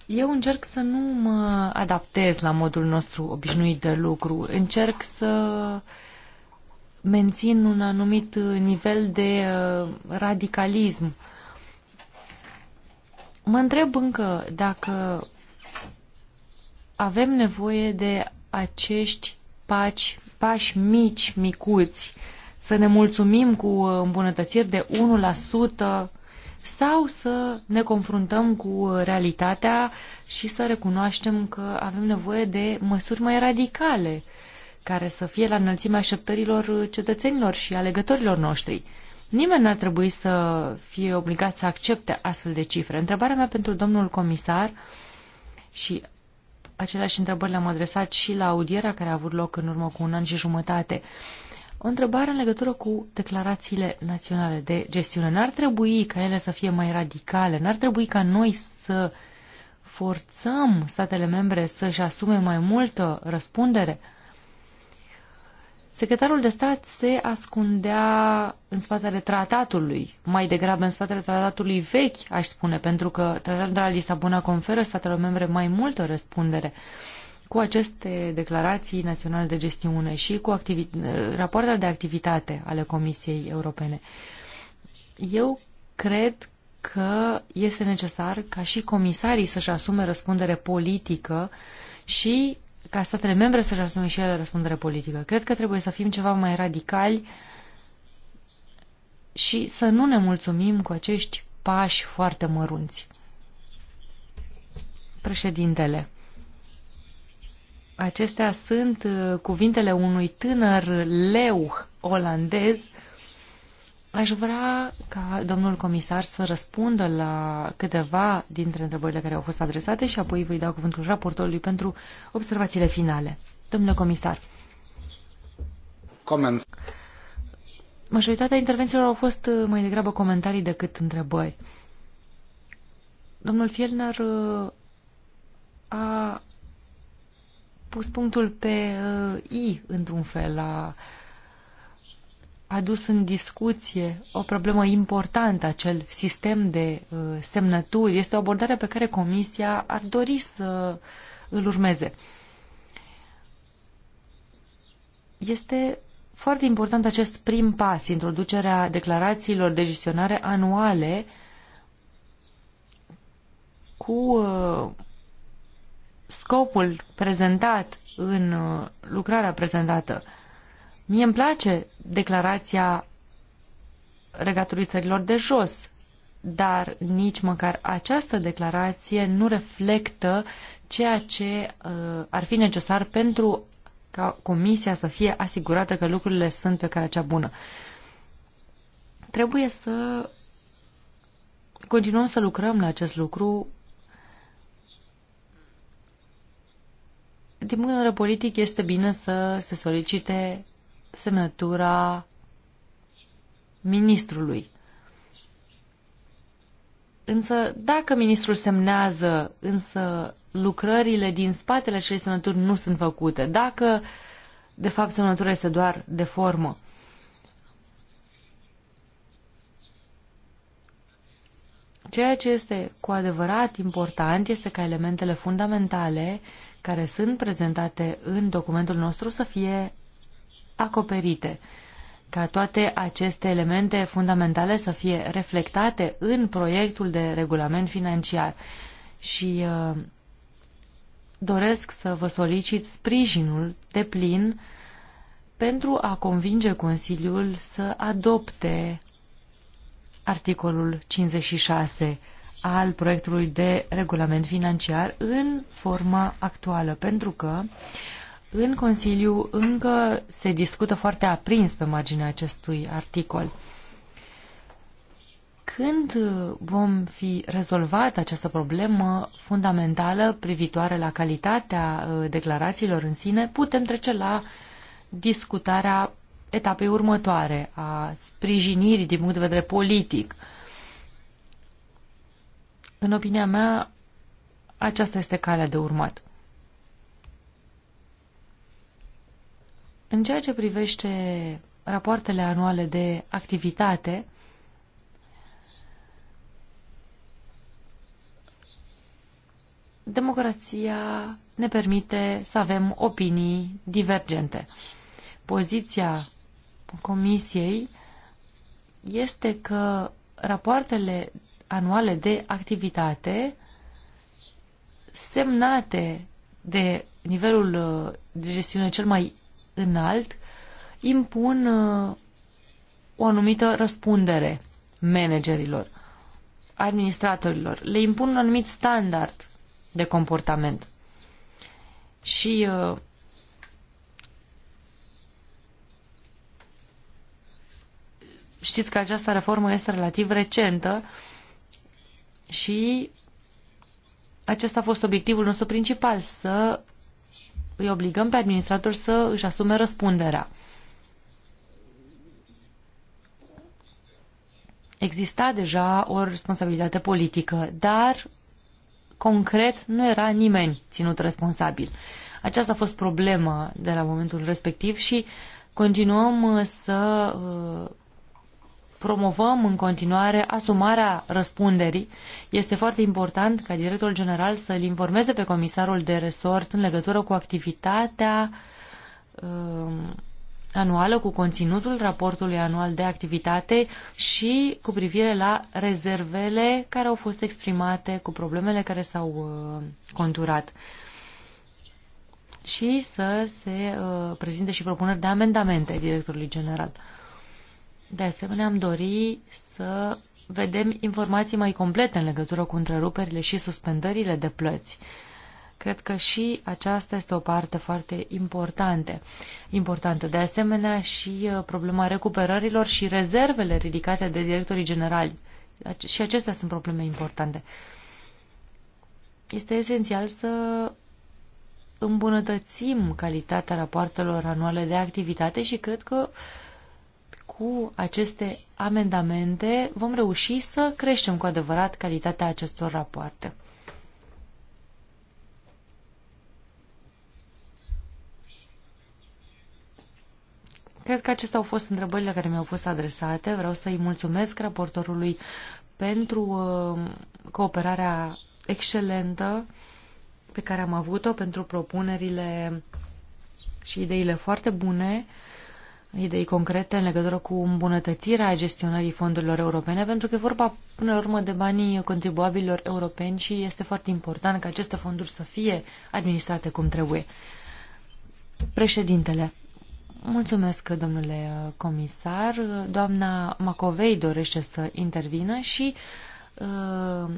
Speaker 4: Eu încerc să nu mă adaptez la modul nostru obișnuit de lucru. Încerc să uh, mențin un anumit nivel de uh, radicalism. Mă întreb încă dacă avem nevoie de acești pași, pași mici, micuți, să ne mulțumim cu îmbunătățiri de 1% sau să ne confruntăm cu realitatea și să recunoaștem că avem nevoie de măsuri mai radicale care să fie la înălțimea așteptărilor cetățenilor și alegătorilor noștri. Nimeni n-ar trebui să fie obligat să accepte astfel de cifre. Întrebarea mea pentru domnul comisar și aceleași întrebări le-am adresat și la audiera care a avut loc în urmă cu un an și jumătate. O întrebare în legătură cu declarațiile naționale de gestiune. N-ar trebui ca ele să fie mai radicale? N-ar trebui ca noi să forțăm statele membre să-și asume mai multă răspundere? Secretarul de stat se ascundea în spatele tratatului, mai degrabă în spatele tratatului vechi, aș spune, pentru că tratatul de la Lisabona conferă statelor membre mai multă răspundere cu aceste declarații naționale de gestiune și cu rapoartele de activitate ale Comisiei Europene. Eu cred că este necesar ca și comisarii să-și asume răspundere politică și ca statele membre să-și asume și ele răspundere politică. Cred că trebuie să fim ceva mai radicali și să nu ne mulțumim cu acești pași foarte mărunți. Președintele, acestea sunt uh, cuvintele unui tânăr leu olandez Aș vrea ca domnul comisar să răspundă la câteva dintre întrebările care au fost adresate și apoi voi da cuvântul raportorului pentru observațiile finale. Domnule comisar. Comenz. Majoritatea intervențiilor au fost uh, mai degrabă comentarii decât întrebări. Domnul Fielner uh, a pus punctul pe uh, I într-un fel la adus în discuție o problemă importantă, acel sistem de uh, semnături. Este o abordare pe care Comisia ar dori să îl urmeze. Este foarte important acest prim pas, introducerea declarațiilor de gestionare anuale cu uh, scopul prezentat în uh, lucrarea prezentată. Uh, Mie îmi place declarația regatului țărilor de jos, dar nici măcar această declarație nu reflectă ceea ce uh, ar fi necesar pentru ca Comisia să fie asigurată că lucrurile sunt pe calea cea bună. Trebuie să continuăm să lucrăm la acest lucru. Din punct de vedere politic este bine să se solicite semnătura ministrului. Însă, dacă ministrul semnează, însă lucrările din spatele acelei semnături nu sunt făcute, dacă, de fapt, semnătura este doar de formă, Ceea ce este cu adevărat important este ca elementele fundamentale care sunt prezentate în documentul nostru să fie acoperite, ca toate aceste elemente fundamentale să fie reflectate în proiectul de regulament financiar. Și uh, doresc să vă solicit sprijinul de plin pentru a convinge Consiliul să adopte articolul 56 al proiectului de regulament financiar în forma actuală, pentru că în Consiliu încă se discută foarte aprins pe marginea acestui articol. Când vom fi rezolvat această problemă fundamentală privitoare la calitatea uh, declarațiilor în sine, putem trece la discutarea etapei următoare a sprijinirii din punct de vedere politic. În opinia mea, aceasta este calea de urmat. În ceea ce privește rapoartele anuale de activitate, democrația ne permite să avem opinii divergente. Poziția Comisiei este că rapoartele anuale de activitate semnate de nivelul de gestiune cel mai înalt impun uh, o anumită răspundere managerilor, administratorilor. Le impun un anumit standard de comportament. Și uh, știți că această reformă este relativ recentă și acesta a fost obiectivul nostru principal, să îi obligăm pe administrator să își asume răspunderea. Exista deja o responsabilitate politică, dar concret nu era nimeni ținut responsabil. Aceasta a fost problema de la momentul respectiv și continuăm uh, să uh, promovăm în continuare asumarea răspunderii. Este foarte important ca directorul general să-l informeze pe comisarul de resort în legătură cu activitatea uh, anuală, cu conținutul raportului anual de activitate și cu privire la rezervele care au fost exprimate, cu problemele care s-au uh, conturat și să se uh, prezinte și propuneri de amendamente directorului general. De asemenea, am dori să vedem informații mai complete în legătură cu întreruperile și suspendările de plăți. Cred că și aceasta este o parte foarte importantă. importantă. De asemenea, și uh, problema recuperărilor și rezervele ridicate de directorii generali. Și acestea sunt probleme importante. Este esențial să îmbunătățim calitatea rapoartelor anuale de activitate și cred că uh, cu aceste amendamente vom reuși să creștem cu adevărat calitatea acestor rapoarte. Cred că acestea au fost întrebările care mi-au fost adresate. Vreau să-i mulțumesc raportorului pentru uh, cooperarea excelentă pe care am avut-o, pentru propunerile și ideile foarte bune idei concrete în legătură cu îmbunătățirea gestionării fondurilor europene, pentru că e vorba până la urmă de banii contribuabililor europeni și este foarte important ca aceste fonduri să fie administrate cum trebuie. Președintele, mulțumesc, domnule comisar. Doamna Macovei dorește să intervină și uh,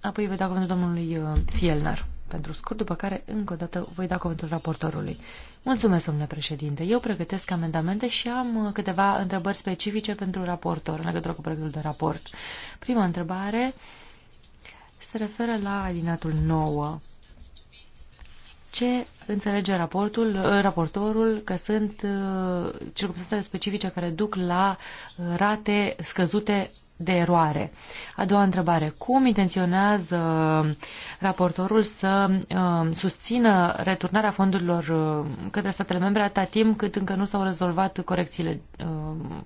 Speaker 4: apoi vedea cuvântul domnului uh, Fielnar pentru scurt, după care încă o dată voi da cuvântul raportorului. Mulțumesc, domnule președinte. Eu pregătesc amendamente și am uh, câteva întrebări specifice pentru raportor, în legătură cu proiectul de raport. Prima întrebare se referă la alinatul 9. Ce înțelege raportul, uh, raportorul că sunt uh, circunstanțele specifice care duc la rate scăzute de eroare. A doua întrebare. Cum intenționează raportorul să uh, susțină returnarea fondurilor um, către statele membre atâta timp cât încă nu s-au rezolvat corecțiile uh,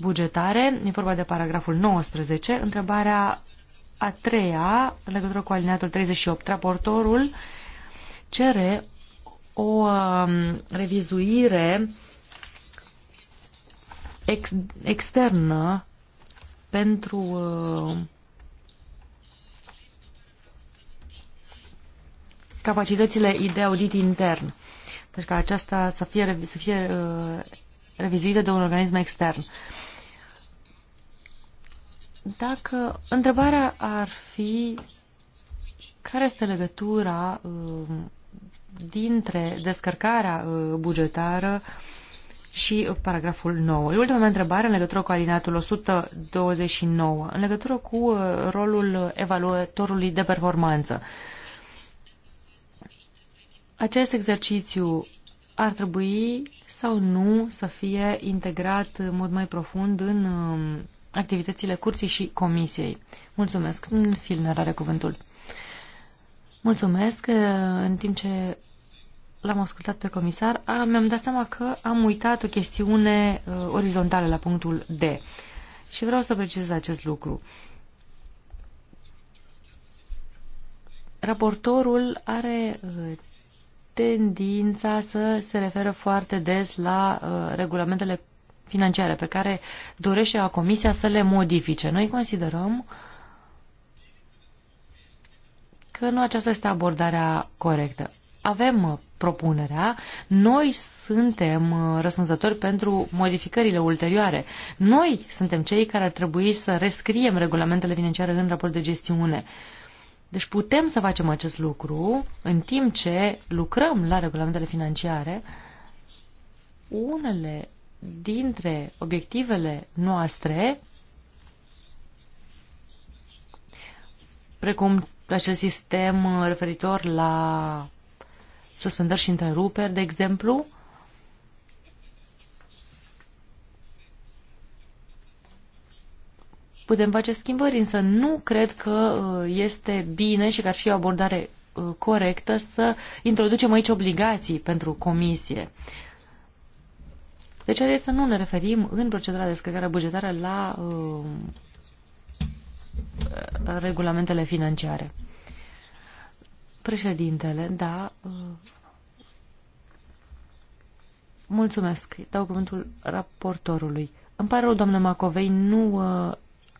Speaker 4: bugetare? E vorba de paragraful 19. Întrebarea a treia, în legătură cu alineatul 38. Raportorul cere o uh, revizuire ex externă pentru uh, capacitățile de audit intern. Deci ca aceasta să fie, să fie uh, revizuită de un organism extern. Dacă întrebarea ar fi care este legătura uh, dintre descărcarea uh, bugetară uh, și paragraful 9. E ultima mea întrebare în legătură cu alineatul 129, în legătură cu uh, rolul evaluatorului de performanță. Acest exercițiu ar trebui sau nu să fie integrat în mod mai profund în um, activitățile curții și comisiei. Mulțumesc. Filner are cuvântul. Mulțumesc. Uh, în timp ce l-am ascultat pe comisar, mi-am dat seama că am uitat o chestiune uh, orizontală la punctul D. Și vreau să precizez acest lucru. Raportorul are uh, tendința să se referă foarte des la uh, regulamentele financiare pe care dorește a Comisia să le modifice. Noi considerăm că nu aceasta este abordarea corectă. Avem uh, propunerea, noi suntem uh, răspunzători pentru modificările ulterioare. Noi suntem cei care ar trebui să rescriem regulamentele financiare în raport de gestiune. Deci putem să facem acest lucru în timp ce lucrăm la regulamentele financiare. Unele dintre obiectivele noastre, precum acest sistem uh, referitor la suspendări și întreruperi, de exemplu, putem face schimbări, însă nu cred că uh, este bine și că ar fi o abordare uh, corectă să introducem aici obligații pentru comisie. Deci are să nu ne referim în procedura de scăcare bugetară la uh, uh regulamentele financiare. Președintele, da. Uh, mulțumesc. Dau cuvântul raportorului. Îmi pare rău, doamnă Macovei, nu uh,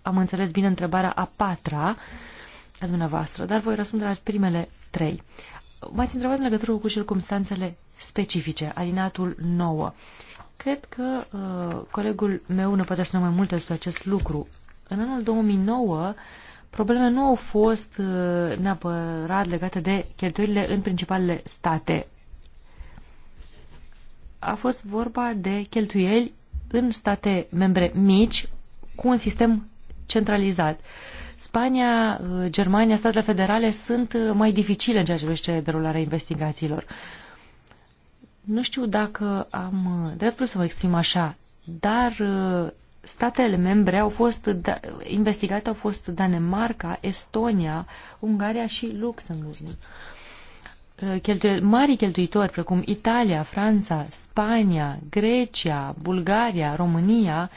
Speaker 4: am înțeles bine întrebarea a patra a dumneavoastră, dar voi răspunde la primele trei. M-ați întrebat în legătură cu circumstanțele specifice, alinatul 9. Cred că uh, colegul meu ne poate spune mai multe despre acest lucru. În anul 2009, probleme nu au fost uh, neapărat legate de cheltuielile în principalele state. A fost vorba de cheltuieli în state membre mici cu un sistem centralizat. Spania, uh, Germania, statele federale sunt uh, mai dificile în ceea ce privește derularea investigațiilor. Nu știu dacă am dreptul să mă exprim așa, dar statele membre au fost da, investigate au fost Danemarca, Estonia, Ungaria și Luxemburg. Uh, Cheltuie, mari cheltuitori precum Italia, Franța, Spania, Grecia, Bulgaria, România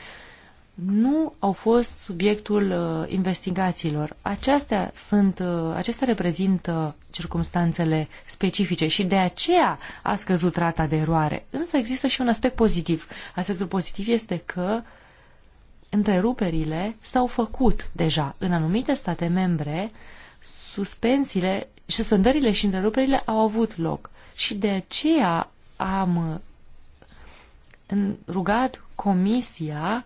Speaker 4: nu au fost subiectul uh, investigațiilor. Acestea, sunt, uh, acestea reprezintă circumstanțele specifice și de aceea a scăzut rata de eroare. Însă există și un aspect pozitiv. Aspectul pozitiv este că uh, întreruperile s-au făcut deja. În anumite state membre, suspensiile, suspendările și întreruperile au avut loc. Și de aceea am uh, rugat Comisia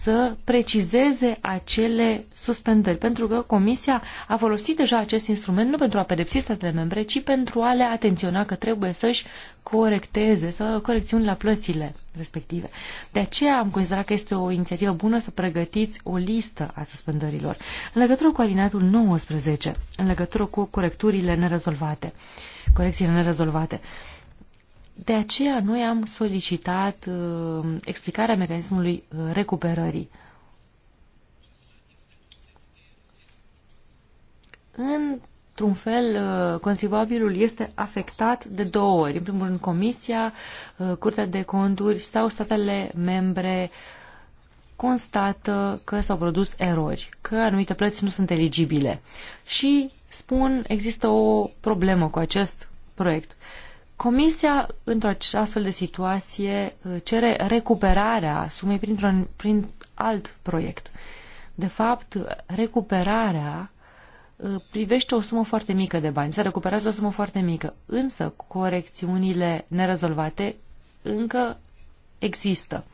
Speaker 4: să precizeze acele suspendări, pentru că Comisia a folosit deja acest instrument nu pentru a pedepsi statele membre, ci pentru a le atenționa că trebuie să-și corecteze, să corecțiuni la plățile respective. De aceea am considerat că este o inițiativă bună să pregătiți o listă a suspendărilor. În legătură cu alineatul 19, în legătură cu corecturile nerezolvate, corecțiile nerezolvate, de aceea noi am solicitat uh, explicarea mecanismului uh, recuperării. Într-un fel, uh, contribuabilul este afectat de două ori. În primul rând, Comisia, uh, Curtea de Conturi sau statele membre constată că s-au produs erori, că anumite plăți nu sunt eligibile. Și spun, există o problemă cu acest proiect. Uh, Comisia, într-o astfel de situație, uh, cere recuperarea sumei printr-un prin alt proiect. De fapt, recuperarea uh, privește o sumă foarte mică de bani, se recuperează o sumă foarte mică, însă corecțiunile nerezolvate încă există.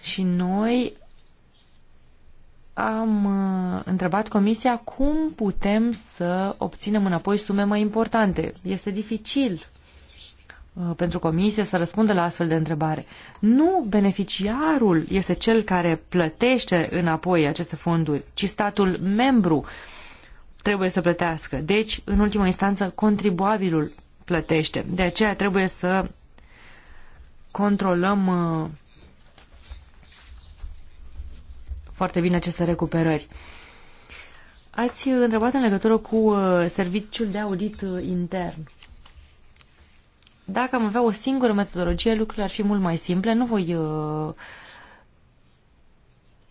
Speaker 4: Și noi am uh, întrebat Comisia cum putem să obținem înapoi sume mai importante. Este dificil uh, pentru comisie să răspundă la astfel de întrebare. Nu beneficiarul este cel care plătește înapoi aceste fonduri, ci statul membru trebuie să plătească. Deci, în ultima instanță, contribuabilul plătește. De aceea trebuie să controlăm uh, foarte bine aceste recuperări. Ați întrebat în legătură cu uh, serviciul de audit uh, intern. Dacă am avea o singură metodologie, lucrurile ar fi mult mai simple. Nu voi uh,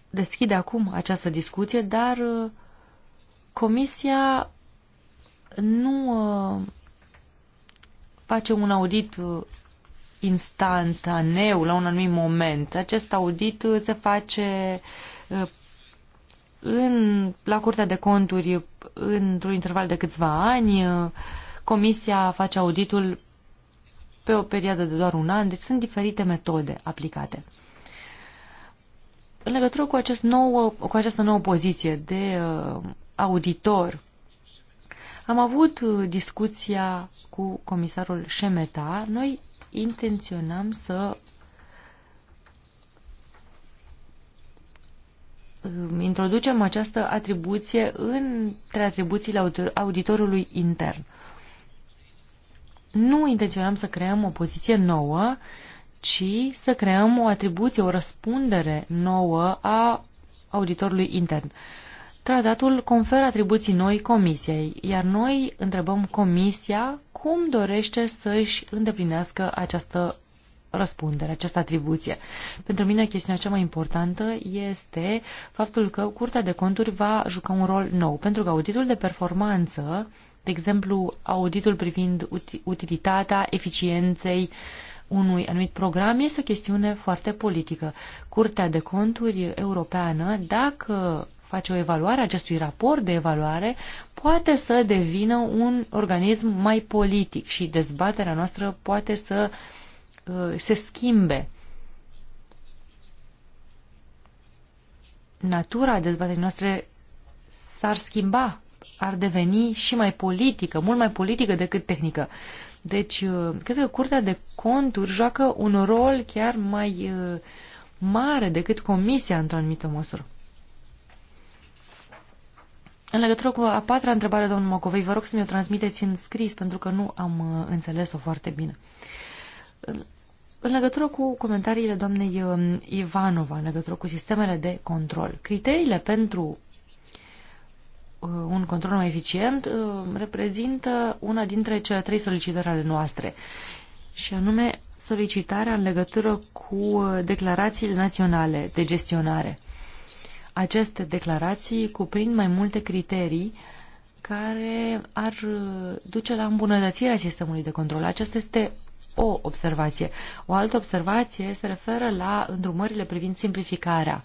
Speaker 4: deschide acum această discuție, dar Comisia nu face un audit instantaneu la un anumit moment. Acest audit se face uh, în, la Curtea de Conturi, într-un interval de câțiva ani, Comisia face auditul pe o perioadă de doar un an, deci sunt diferite metode aplicate. În legătură cu, acest nou, cu această nouă poziție de uh, auditor, am avut uh, discuția cu comisarul Șemeta. Noi intenționam să introducem această atribuție între atribuțiile auditorului intern. Nu intenționăm să creăm o poziție nouă, ci să creăm o atribuție, o răspundere nouă a auditorului intern. Tratatul conferă atribuții noi comisiei, iar noi întrebăm comisia cum dorește să-și îndeplinească această răspundere, această atribuție. Pentru mine, chestiunea cea mai importantă este faptul că Curtea de Conturi va juca un rol nou, pentru că auditul de performanță, de exemplu, auditul privind utilitatea eficienței unui anumit program, este o chestiune foarte politică. Curtea de Conturi Europeană, dacă face o evaluare acestui raport de evaluare, poate să devină un organism mai politic și dezbaterea noastră poate să uh, Uh, se schimbe. Natura dezbaterii noastre s-ar schimba, ar deveni și mai politică, mult mai politică decât tehnică. Deci, uh, cred că Curtea de Conturi joacă un rol chiar mai uh, mare decât Comisia, într-o anumită măsură. În legătură cu a patra întrebare, domnul Mocovei, vă rog să mi-o transmiteți în scris, pentru că nu am înțeles-o foarte bine. În legătură cu comentariile doamnei um, Ivanova, în legătură cu sistemele de control, criteriile pentru uh, un control mai eficient uh, reprezintă una dintre cele trei solicitări ale noastre, și anume solicitarea în legătură cu uh, declarațiile naționale de gestionare. Aceste declarații cuprind mai multe criterii care ar duce la îmbunătățirea sistemului de control. Aceasta este o observație. O altă observație se referă la îndrumările privind simplificarea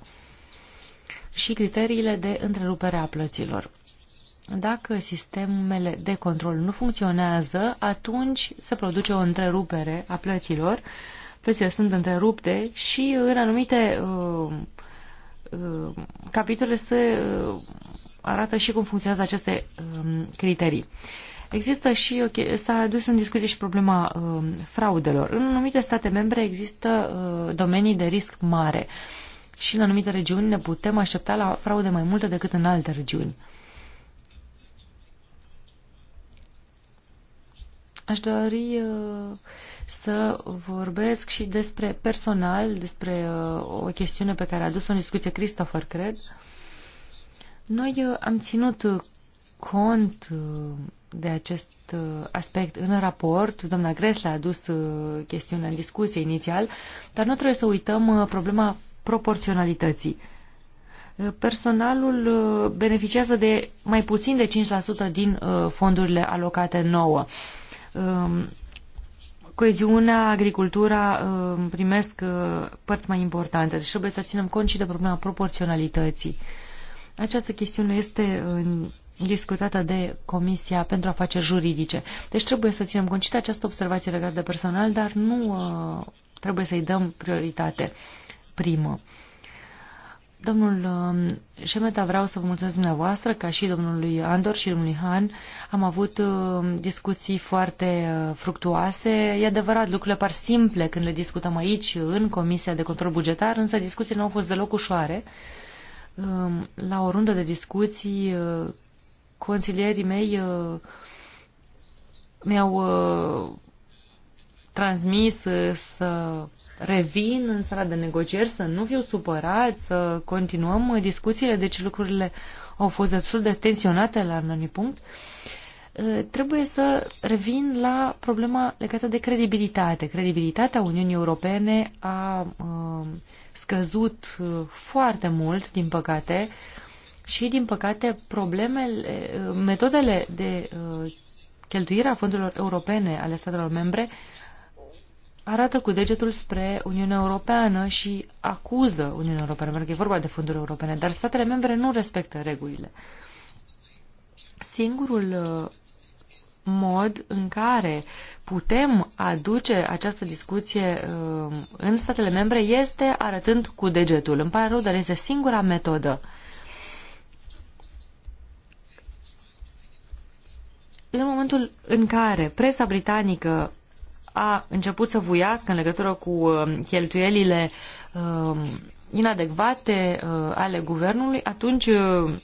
Speaker 4: și criteriile de întrerupere a plăților. Dacă sistemele de control nu funcționează, atunci se produce o întrerupere a plăților, plățile sunt întrerupte și în anumite uh, uh, capitole se uh, arată și cum funcționează aceste uh, criterii. Există și, okay, s-a adus în discuție și problema uh, fraudelor. În anumite state membre există uh, domenii de risc mare și în anumite regiuni ne putem aștepta la fraude mai multe decât în alte regiuni. Aș dori uh, să vorbesc și despre personal, despre uh, o chestiune pe care a adus-o în discuție Christopher, cred. Noi uh, am ținut cont uh, de acest uh, aspect în raport. Doamna Gresle a adus uh, chestiunea în discuție inițial, dar nu trebuie să uităm uh, problema proporționalității. Personalul beneficiază de mai puțin de 5% din fondurile alocate nouă. Um, coeziunea, agricultura um, primesc părți mai importante, deci trebuie să ținem cont și de problema proporționalității. Această chestiune este discutată de Comisia pentru Afaceri Juridice. Deci trebuie să ținem cont și de această observație legată de personal, dar nu uh, trebuie să-i dăm prioritate primă. Domnul um, Șemeta, vreau să vă mulțumesc dumneavoastră, ca și domnului Andor și domnului Han. Am avut um, discuții foarte uh, fructuoase. E adevărat, lucrurile par simple când le discutăm aici, în Comisia de Control Bugetar, însă discuțiile nu au fost deloc ușoare. Um, la o rundă de discuții uh, consilierii mei uh, mi-au uh, transmis uh, să revin în sala de negocieri, să nu fiu supărat, să continuăm discuțiile, deci lucrurile au fost destul de tensionate la un anumit punct. Trebuie să revin la problema legată de credibilitate. Credibilitatea Uniunii Europene a scăzut foarte mult, din păcate, și, din păcate, problemele, metodele de uh, cheltuire a fondurilor europene ale statelor membre arată cu degetul spre Uniunea Europeană și acuză Uniunea Europeană, pentru că e vorba de fonduri europene, dar statele membre nu respectă regulile. Singurul uh, mod în care putem aduce această discuție uh, în statele membre este arătând cu degetul. Îmi pare rău, dar este singura metodă. În momentul în care presa britanică a început să vuiască în legătură cu uh, cheltuielile uh, inadecvate uh, ale guvernului, atunci uh,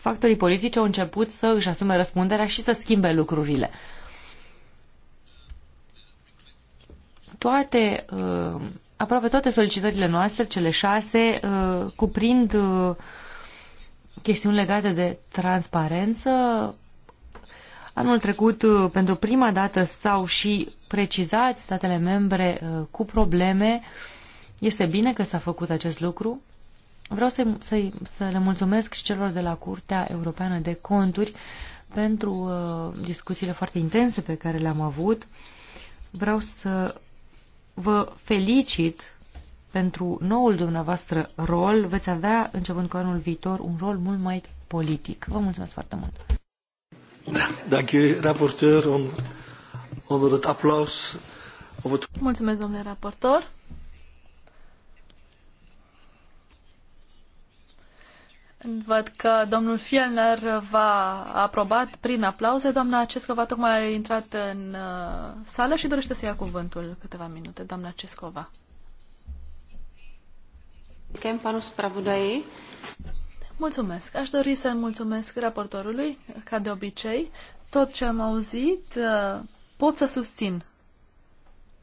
Speaker 4: factorii politici au început să își asume răspunderea și să schimbe lucrurile. Toate, uh, aproape toate solicitările noastre, cele șase, uh, cuprind chestiuni legate de transparență. Anul trecut, uh, pentru prima dată, s-au și precizat statele membre uh, cu probleme. Este bine că s-a făcut acest lucru. Vreau să, să, să le mulțumesc și celor de la Curtea Europeană de Conturi pentru uh, discuțiile foarte intense pe care le-am avut. Vreau să vă felicit pentru noul dumneavoastră rol veți avea, începând cu anul viitor, un rol mult mai politic. Vă mulțumesc foarte mult!
Speaker 1: Thank you, rapporteur, onder het applaus.
Speaker 4: Mulțumesc, domnule raportor.
Speaker 3: Văd că domnul Fielner v-a aprobat prin aplauze. Doamna Cescova tocmai a intrat în uh, sală și dorește să ia cuvântul câteva minute. Doamna Cescova. Panu Mulțumesc. Aș dori să mulțumesc raportorului, ca de obicei. Tot ce am auzit uh, pot să susțin.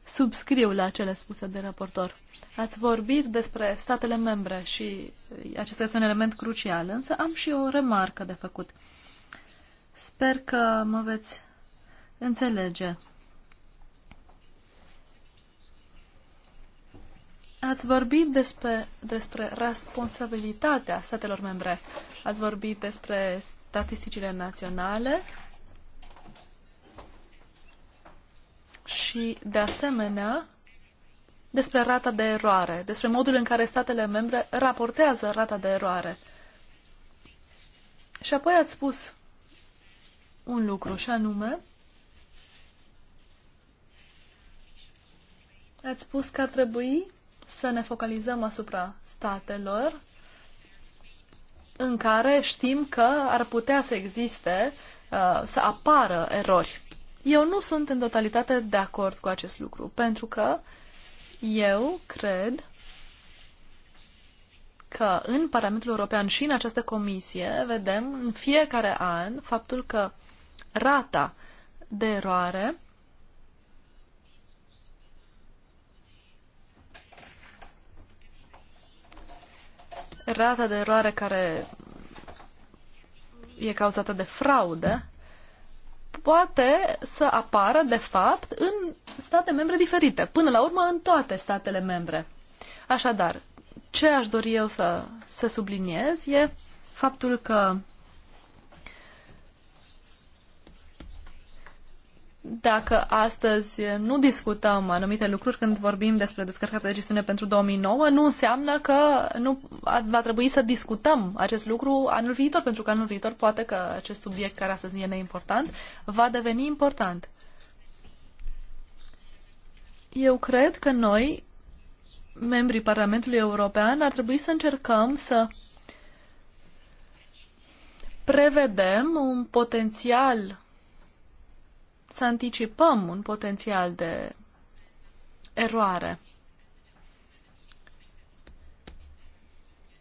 Speaker 3: Subscriu la cele spuse de raportor. Ați vorbit despre statele membre și acesta este un element crucial, însă am și o remarcă de făcut. Sper că mă veți înțelege. Ați vorbit despre, despre responsabilitatea statelor membre. Ați vorbit despre statisticile naționale și, de asemenea, despre rata de eroare, despre modul în care statele membre raportează rata de eroare. Și apoi ați spus un lucru, și anume, ați spus că ar trebui să ne focalizăm asupra statelor în care știm că ar putea să existe, uh, să apară erori. Eu nu sunt în totalitate de acord cu acest lucru, pentru că eu cred că în Parlamentul European și în această comisie vedem în fiecare an faptul că rata de eroare rata de eroare care e cauzată de fraude poate să apară, de fapt, în state membre diferite, până la urmă în toate statele membre. Așadar, ce aș dori eu să, să subliniez e faptul că dacă astăzi nu discutăm anumite lucruri când vorbim despre descărcarea de gestiune pentru 2009, nu înseamnă că nu va trebui să discutăm acest lucru anul viitor, pentru că anul viitor poate că acest subiect care astăzi e neimportant va deveni important. Eu cred că noi, membrii Parlamentului European, ar trebui să încercăm să prevedem un potențial să anticipăm un potențial de eroare.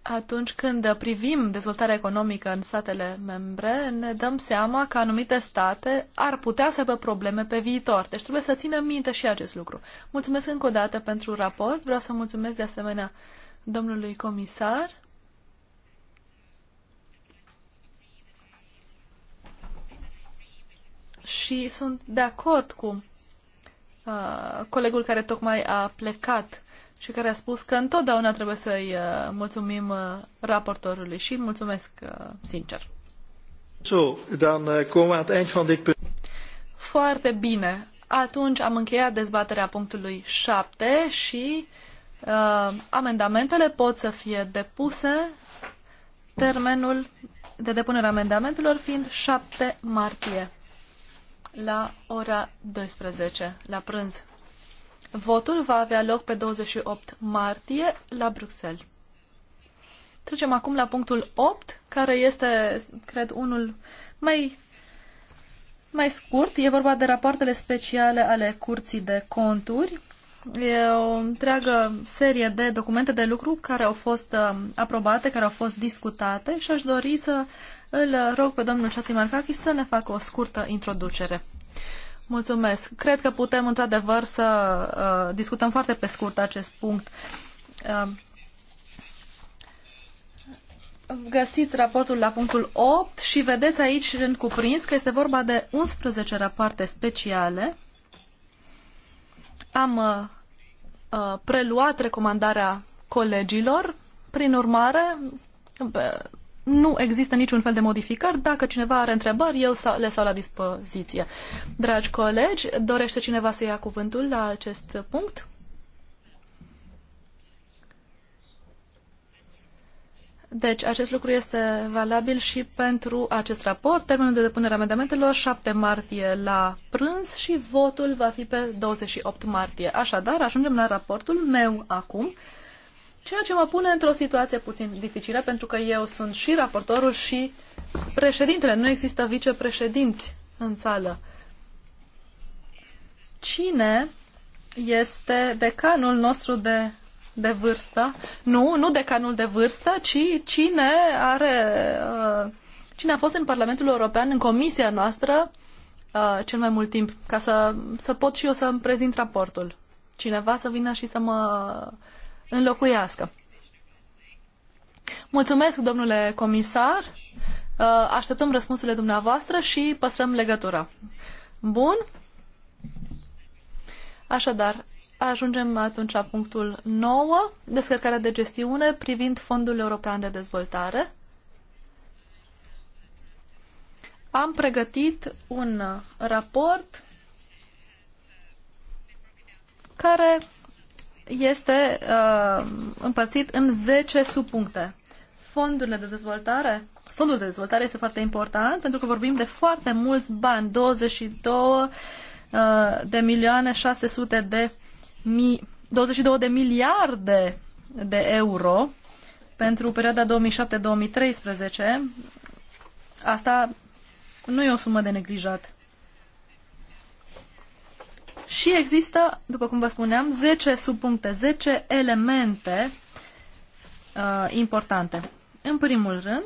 Speaker 3: Atunci când privim dezvoltarea economică în statele membre, ne dăm seama că anumite state ar putea să aibă probleme pe viitor. Deci trebuie să ținem minte și acest lucru. Mulțumesc încă o dată pentru raport. Vreau să mulțumesc de asemenea domnului comisar și sunt de acord cu uh, colegul care tocmai a plecat și care a spus că întotdeauna trebuie să-i uh, mulțumim uh, raportorului și mulțumesc uh,
Speaker 1: sincer. So, dan uh, komen aan van dit
Speaker 3: Foarte bine. Atunci am încheiat dezbaterea punctului 7 și uh, amendamentele pot să fie depuse. Termenul de depunere a amendamentelor fiind 7 martie la ora 12, la prânz. Votul va avea loc pe 28 martie la Bruxelles. Trecem acum la punctul 8, care este, cred, unul mai, mai scurt. E vorba de rapoartele speciale ale Curții de Conturi. E o întreagă serie de documente de lucru care au fost um, aprobate, care au fost discutate și aș dori să îl rog pe domnul Ceații Marcachi să ne facă o scurtă introducere. Mulțumesc. Cred că putem, într-adevăr, să uh, discutăm foarte pe scurt acest punct. Uh, găsiți raportul la punctul 8 și vedeți aici, în cuprins, că este vorba de 11 rapoarte speciale. Am uh, uh, preluat recomandarea colegilor. Prin urmare, nu există niciun fel de modificări. Dacă cineva are întrebări, eu le stau la dispoziție. Dragi colegi, dorește cineva să ia cuvântul la acest punct? Deci, acest lucru este valabil și pentru acest raport. Termenul de depunere a amendamentelor 7 martie la prânz și votul va fi pe 28 martie. Așadar, ajungem la raportul meu acum. Ceea ce mă pune într-o situație puțin dificilă, pentru că eu sunt și raportorul și președintele. Nu există vicepreședinți în sală. Cine este decanul nostru de, de vârstă? Nu, nu decanul de vârstă, ci cine are... Uh, cine a fost în Parlamentul European, în comisia noastră, uh, cel mai mult timp, ca să, să pot și eu să mi prezint raportul. Cineva să vină și să mă înlocuiască. Mulțumesc, domnule comisar. Uh, așteptăm răspunsurile dumneavoastră și păstrăm legătura. Bun. Așadar, ajungem atunci la punctul 9, descărcarea de gestiune privind Fondul European de Dezvoltare. Am pregătit un raport care este uh, împărțit în 10 subpuncte. Fondurile de dezvoltare. Fondul de dezvoltare este foarte important pentru că vorbim de foarte mulți bani, 22 uh, de milioane 600 de mi, 22 de miliarde de euro pentru perioada 2007-2013. Asta nu e o sumă de neglijat. Și există, după cum vă spuneam, 10 subpuncte, 10 elemente uh, importante. În primul rând,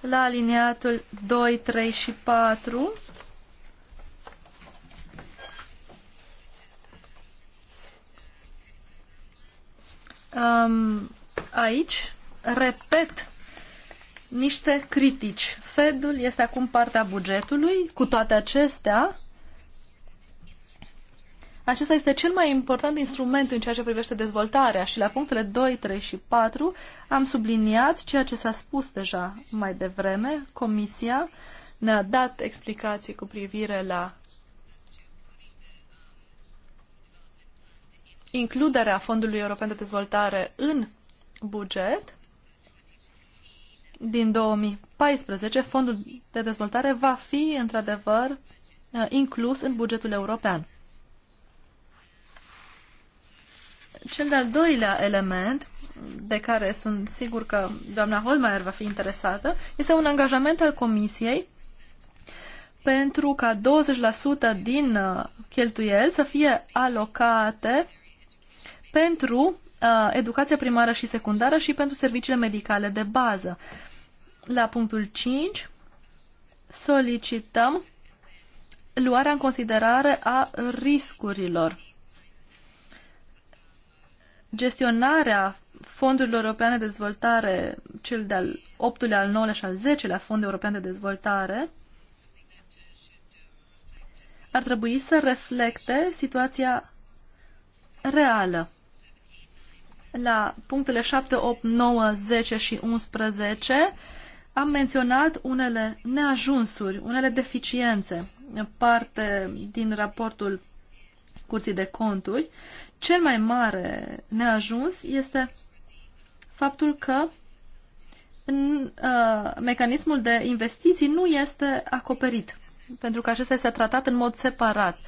Speaker 3: la aliniatul 2, 3 și 4, um, aici repet niște critici. Fedul este acum partea bugetului, cu toate acestea, acesta este cel mai important instrument în ceea ce privește dezvoltarea și la punctele 2, 3 și 4 am subliniat ceea ce s-a spus deja mai devreme. Comisia ne-a dat explicații cu privire la includerea Fondului European de Dezvoltare în buget din 2014, fondul de dezvoltare va fi într-adevăr inclus în bugetul european. Cel de-al doilea element de care sunt sigur că doamna Holmeier va fi interesată, este un angajament al Comisiei pentru ca 20% din uh, cheltuieli să fie alocate pentru uh, educația primară și secundară și pentru serviciile medicale de bază. La punctul 5 solicităm luarea în considerare a riscurilor gestionarea fondurilor europene de dezvoltare, cel de-al 8-lea, al 9-lea și al 10-lea fond european de dezvoltare, ar trebui să reflecte situația reală. La punctele 7, 8, 9, 10 și 11 am menționat unele neajunsuri, unele deficiențe, parte din raportul Curții de Conturi cel mai mare neajuns este faptul că în, uh, mecanismul de investiții nu este acoperit, pentru că acesta este tratat în mod separat.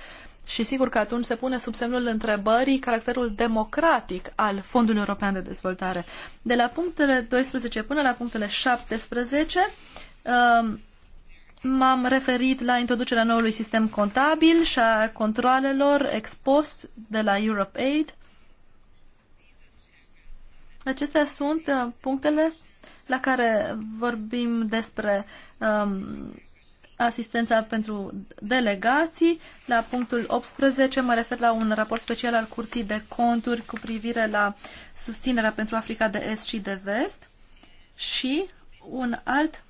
Speaker 3: Și sigur că atunci se pune sub semnul întrebării caracterul democratic al Fondului European de Dezvoltare. De la punctele 12 până la punctele 17, uh, um, M-am referit la introducerea noului sistem contabil și a controalelor ex post de la Europe Aid. Acestea sunt uh, punctele la care vorbim despre um, asistența pentru delegații. La punctul 18 mă refer la un raport special al Curții de Conturi cu privire la susținerea pentru Africa de Est și de Vest și un alt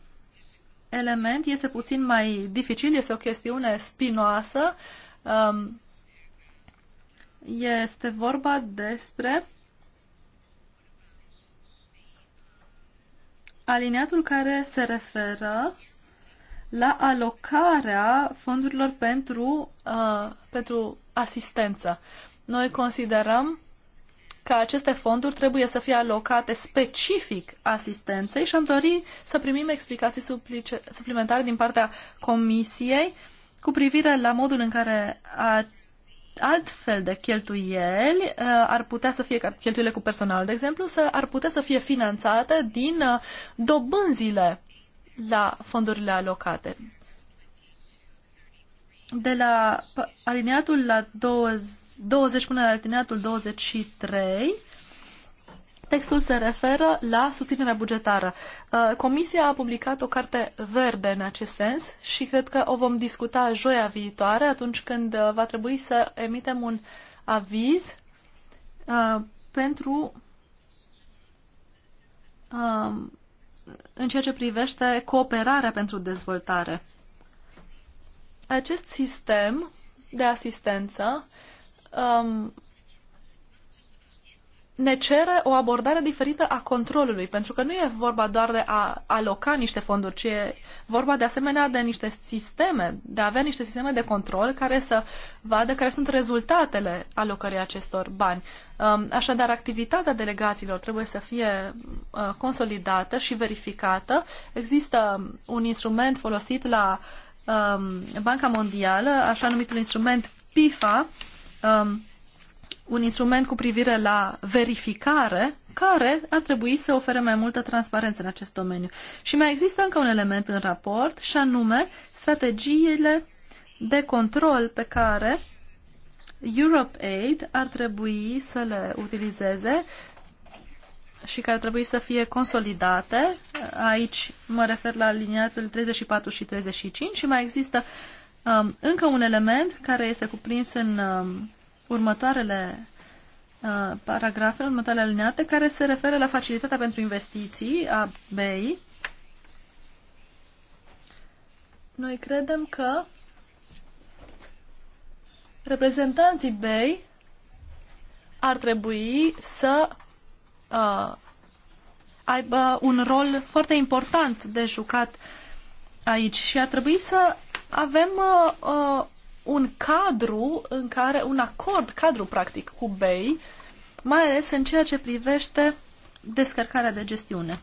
Speaker 3: element este puțin mai dificil, este o chestiune spinoasă. Um, este vorba despre aliniatul care se referă la alocarea fondurilor pentru, uh, pentru asistență. Noi considerăm că aceste fonduri trebuie să fie alocate specific asistenței și am dori să primim explicații suplimentare din partea Comisiei cu privire la modul în care a, altfel de cheltuieli uh, ar putea să fie, cheltuielile cu personal, de exemplu, să, ar putea să fie finanțate din uh, dobânzile la fondurile alocate. De la aliniatul la 20 20 până la alineatul 23, textul se referă la susținerea bugetară. Uh, Comisia a publicat o carte verde în acest sens și cred că o vom discuta joia viitoare, atunci când uh, va trebui să emitem un aviz uh, pentru um, în ceea ce privește cooperarea pentru dezvoltare. Acest sistem de asistență um, ne cere o abordare diferită a controlului, pentru că nu e vorba doar de a aloca niște fonduri, ci e vorba de asemenea de niște sisteme, de a avea niște sisteme de control care să vadă care sunt rezultatele alocării acestor bani. Um, așadar, activitatea delegațiilor trebuie să fie uh, consolidată și verificată. Există un instrument folosit la um, Banca Mondială, așa numitul instrument PIFA, um, un instrument cu privire la verificare care ar trebui să ofere mai multă transparență în acest domeniu. Și mai există încă un element în raport și anume strategiile de control pe care Europe Aid ar trebui să le utilizeze și care ar trebui să fie consolidate. Aici mă refer la aliniatul 34 și 35 și mai există uh, Um, încă un element care este cuprins în um, următoarele uh, paragrafe, următoarele alineate, care se referă la facilitatea pentru investiții a BEI. Noi credem că reprezentanții BEI ar trebui să uh, aibă un rol foarte important de jucat aici și ar trebui să avem uh, uh, un cadru în care, un acord cadru practic cu BEI, mai ales în ceea ce privește descărcarea de gestiune.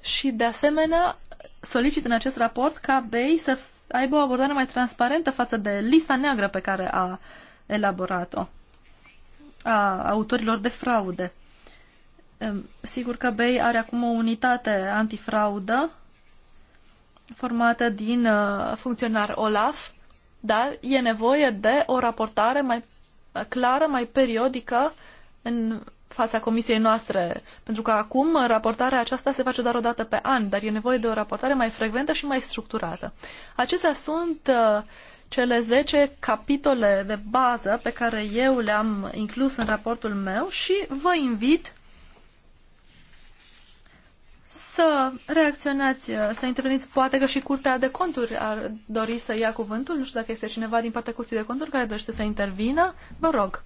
Speaker 3: Și de asemenea solicit în acest raport ca BEI să aibă o abordare mai transparentă față de lista neagră pe care a elaborat-o a autorilor de fraude. Sigur că BEI are acum o unitate antifraudă formată din uh, funcționar OLAF, dar e nevoie de o raportare mai clară, mai periodică în fața comisiei noastre, pentru că acum raportarea aceasta se face doar o dată pe an, dar e nevoie de o raportare mai frecventă și mai structurată. Acestea sunt uh, cele 10 capitole de bază pe care eu le-am inclus în raportul meu și vă invit să reacționați, uh, să interveniți. Poate că și Curtea de Conturi ar dori să ia cuvântul. Nu știu dacă este cineva din partea Curții de Conturi care dorește să intervină. Vă rog.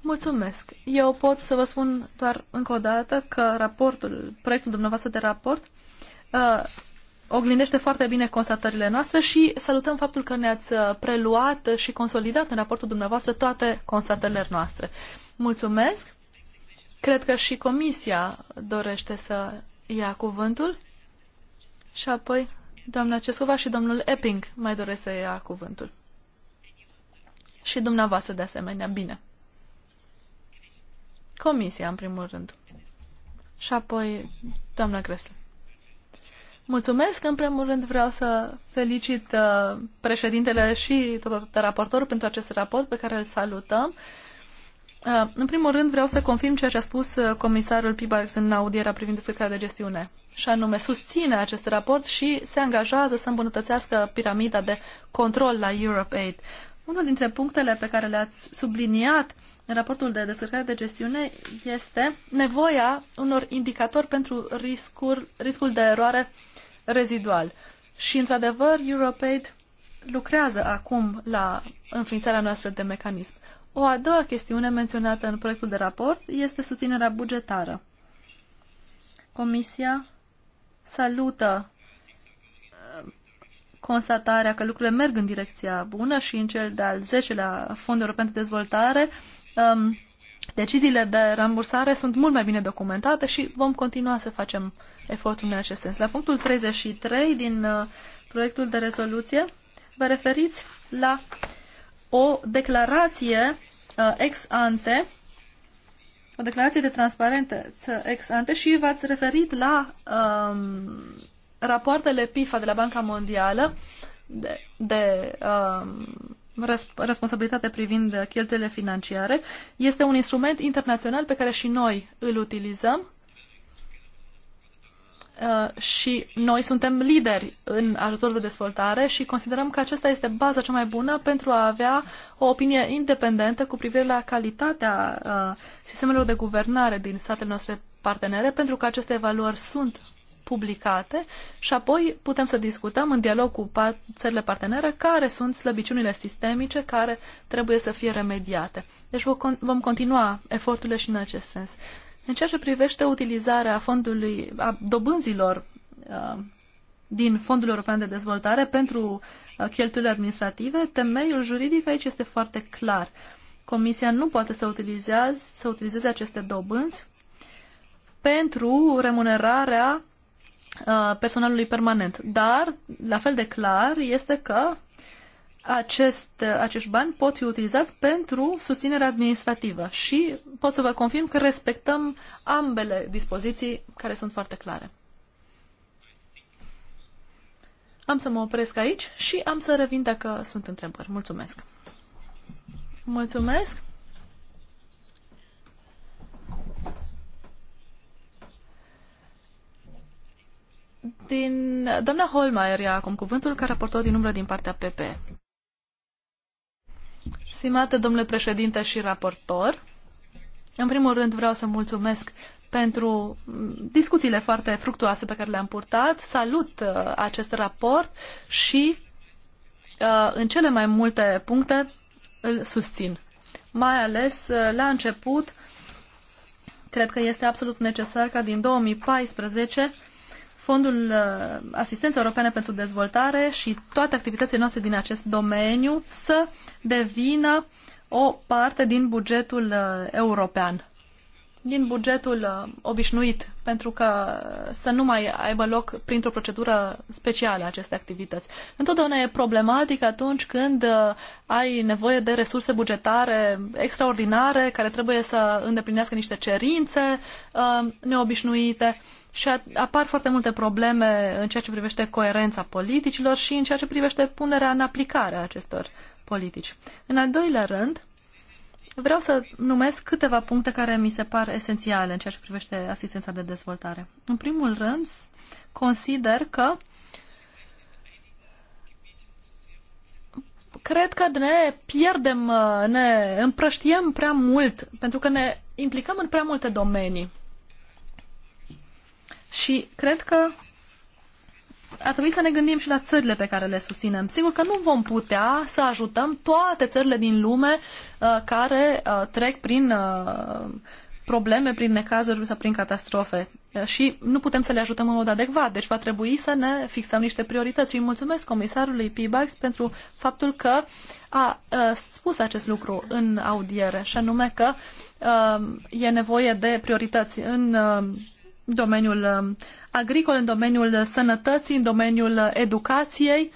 Speaker 3: Mulțumesc. Eu pot să vă spun doar încă o dată că raportul, proiectul dumneavoastră de raport uh, oglindește foarte bine constatările noastre și salutăm faptul că ne-ați uh, preluat și consolidat în raportul dumneavoastră toate constatările noastre. Mulțumesc. Cred că și Comisia dorește să ia cuvântul și apoi doamna Cescova și domnul Epping mai doresc să ia cuvântul. Și dumneavoastră de asemenea, bine. Comisia, în primul rând. Și apoi, doamna Gresle. Mulțumesc. În primul rând vreau să felicit uh, președintele și tot, tot raportorul pentru acest raport pe care îl salutăm. Uh, Uh, în primul rând vreau să confirm ceea ce a spus uh, comisarul Piebalgs în audierea privind descărcarea de gestiune. Și anume, susține acest raport și se angajează să îmbunătățească piramida de control la Europe Aid. Unul dintre punctele pe care le-ați subliniat în raportul de descărcare de gestiune este nevoia unor indicatori pentru riscul, riscul de eroare rezidual. Și, într-adevăr, Europaid lucrează acum la înființarea noastră de mecanism. O a doua chestiune menționată în proiectul de raport este susținerea bugetară. Comisia salută uh, constatarea că lucrurile merg în direcția bună și în cel de-al 10-lea Fond European de Dezvoltare um, deciziile de rambursare sunt mult mai bine documentate și vom continua să facem efortul în acest sens. La punctul 33 din uh, proiectul de rezoluție vă referiți la uh, o declarație uh, ex ante, o declarație de transparență ex ante și v-ați referit la um, rapoartele PIFA de la Banca Mondială de, de um, responsabilitate privind cheltuielile financiare. Este un instrument internațional pe care și noi îl utilizăm Uh, și noi suntem lideri în ajutorul de dezvoltare și considerăm că acesta este baza cea mai bună pentru a avea o opinie independentă cu privire la calitatea uh, sistemelor de guvernare din statele noastre partenere, pentru că aceste evaluări sunt publicate și apoi putem să discutăm în dialog cu țările partenere care sunt slăbiciunile sistemice care trebuie să fie remediate. Deci vom continua eforturile și în acest sens. În ceea ce privește utilizarea fondului, a dobânzilor din Fondul European de Dezvoltare pentru uh, cheltuielile administrative, temeiul juridic aici este foarte clar. Comisia nu poate să, utilizeze, să utilizeze aceste dobânzi pentru remunerarea personalului permanent. Dar, la fel de clar, este că acest, acești bani pot fi utilizați pentru susținere administrativă și pot să vă confirm că respectăm ambele dispoziții care sunt foarte clare. Am să mă opresc aici și am să revin dacă sunt întrebări. Mulțumesc! Mulțumesc! Din doamna Holmeier ia acum cuvântul ca raportor din umbră din partea PP. Stimate domnule președinte și raportor, în primul rând vreau să mulțumesc pentru mm, discuțiile foarte fructuoase pe care le-am purtat. Salut uh, acest raport și uh, în cele mai multe puncte îl susțin. Mai ales uh, la început, cred că este absolut necesar ca din 2014 Fondul uh, Asistență Europeană pentru Dezvoltare și toate activitățile noastre din acest domeniu să devină o parte din bugetul uh, european din bugetul uh, obișnuit, pentru că uh, să nu mai aibă loc printr-o procedură specială aceste activități. Întotdeauna e problematic atunci când uh, ai nevoie de resurse bugetare extraordinare care trebuie să îndeplinească niște cerințe neobișnuite și apar foarte multe probleme în ceea ce privește coerența politicilor și în ceea ce privește punerea în aplicare a acestor politici. În al doilea rând, Vreau să numesc câteva puncte care mi se par esențiale în ceea ce privește asistența de dezvoltare. În primul rând, consider că cred că ne pierdem, ne împrăștiem prea mult, pentru că ne implicăm în prea multe domenii. Și cred că ar trebui să ne gândim și la țările pe care le susținem. Sigur că nu vom putea să ajutăm toate țările din lume uh, care uh, trec prin uh, probleme, prin necazuri sau prin catastrofe uh, și nu putem să le ajutăm în mod adecvat. Deci va trebui să ne fixăm niște priorități. Și mulțumesc comisarului Pibax pentru faptul că a, a uh, spus acest lucru în audiere și anume că a, uh, e nevoie de priorități. În a, domeniul um, agricol, în domeniul sănătății, în domeniul educației,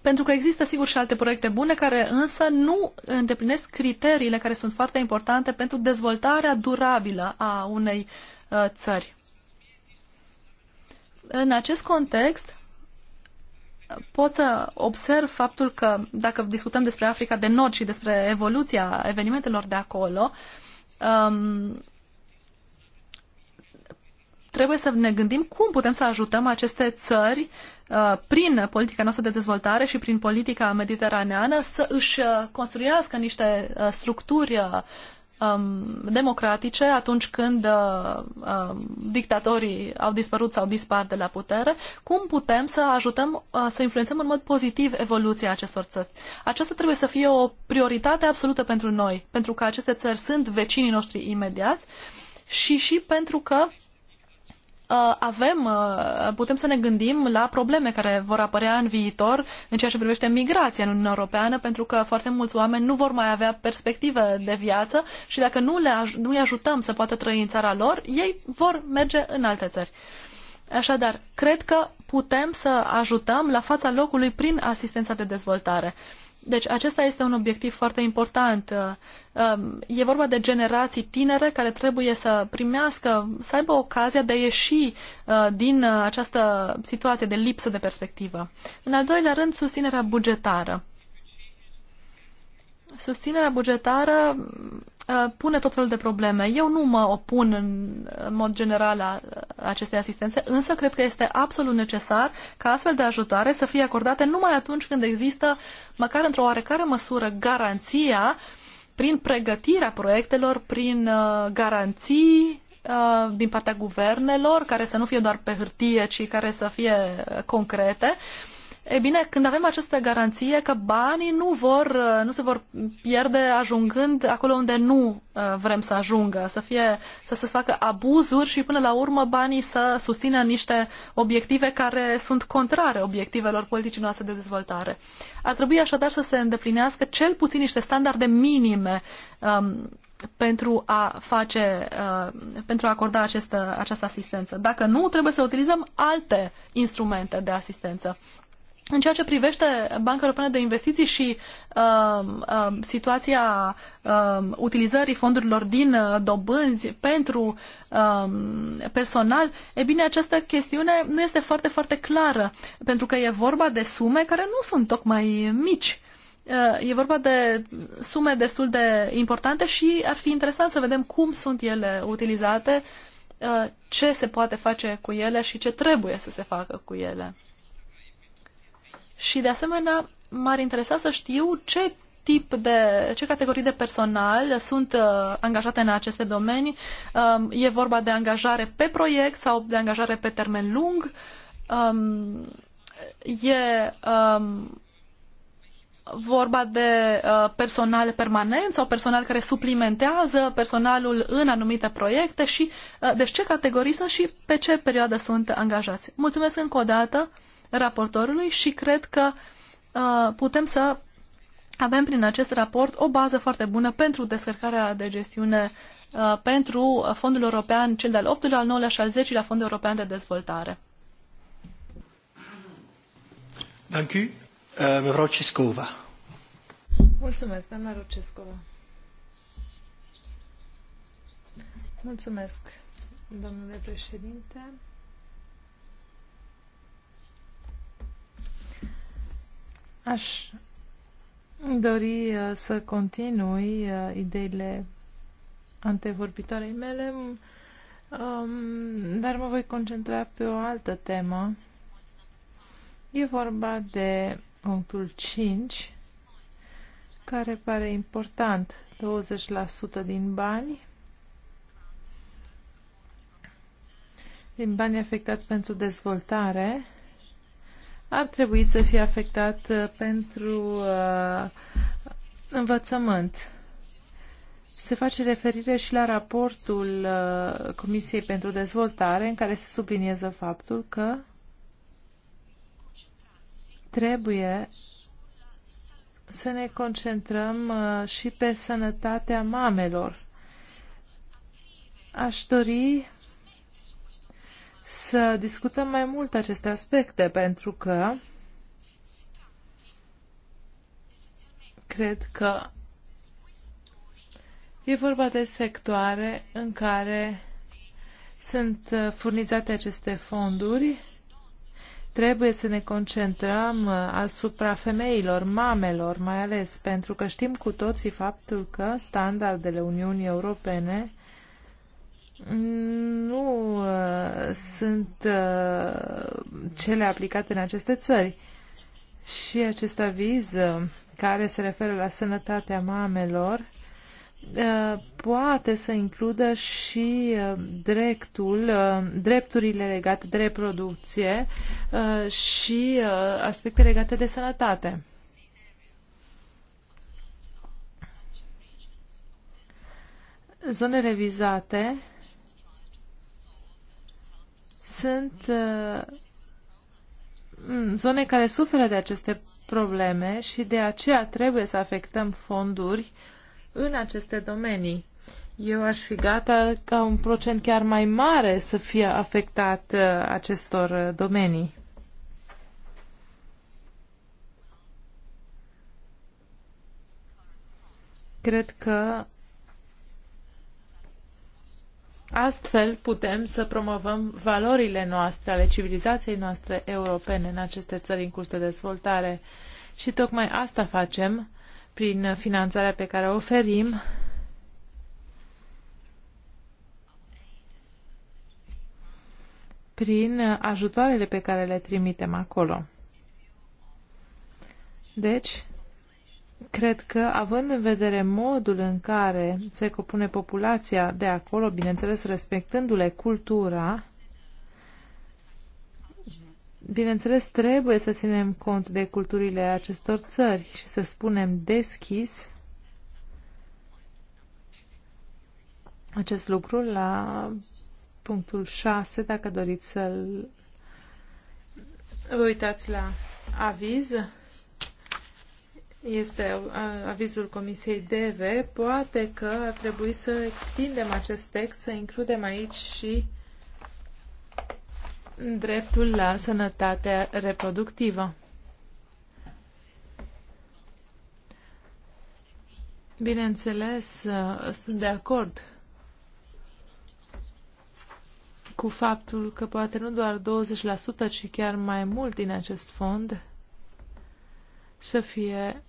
Speaker 3: pentru că există sigur și alte proiecte bune care însă nu îndeplinesc criteriile care sunt foarte importante pentru dezvoltarea durabilă a unei uh, țări. În acest context, pot să observ faptul că dacă discutăm despre Africa de Nord și despre evoluția evenimentelor de acolo, um, trebuie să ne gândim cum putem să ajutăm aceste țări uh, prin politica noastră de dezvoltare și prin politica mediteraneană să își uh, construiască niște uh, structuri um, democratice atunci când um, dictatorii au dispărut sau dispar de la putere, cum putem să ajutăm să influențăm în mod pozitiv evoluția acestor țări. Aceasta trebuie să fie o prioritate absolută pentru noi, pentru că aceste țări sunt vecinii noștri imediați și și pentru că Uh, avem, uh, putem să ne gândim la probleme care vor apărea în viitor în ceea ce privește migrația în Uniunea Europeană, pentru că foarte mulți oameni nu vor mai avea perspective de viață și dacă nu, le, nu îi ajutăm să poată trăi în țara lor, ei vor merge în alte țări. Așadar, cred că putem să ajutăm la fața locului prin asistența de dezvoltare. Deci acesta este un obiectiv foarte important. Uh, um, e vorba de generații tinere care trebuie să primească, să aibă ocazia de a ieși uh, din uh, această situație de lipsă de perspectivă. În al doilea rând, susținerea bugetară. Susținerea bugetară Uh, pune tot felul de probleme. Eu nu mă opun în, mod general la uh, acestei asistențe, însă cred că este absolut necesar ca astfel de ajutoare să fie acordate numai atunci când există, măcar într-o oarecare măsură, garanția prin pregătirea proiectelor, prin uh, garanții din partea guvernelor, care să nu fie doar pe hârtie, ci care să fie concrete. Uh, E bine, când avem această garanție că banii nu, vor, uh, nu se vor pierde ajungând acolo unde nu uh, vrem să ajungă, să, fie, să se facă abuzuri și până la urmă banii să susțină niște obiective care sunt contrare obiectivelor politicii noastre de dezvoltare. Ar trebui așadar să se îndeplinească cel puțin niște standarde minime um, pentru a face, uh, pentru a acorda această, uh, această asistență. Dacă nu, trebuie să utilizăm alte instrumente de asistență. În ceea ce privește Banca Europeană de Investiții și uh, uh, situația uh, utilizării fondurilor din uh, dobânzi pentru uh, personal, e bine, această chestiune nu este foarte, foarte clară, pentru că e vorba de sume care nu sunt tocmai mici. Uh, e vorba de sume destul de importante și ar fi interesant să vedem cum sunt ele utilizate, uh, ce se poate face cu ele și ce trebuie să se facă cu ele. Și de asemenea, m-ar interesa să știu ce tip de, ce categorii de personal sunt uh, angajate în aceste domenii. Um, e vorba de angajare pe proiect sau de angajare pe termen lung. Um, e um, vorba de uh, personal permanent sau personal care suplimentează personalul în anumite proiecte și uh, deci ce categorii sunt și pe ce perioadă sunt angajați. Mulțumesc încă o dată raportorului și cred că uh, putem să avem prin acest raport o bază foarte bună pentru descărcarea de gestiune uh, pentru Fondul European, cel de-al 8-lea, al 9-lea și al 10-lea Fondul European de Dezvoltare.
Speaker 1: Thank you. Vreau
Speaker 2: Mulțumesc, doamna Rucescova. Mulțumesc, domnule președinte. Aș dori uh, să continui uh, ideile antevorbitoarei mele, um, dar mă voi concentra pe o altă temă. E vorba de punctul 5, care pare important, 20% din bani, din bani afectați pentru dezvoltare, ar trebui să fie afectat uh, pentru uh, învățământ. Se face referire și la raportul uh, Comisiei pentru Dezvoltare, în care se subliniază faptul că trebuie să ne concentrăm uh, și pe sănătatea mamelor. Aș dori să discutăm mai mult aceste aspecte, pentru că cred că e vorba de sectoare în care sunt furnizate aceste fonduri. Trebuie să ne concentrăm asupra femeilor, mamelor mai ales, pentru că știm cu toții faptul că standardele Uniunii Europene nu uh, sunt uh, cele aplicate în aceste țări. Și acest aviz uh, care se referă la sănătatea mamelor uh, poate să includă și uh, dreptul, uh, drepturile legate de reproducție și aspecte legate de sănătate. zone revizate sunt uh, mm, zone care suferă de aceste probleme și de aceea trebuie să afectăm fonduri în aceste domenii. Eu aș fi gata ca un procent chiar mai mare să fie afectat uh, acestor uh, domenii. Cred că Astfel putem să promovăm valorile noastre, ale civilizației noastre europene în aceste țări în curs de dezvoltare. Și tocmai asta facem prin finanțarea pe care o oferim prin ajutoarele pe care le trimitem acolo. Deci, cred că, având în vedere modul în care se compune populația de acolo, bineînțeles respectându-le cultura, bineînțeles trebuie să ținem cont de culturile acestor țări și să spunem deschis acest lucru la punctul 6, dacă doriți să-l uitați la aviz este avizul Comisiei DV. poate că ar trebui să extindem acest text, să includem aici și dreptul la sănătate reproductivă. Bineînțeles, sunt de acord cu faptul că poate nu doar 20%, ci chiar mai mult din acest fond să fie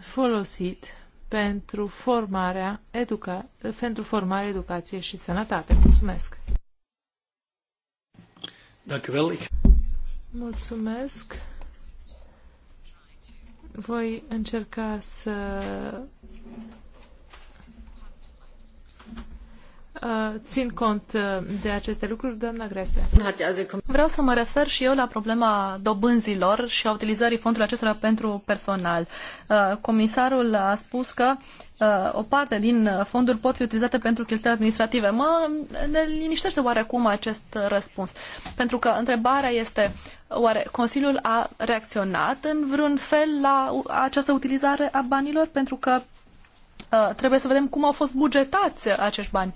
Speaker 2: folosit pentru formarea, educa pentru formare, educație și sănătate. Mulțumesc! Mulțumesc! Voi încerca să Uh, țin cont uh, de aceste lucruri, doamna Gresle. Vreau să mă refer și
Speaker 3: eu la problema dobânzilor și a utilizării fondurilor acestora pentru personal. Uh, comisarul a spus că o parte din fonduri pot fi utilizate pentru cheltuieli administrative. Mă ne liniștește oarecum acest răspuns. Pentru că întrebarea este, oare Consiliul a reacționat în vreun fel la această utilizare a banilor? Pentru că Uh, trebuie să vedem cum au fost bugetați acești bani.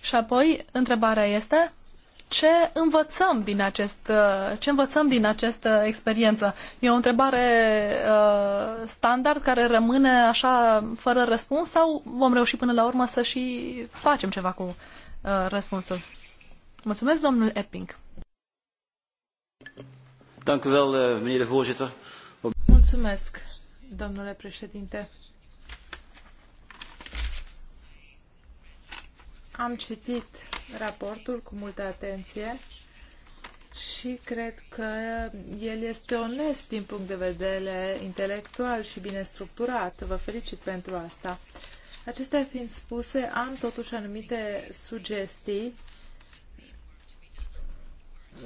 Speaker 3: Și apoi, întrebarea este, ce învățăm din acest, uh, ce învățăm din această experiență? E o întrebare uh, standard care rămâne așa fără răspuns sau vom reuși până la urmă să și facem ceva cu uh, răspunsul? Mulțumesc, domnul Epping.
Speaker 1: Eh,
Speaker 2: Mulțumesc, domnule președinte. Am citit raportul cu multă atenție și cred că el este onest din punct de vedere intelectual și bine structurat. Vă felicit pentru asta. Acestea fiind spuse, am totuși anumite sugestii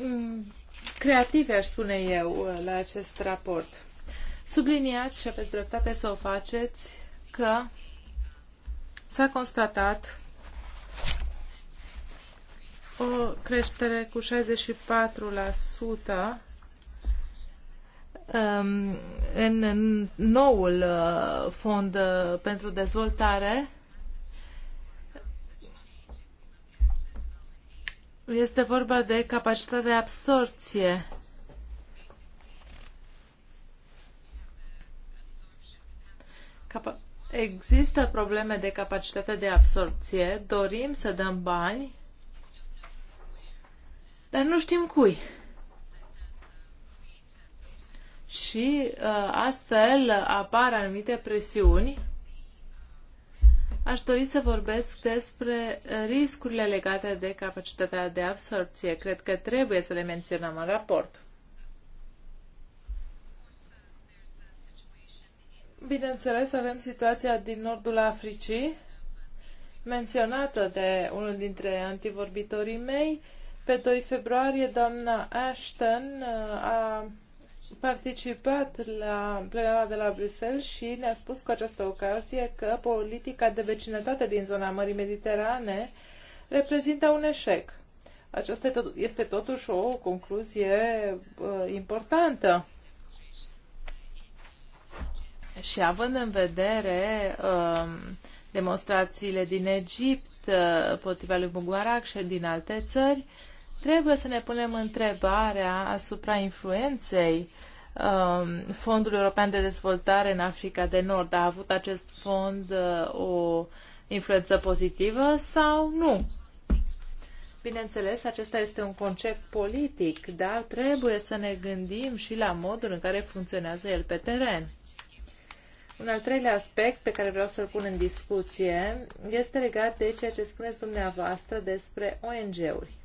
Speaker 2: mm, creative, aș spune eu, la acest raport. Subliniați și aveți dreptate să o faceți că s-a constatat o creștere cu 64% um, în noul uh, fond uh, pentru dezvoltare. Este vorba de capacitatea de absorție. Capa- Există probleme de capacitate de absorție. dorim să dăm bani, dar nu știm cui. Și uh, astfel apar anumite presiuni. Aș dori să vorbesc despre riscurile legate de capacitatea de absorpție. Cred că trebuie să le menționăm în raport. Bineînțeles, avem situația din nordul Africii, menționată de unul dintre antivorbitorii mei, pe 2 februarie, doamna Ashton uh, a participat la plenara de la Bruxelles și ne-a spus cu această ocazie că politica de vecinătate din zona Mării Mediterane reprezintă un eșec. Aceasta este totuși o concluzie uh, importantă. Și având în vedere um, demonstrațiile din Egipt, uh, potriva lui Mubarak și din alte țări, Trebuie să ne punem întrebarea asupra influenței um, Fondul European de Dezvoltare în Africa de Nord. A avut acest fond uh, o influență pozitivă sau nu? Bineînțeles, acesta este un concept politic, dar trebuie să ne gândim și la modul în care funcționează el pe teren. Un al treilea aspect pe care vreau să-l pun în discuție este legat de ceea ce spuneți dumneavoastră despre ONG-uri.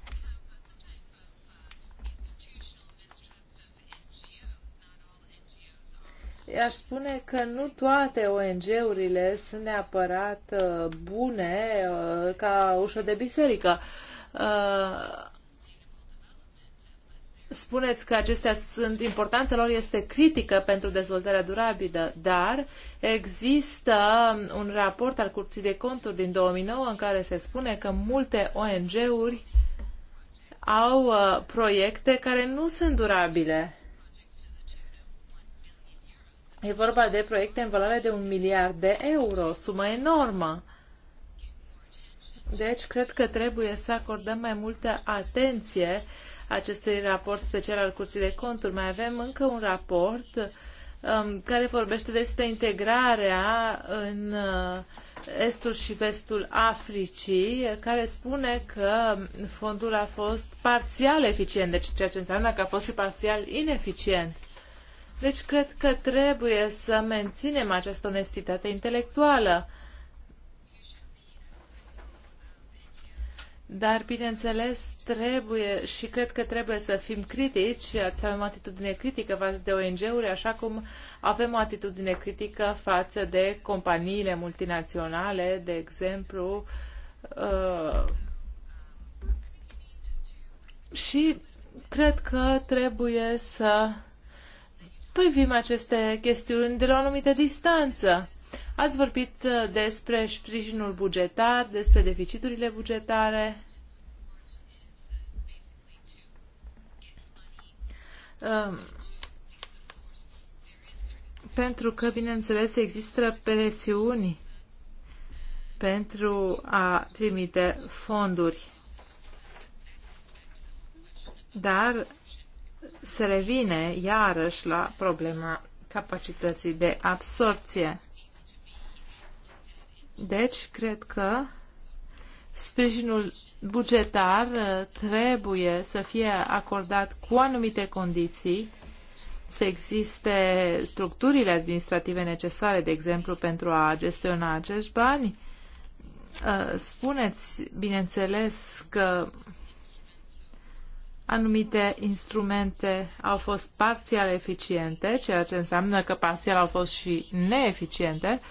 Speaker 2: aș spune că nu toate ONG-urile sunt neapărat uh, bune uh, ca ușă de biserică. Uh, spuneți că acestea sunt, importanța lor este critică pentru dezvoltarea durabilă, dar există un raport al Curții de Conturi din 2009 în care se spune că multe ONG-uri au proiecte care nu sunt durabile E vorba de proiecte în valoare de un miliard de euro, sumă enormă. Deci, cred că trebuie să acordăm mai multă atenție acestui raport special al Curții de Conturi. Mai avem încă un raport um, care vorbește despre integrarea în uh, estul și vestul Africii, care spune că fondul a fost parțial eficient, deci ceea ce înseamnă că a fost și parțial ineficient. Deci cred că trebuie să menținem această onestitate intelectuală. Dar, bineînțeles, trebuie și cred că trebuie să fim critici, să avem o atitudine critică față de ONG-uri, așa cum avem o atitudine critică față de companiile multinaționale, de exemplu. Uh, și cred că trebuie să privim aceste chestiuni de la o anumită distanță. Ați vorbit uh, despre sprijinul bugetar, despre deficiturile bugetare. Um, pentru că, bineînțeles, există presiuni pentru a trimite fonduri. Dar se revine iarăși la problema capacității de absorție. Deci, cred că sprijinul bugetar uh, trebuie să fie acordat cu anumite condiții, să existe structurile administrative necesare, de exemplu, pentru a gestiona acești bani. Uh, spuneți, bineînțeles, că Anumite instrumente au fost parțial eficiente, ceea ce înseamnă că parțial au fost și neeficiente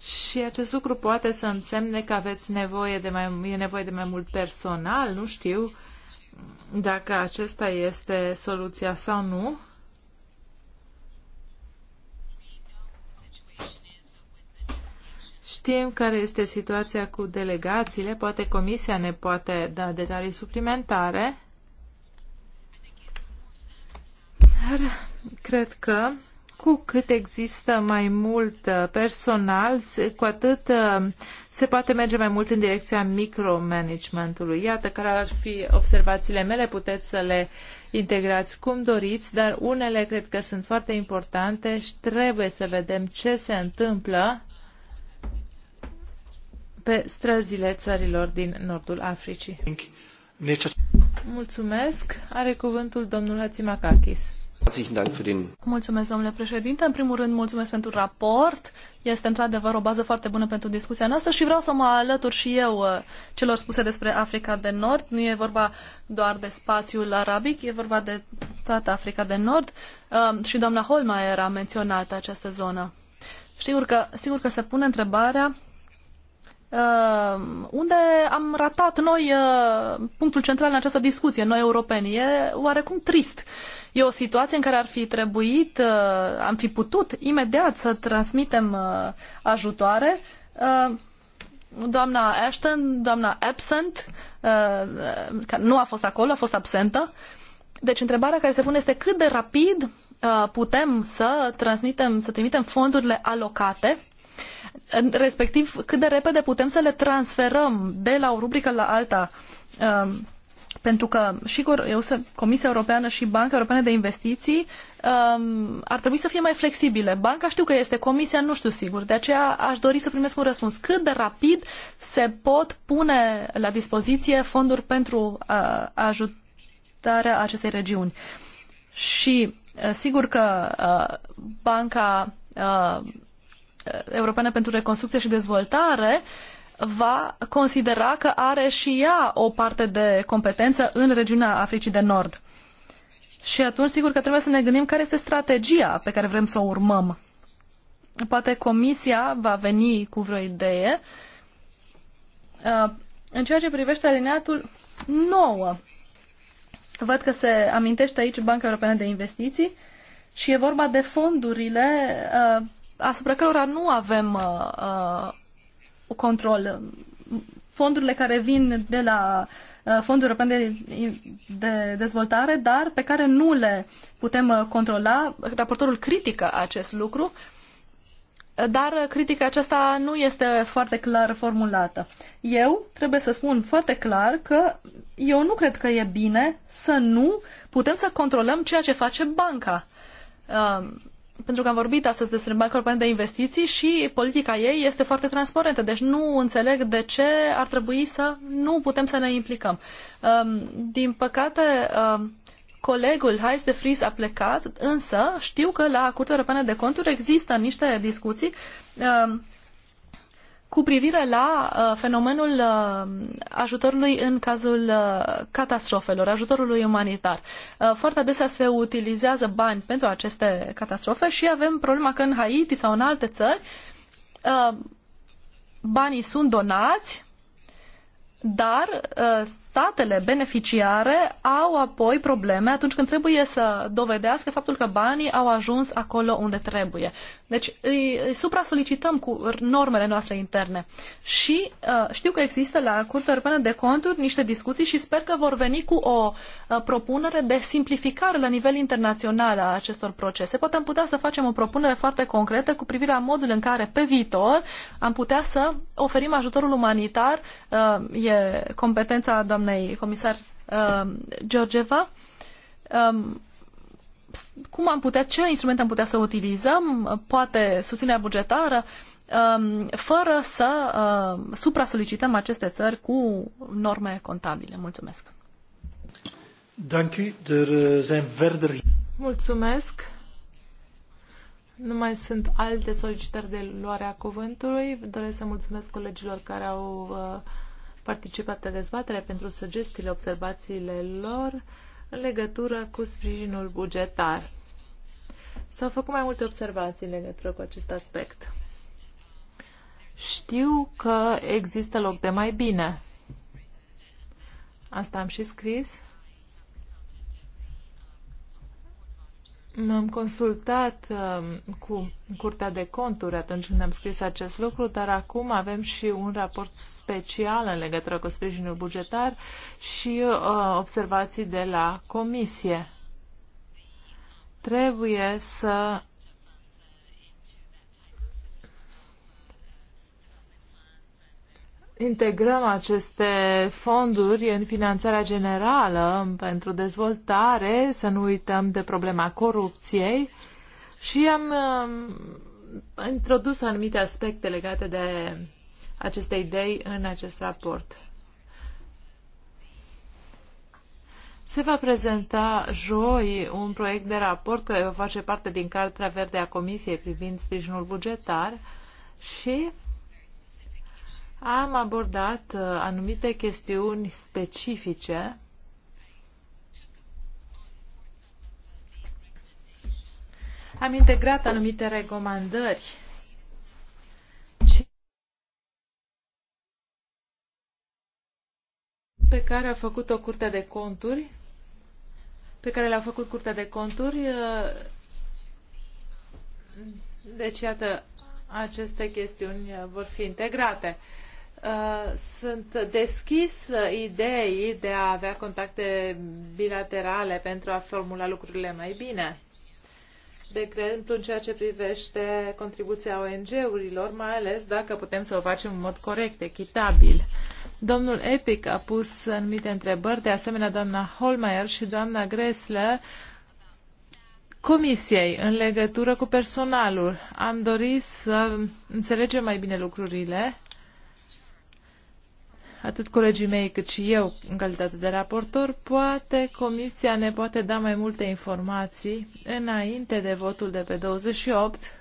Speaker 2: și acest lucru poate să însemne că aveți nevoie de mai, e nevoie de mai mult personal, nu știu dacă acesta este soluția sau nu. Știm care este situația cu delegațiile, poate comisia ne poate da detalii suplimentare. Dar cred că cu cât există mai mult uh, personal, cu atât uh, se poate merge mai mult în direcția micromanagementului. Iată care ar fi observațiile mele, puteți să le integrați cum doriți, dar unele cred că sunt foarte importante și trebuie să vedem ce se întâmplă pe străzile țărilor din nordul Africii. Mulțumesc. Are cuvântul domnul Hatzimakakis. Mulțumesc, domnule președinte. În primul rând, mulțumesc pentru raport.
Speaker 3: Este într-adevăr o bază foarte bună pentru discuția noastră și vreau să mă alătur și eu uh, celor spuse despre Africa de Nord. Nu e vorba doar de spațiul arabic, e vorba de toată Africa de Nord. Um, și doamna Holmaier a menționat această zonă. Sigur că, sigur că se pune întrebarea um, unde am ratat noi uh, punctul central în această discuție, noi europeni. E oarecum trist. E o situație în care ar fi trebuit, uh, am fi putut imediat să transmitem uh, ajutoare. Uh, doamna Ashton, doamna absent, nu a fost acolo, a fost absentă. Deci întrebarea care se pune este cât de rapid putem să transmitem, să trimitem fondurile alocate respectiv cât de repede putem să le transferăm de la o rubrică la alta pentru că și Comisia Europeană și Banca Europeană de Investiții um, ar trebui să fie mai flexibile. Banca știu că este, Comisia nu știu sigur, de aceea aș dori să primesc un răspuns. Cât de rapid se pot pune la dispoziție fonduri pentru uh, ajutarea acestei regiuni? Și uh, sigur că uh, Banca uh, Europeană pentru Reconstrucție și Dezvoltare uh, va considera că are și ea o parte de competență în regiunea Africii de Nord. Și atunci, sigur că trebuie să ne gândim care este strategia pe care vrem să o urmăm. Poate Comisia va veni cu vreo idee uh, în ceea ce privește alineatul 9. Văd că se amintește aici Banca Europeană de Investiții și e vorba de fondurile uh, asupra cărora nu avem uh, control. Fondurile care vin de la uh, fonduri europene de, de dezvoltare, dar pe care nu le putem uh, controla. Raportorul critică acest lucru, uh, dar critica aceasta nu este foarte clar formulată. Eu trebuie să spun foarte clar că eu nu cred că e bine să nu putem să controlăm ceea ce face banca. Um, pentru că am vorbit astăzi despre Banca Europeană de Investiții și politica ei este foarte transparentă, deci nu înțeleg de ce ar trebui să nu putem să ne implicăm. Um, din păcate, um, colegul Hais de Fries a plecat, însă știu că la Curtea Europeană de Conturi există niște discuții um, cu privire la uh, fenomenul uh, ajutorului în cazul uh, catastrofelor, ajutorului umanitar. Uh, foarte adesea se utilizează bani pentru aceste catastrofe și avem problema că în Haiti sau în alte țări uh, banii sunt donați, dar uh, statele beneficiare au apoi probleme atunci când trebuie să dovedească faptul că banii au ajuns acolo unde trebuie. Deci îi, îi supra-solicităm cu normele noastre interne. Și uh, știu că există la Curtea Europeană de Conturi niște discuții și sper că vor veni cu o uh, propunere de simplificare la nivel internațional a acestor procese. Poate am putea să facem o propunere foarte concretă cu privire la modul în care pe viitor am putea să oferim ajutorul umanitar, uh, e competența doamnei doamnei comisar uh, Georgeva. Um, cum am putea, ce instrument am putea să utilizăm, poate susținerea bugetară, um, fără să uh, supra-solicităm aceste țări cu
Speaker 2: norme contabile. Mulțumesc!
Speaker 1: Er, eh,
Speaker 2: mulțumesc! Nu mai sunt alte solicitări de luarea cuvântului. Doresc să mulțumesc colegilor care au uh, participat la dezbatere pentru sugestiile, observațiile lor în legătură cu sprijinul bugetar. S-au făcut mai multe observații în legătură cu acest aspect. Știu că există loc de mai bine. Asta am și scris M-am consultat uh, cu Curtea de Conturi atunci când am scris acest lucru, dar acum avem și un raport special în legătură cu sprijinul bugetar și uh, observații de la Comisie. Trebuie să integrăm aceste fonduri în finanțarea generală pentru dezvoltare, să nu uităm de problema corupției și am um, introdus anumite aspecte legate de aceste idei în acest raport. Se va prezenta joi un proiect de raport care va face parte din Cartea Verde a Comisiei privind sprijinul bugetar și am abordat uh, anumite chestiuni specifice Am integrat anumite recomandări pe care a făcut-o curte de Conturi, pe care le-a făcut Curtea de Conturi. Uh, deci, iată, aceste chestiuni uh, vor fi integrate. Uh, sunt deschis ideii de a avea contacte bilaterale pentru a formula lucrurile mai bine. De exemplu, în ceea ce privește contribuția ONG-urilor, mai ales dacă putem să o facem în mod corect, echitabil. Domnul Epic a pus anumite întrebări, de asemenea doamna Holmeier și doamna Gresle, Comisiei în legătură cu personalul. Am dorit să înțelegem mai bine lucrurile atât colegii mei cât și eu în calitate de raportor, poate Comisia ne poate da mai multe informații înainte de votul de pe 28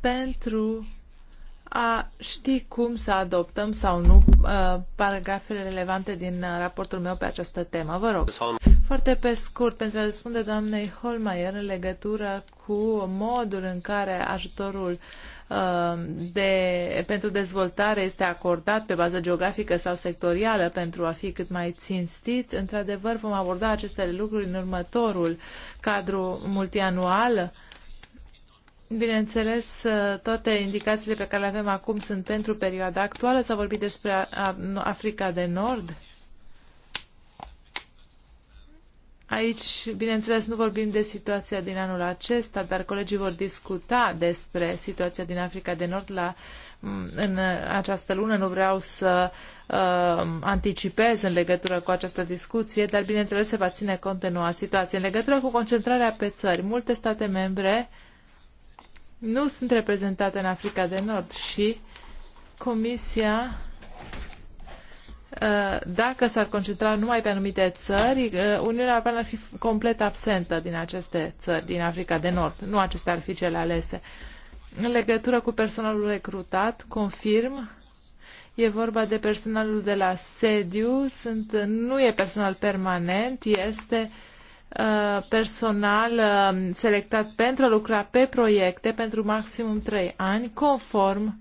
Speaker 2: pentru a ști cum să adoptăm sau nu uh, paragrafele relevante din uh, raportul meu pe această temă. Vă rog. Foarte pe scurt, pentru a răspunde doamnei Holmeier în legătură cu modul în care ajutorul Um, de, pentru dezvoltare este acordat pe bază geografică sau sectorială pentru a fi cât mai ținstit. Într-adevăr, vom aborda aceste lucruri în următorul cadru multianual. Bineînțeles, toate indicațiile pe care le avem acum sunt pentru perioada actuală. S-a vorbit despre Africa de Nord Aici, bineînțeles, nu vorbim de situația din anul acesta, dar colegii vor discuta despre situația din Africa de Nord la, în această lună. Nu vreau să uh, anticipez în legătură cu această discuție, dar, bineînțeles, se va ține cont de noua situație. În legătură cu concentrarea pe țări, multe state membre nu sunt reprezentate în Africa de Nord și Comisia Uh, dacă s-ar concentra numai pe anumite țări, uh, Uniunea Europeană ar fi complet absentă din aceste țări, din Africa de Nord. Nu acestea ar fi cele alese. În legătură cu personalul recrutat, confirm, e vorba de personalul de la sediu, sunt, nu e personal permanent, este uh, personal um, selectat pentru a lucra pe proiecte pentru maximum 3 ani, conform uh,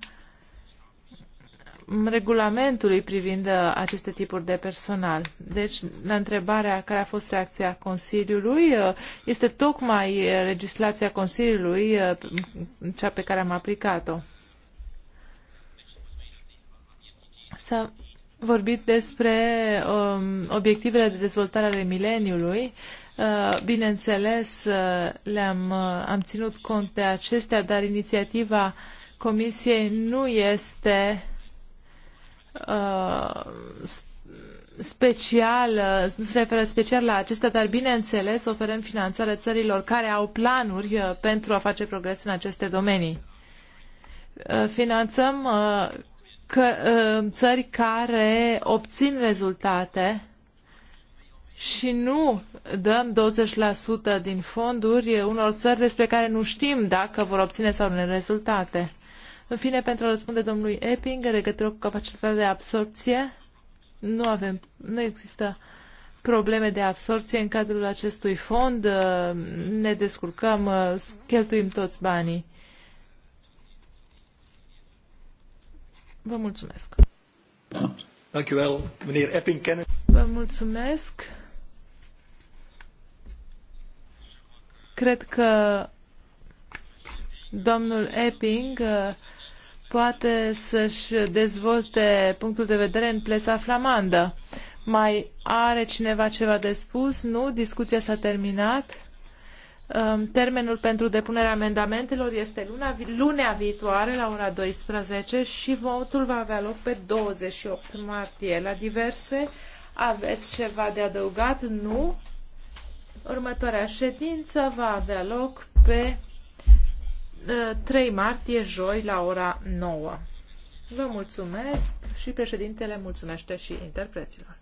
Speaker 2: regulamentului privind uh, aceste tipuri de personal. Deci, la întrebarea care a fost reacția Consiliului, uh, este tocmai uh, legislația Consiliului cea pe care am aplicat-o. S-a vorbit despre um, obiectivele de dezvoltare ale mileniului. Uh, bineînțeles, le-am am ținut cont de acestea, dar inițiativa Comisiei nu este Uh, special, uh, nu se referă special la acestea, dar bineînțeles oferăm finanțare țărilor care au planuri uh, pentru a face progres în aceste domenii. Finanțăm țări care obțin rezultate și nu dăm 20% din fonduri unor țări despre care nu știm dacă vor obține sau nu rezultate. În fine, pentru a răspunde domnului Epping, în legătură cu capacitatea de absorpție, nu avem, nu există probleme de absorpție în cadrul acestui fond, uh, ne descurcăm, uh, cheltuim toți banii. Vă mulțumesc. Vă mulțumesc. Cred că domnul Epping uh, poate să-și dezvolte punctul de vedere în plesa flamandă. Mai are cineva ceva de spus? Nu? Discuția s-a terminat. Um, termenul pentru depunerea amendamentelor este luna, lunea viitoare la ora 12 și votul va avea loc pe 28 martie la diverse. Aveți ceva de adăugat? Nu? Următoarea ședință va avea loc pe 3 martie, joi, la ora 9. Vă mulțumesc și președintele mulțumește și interpreților.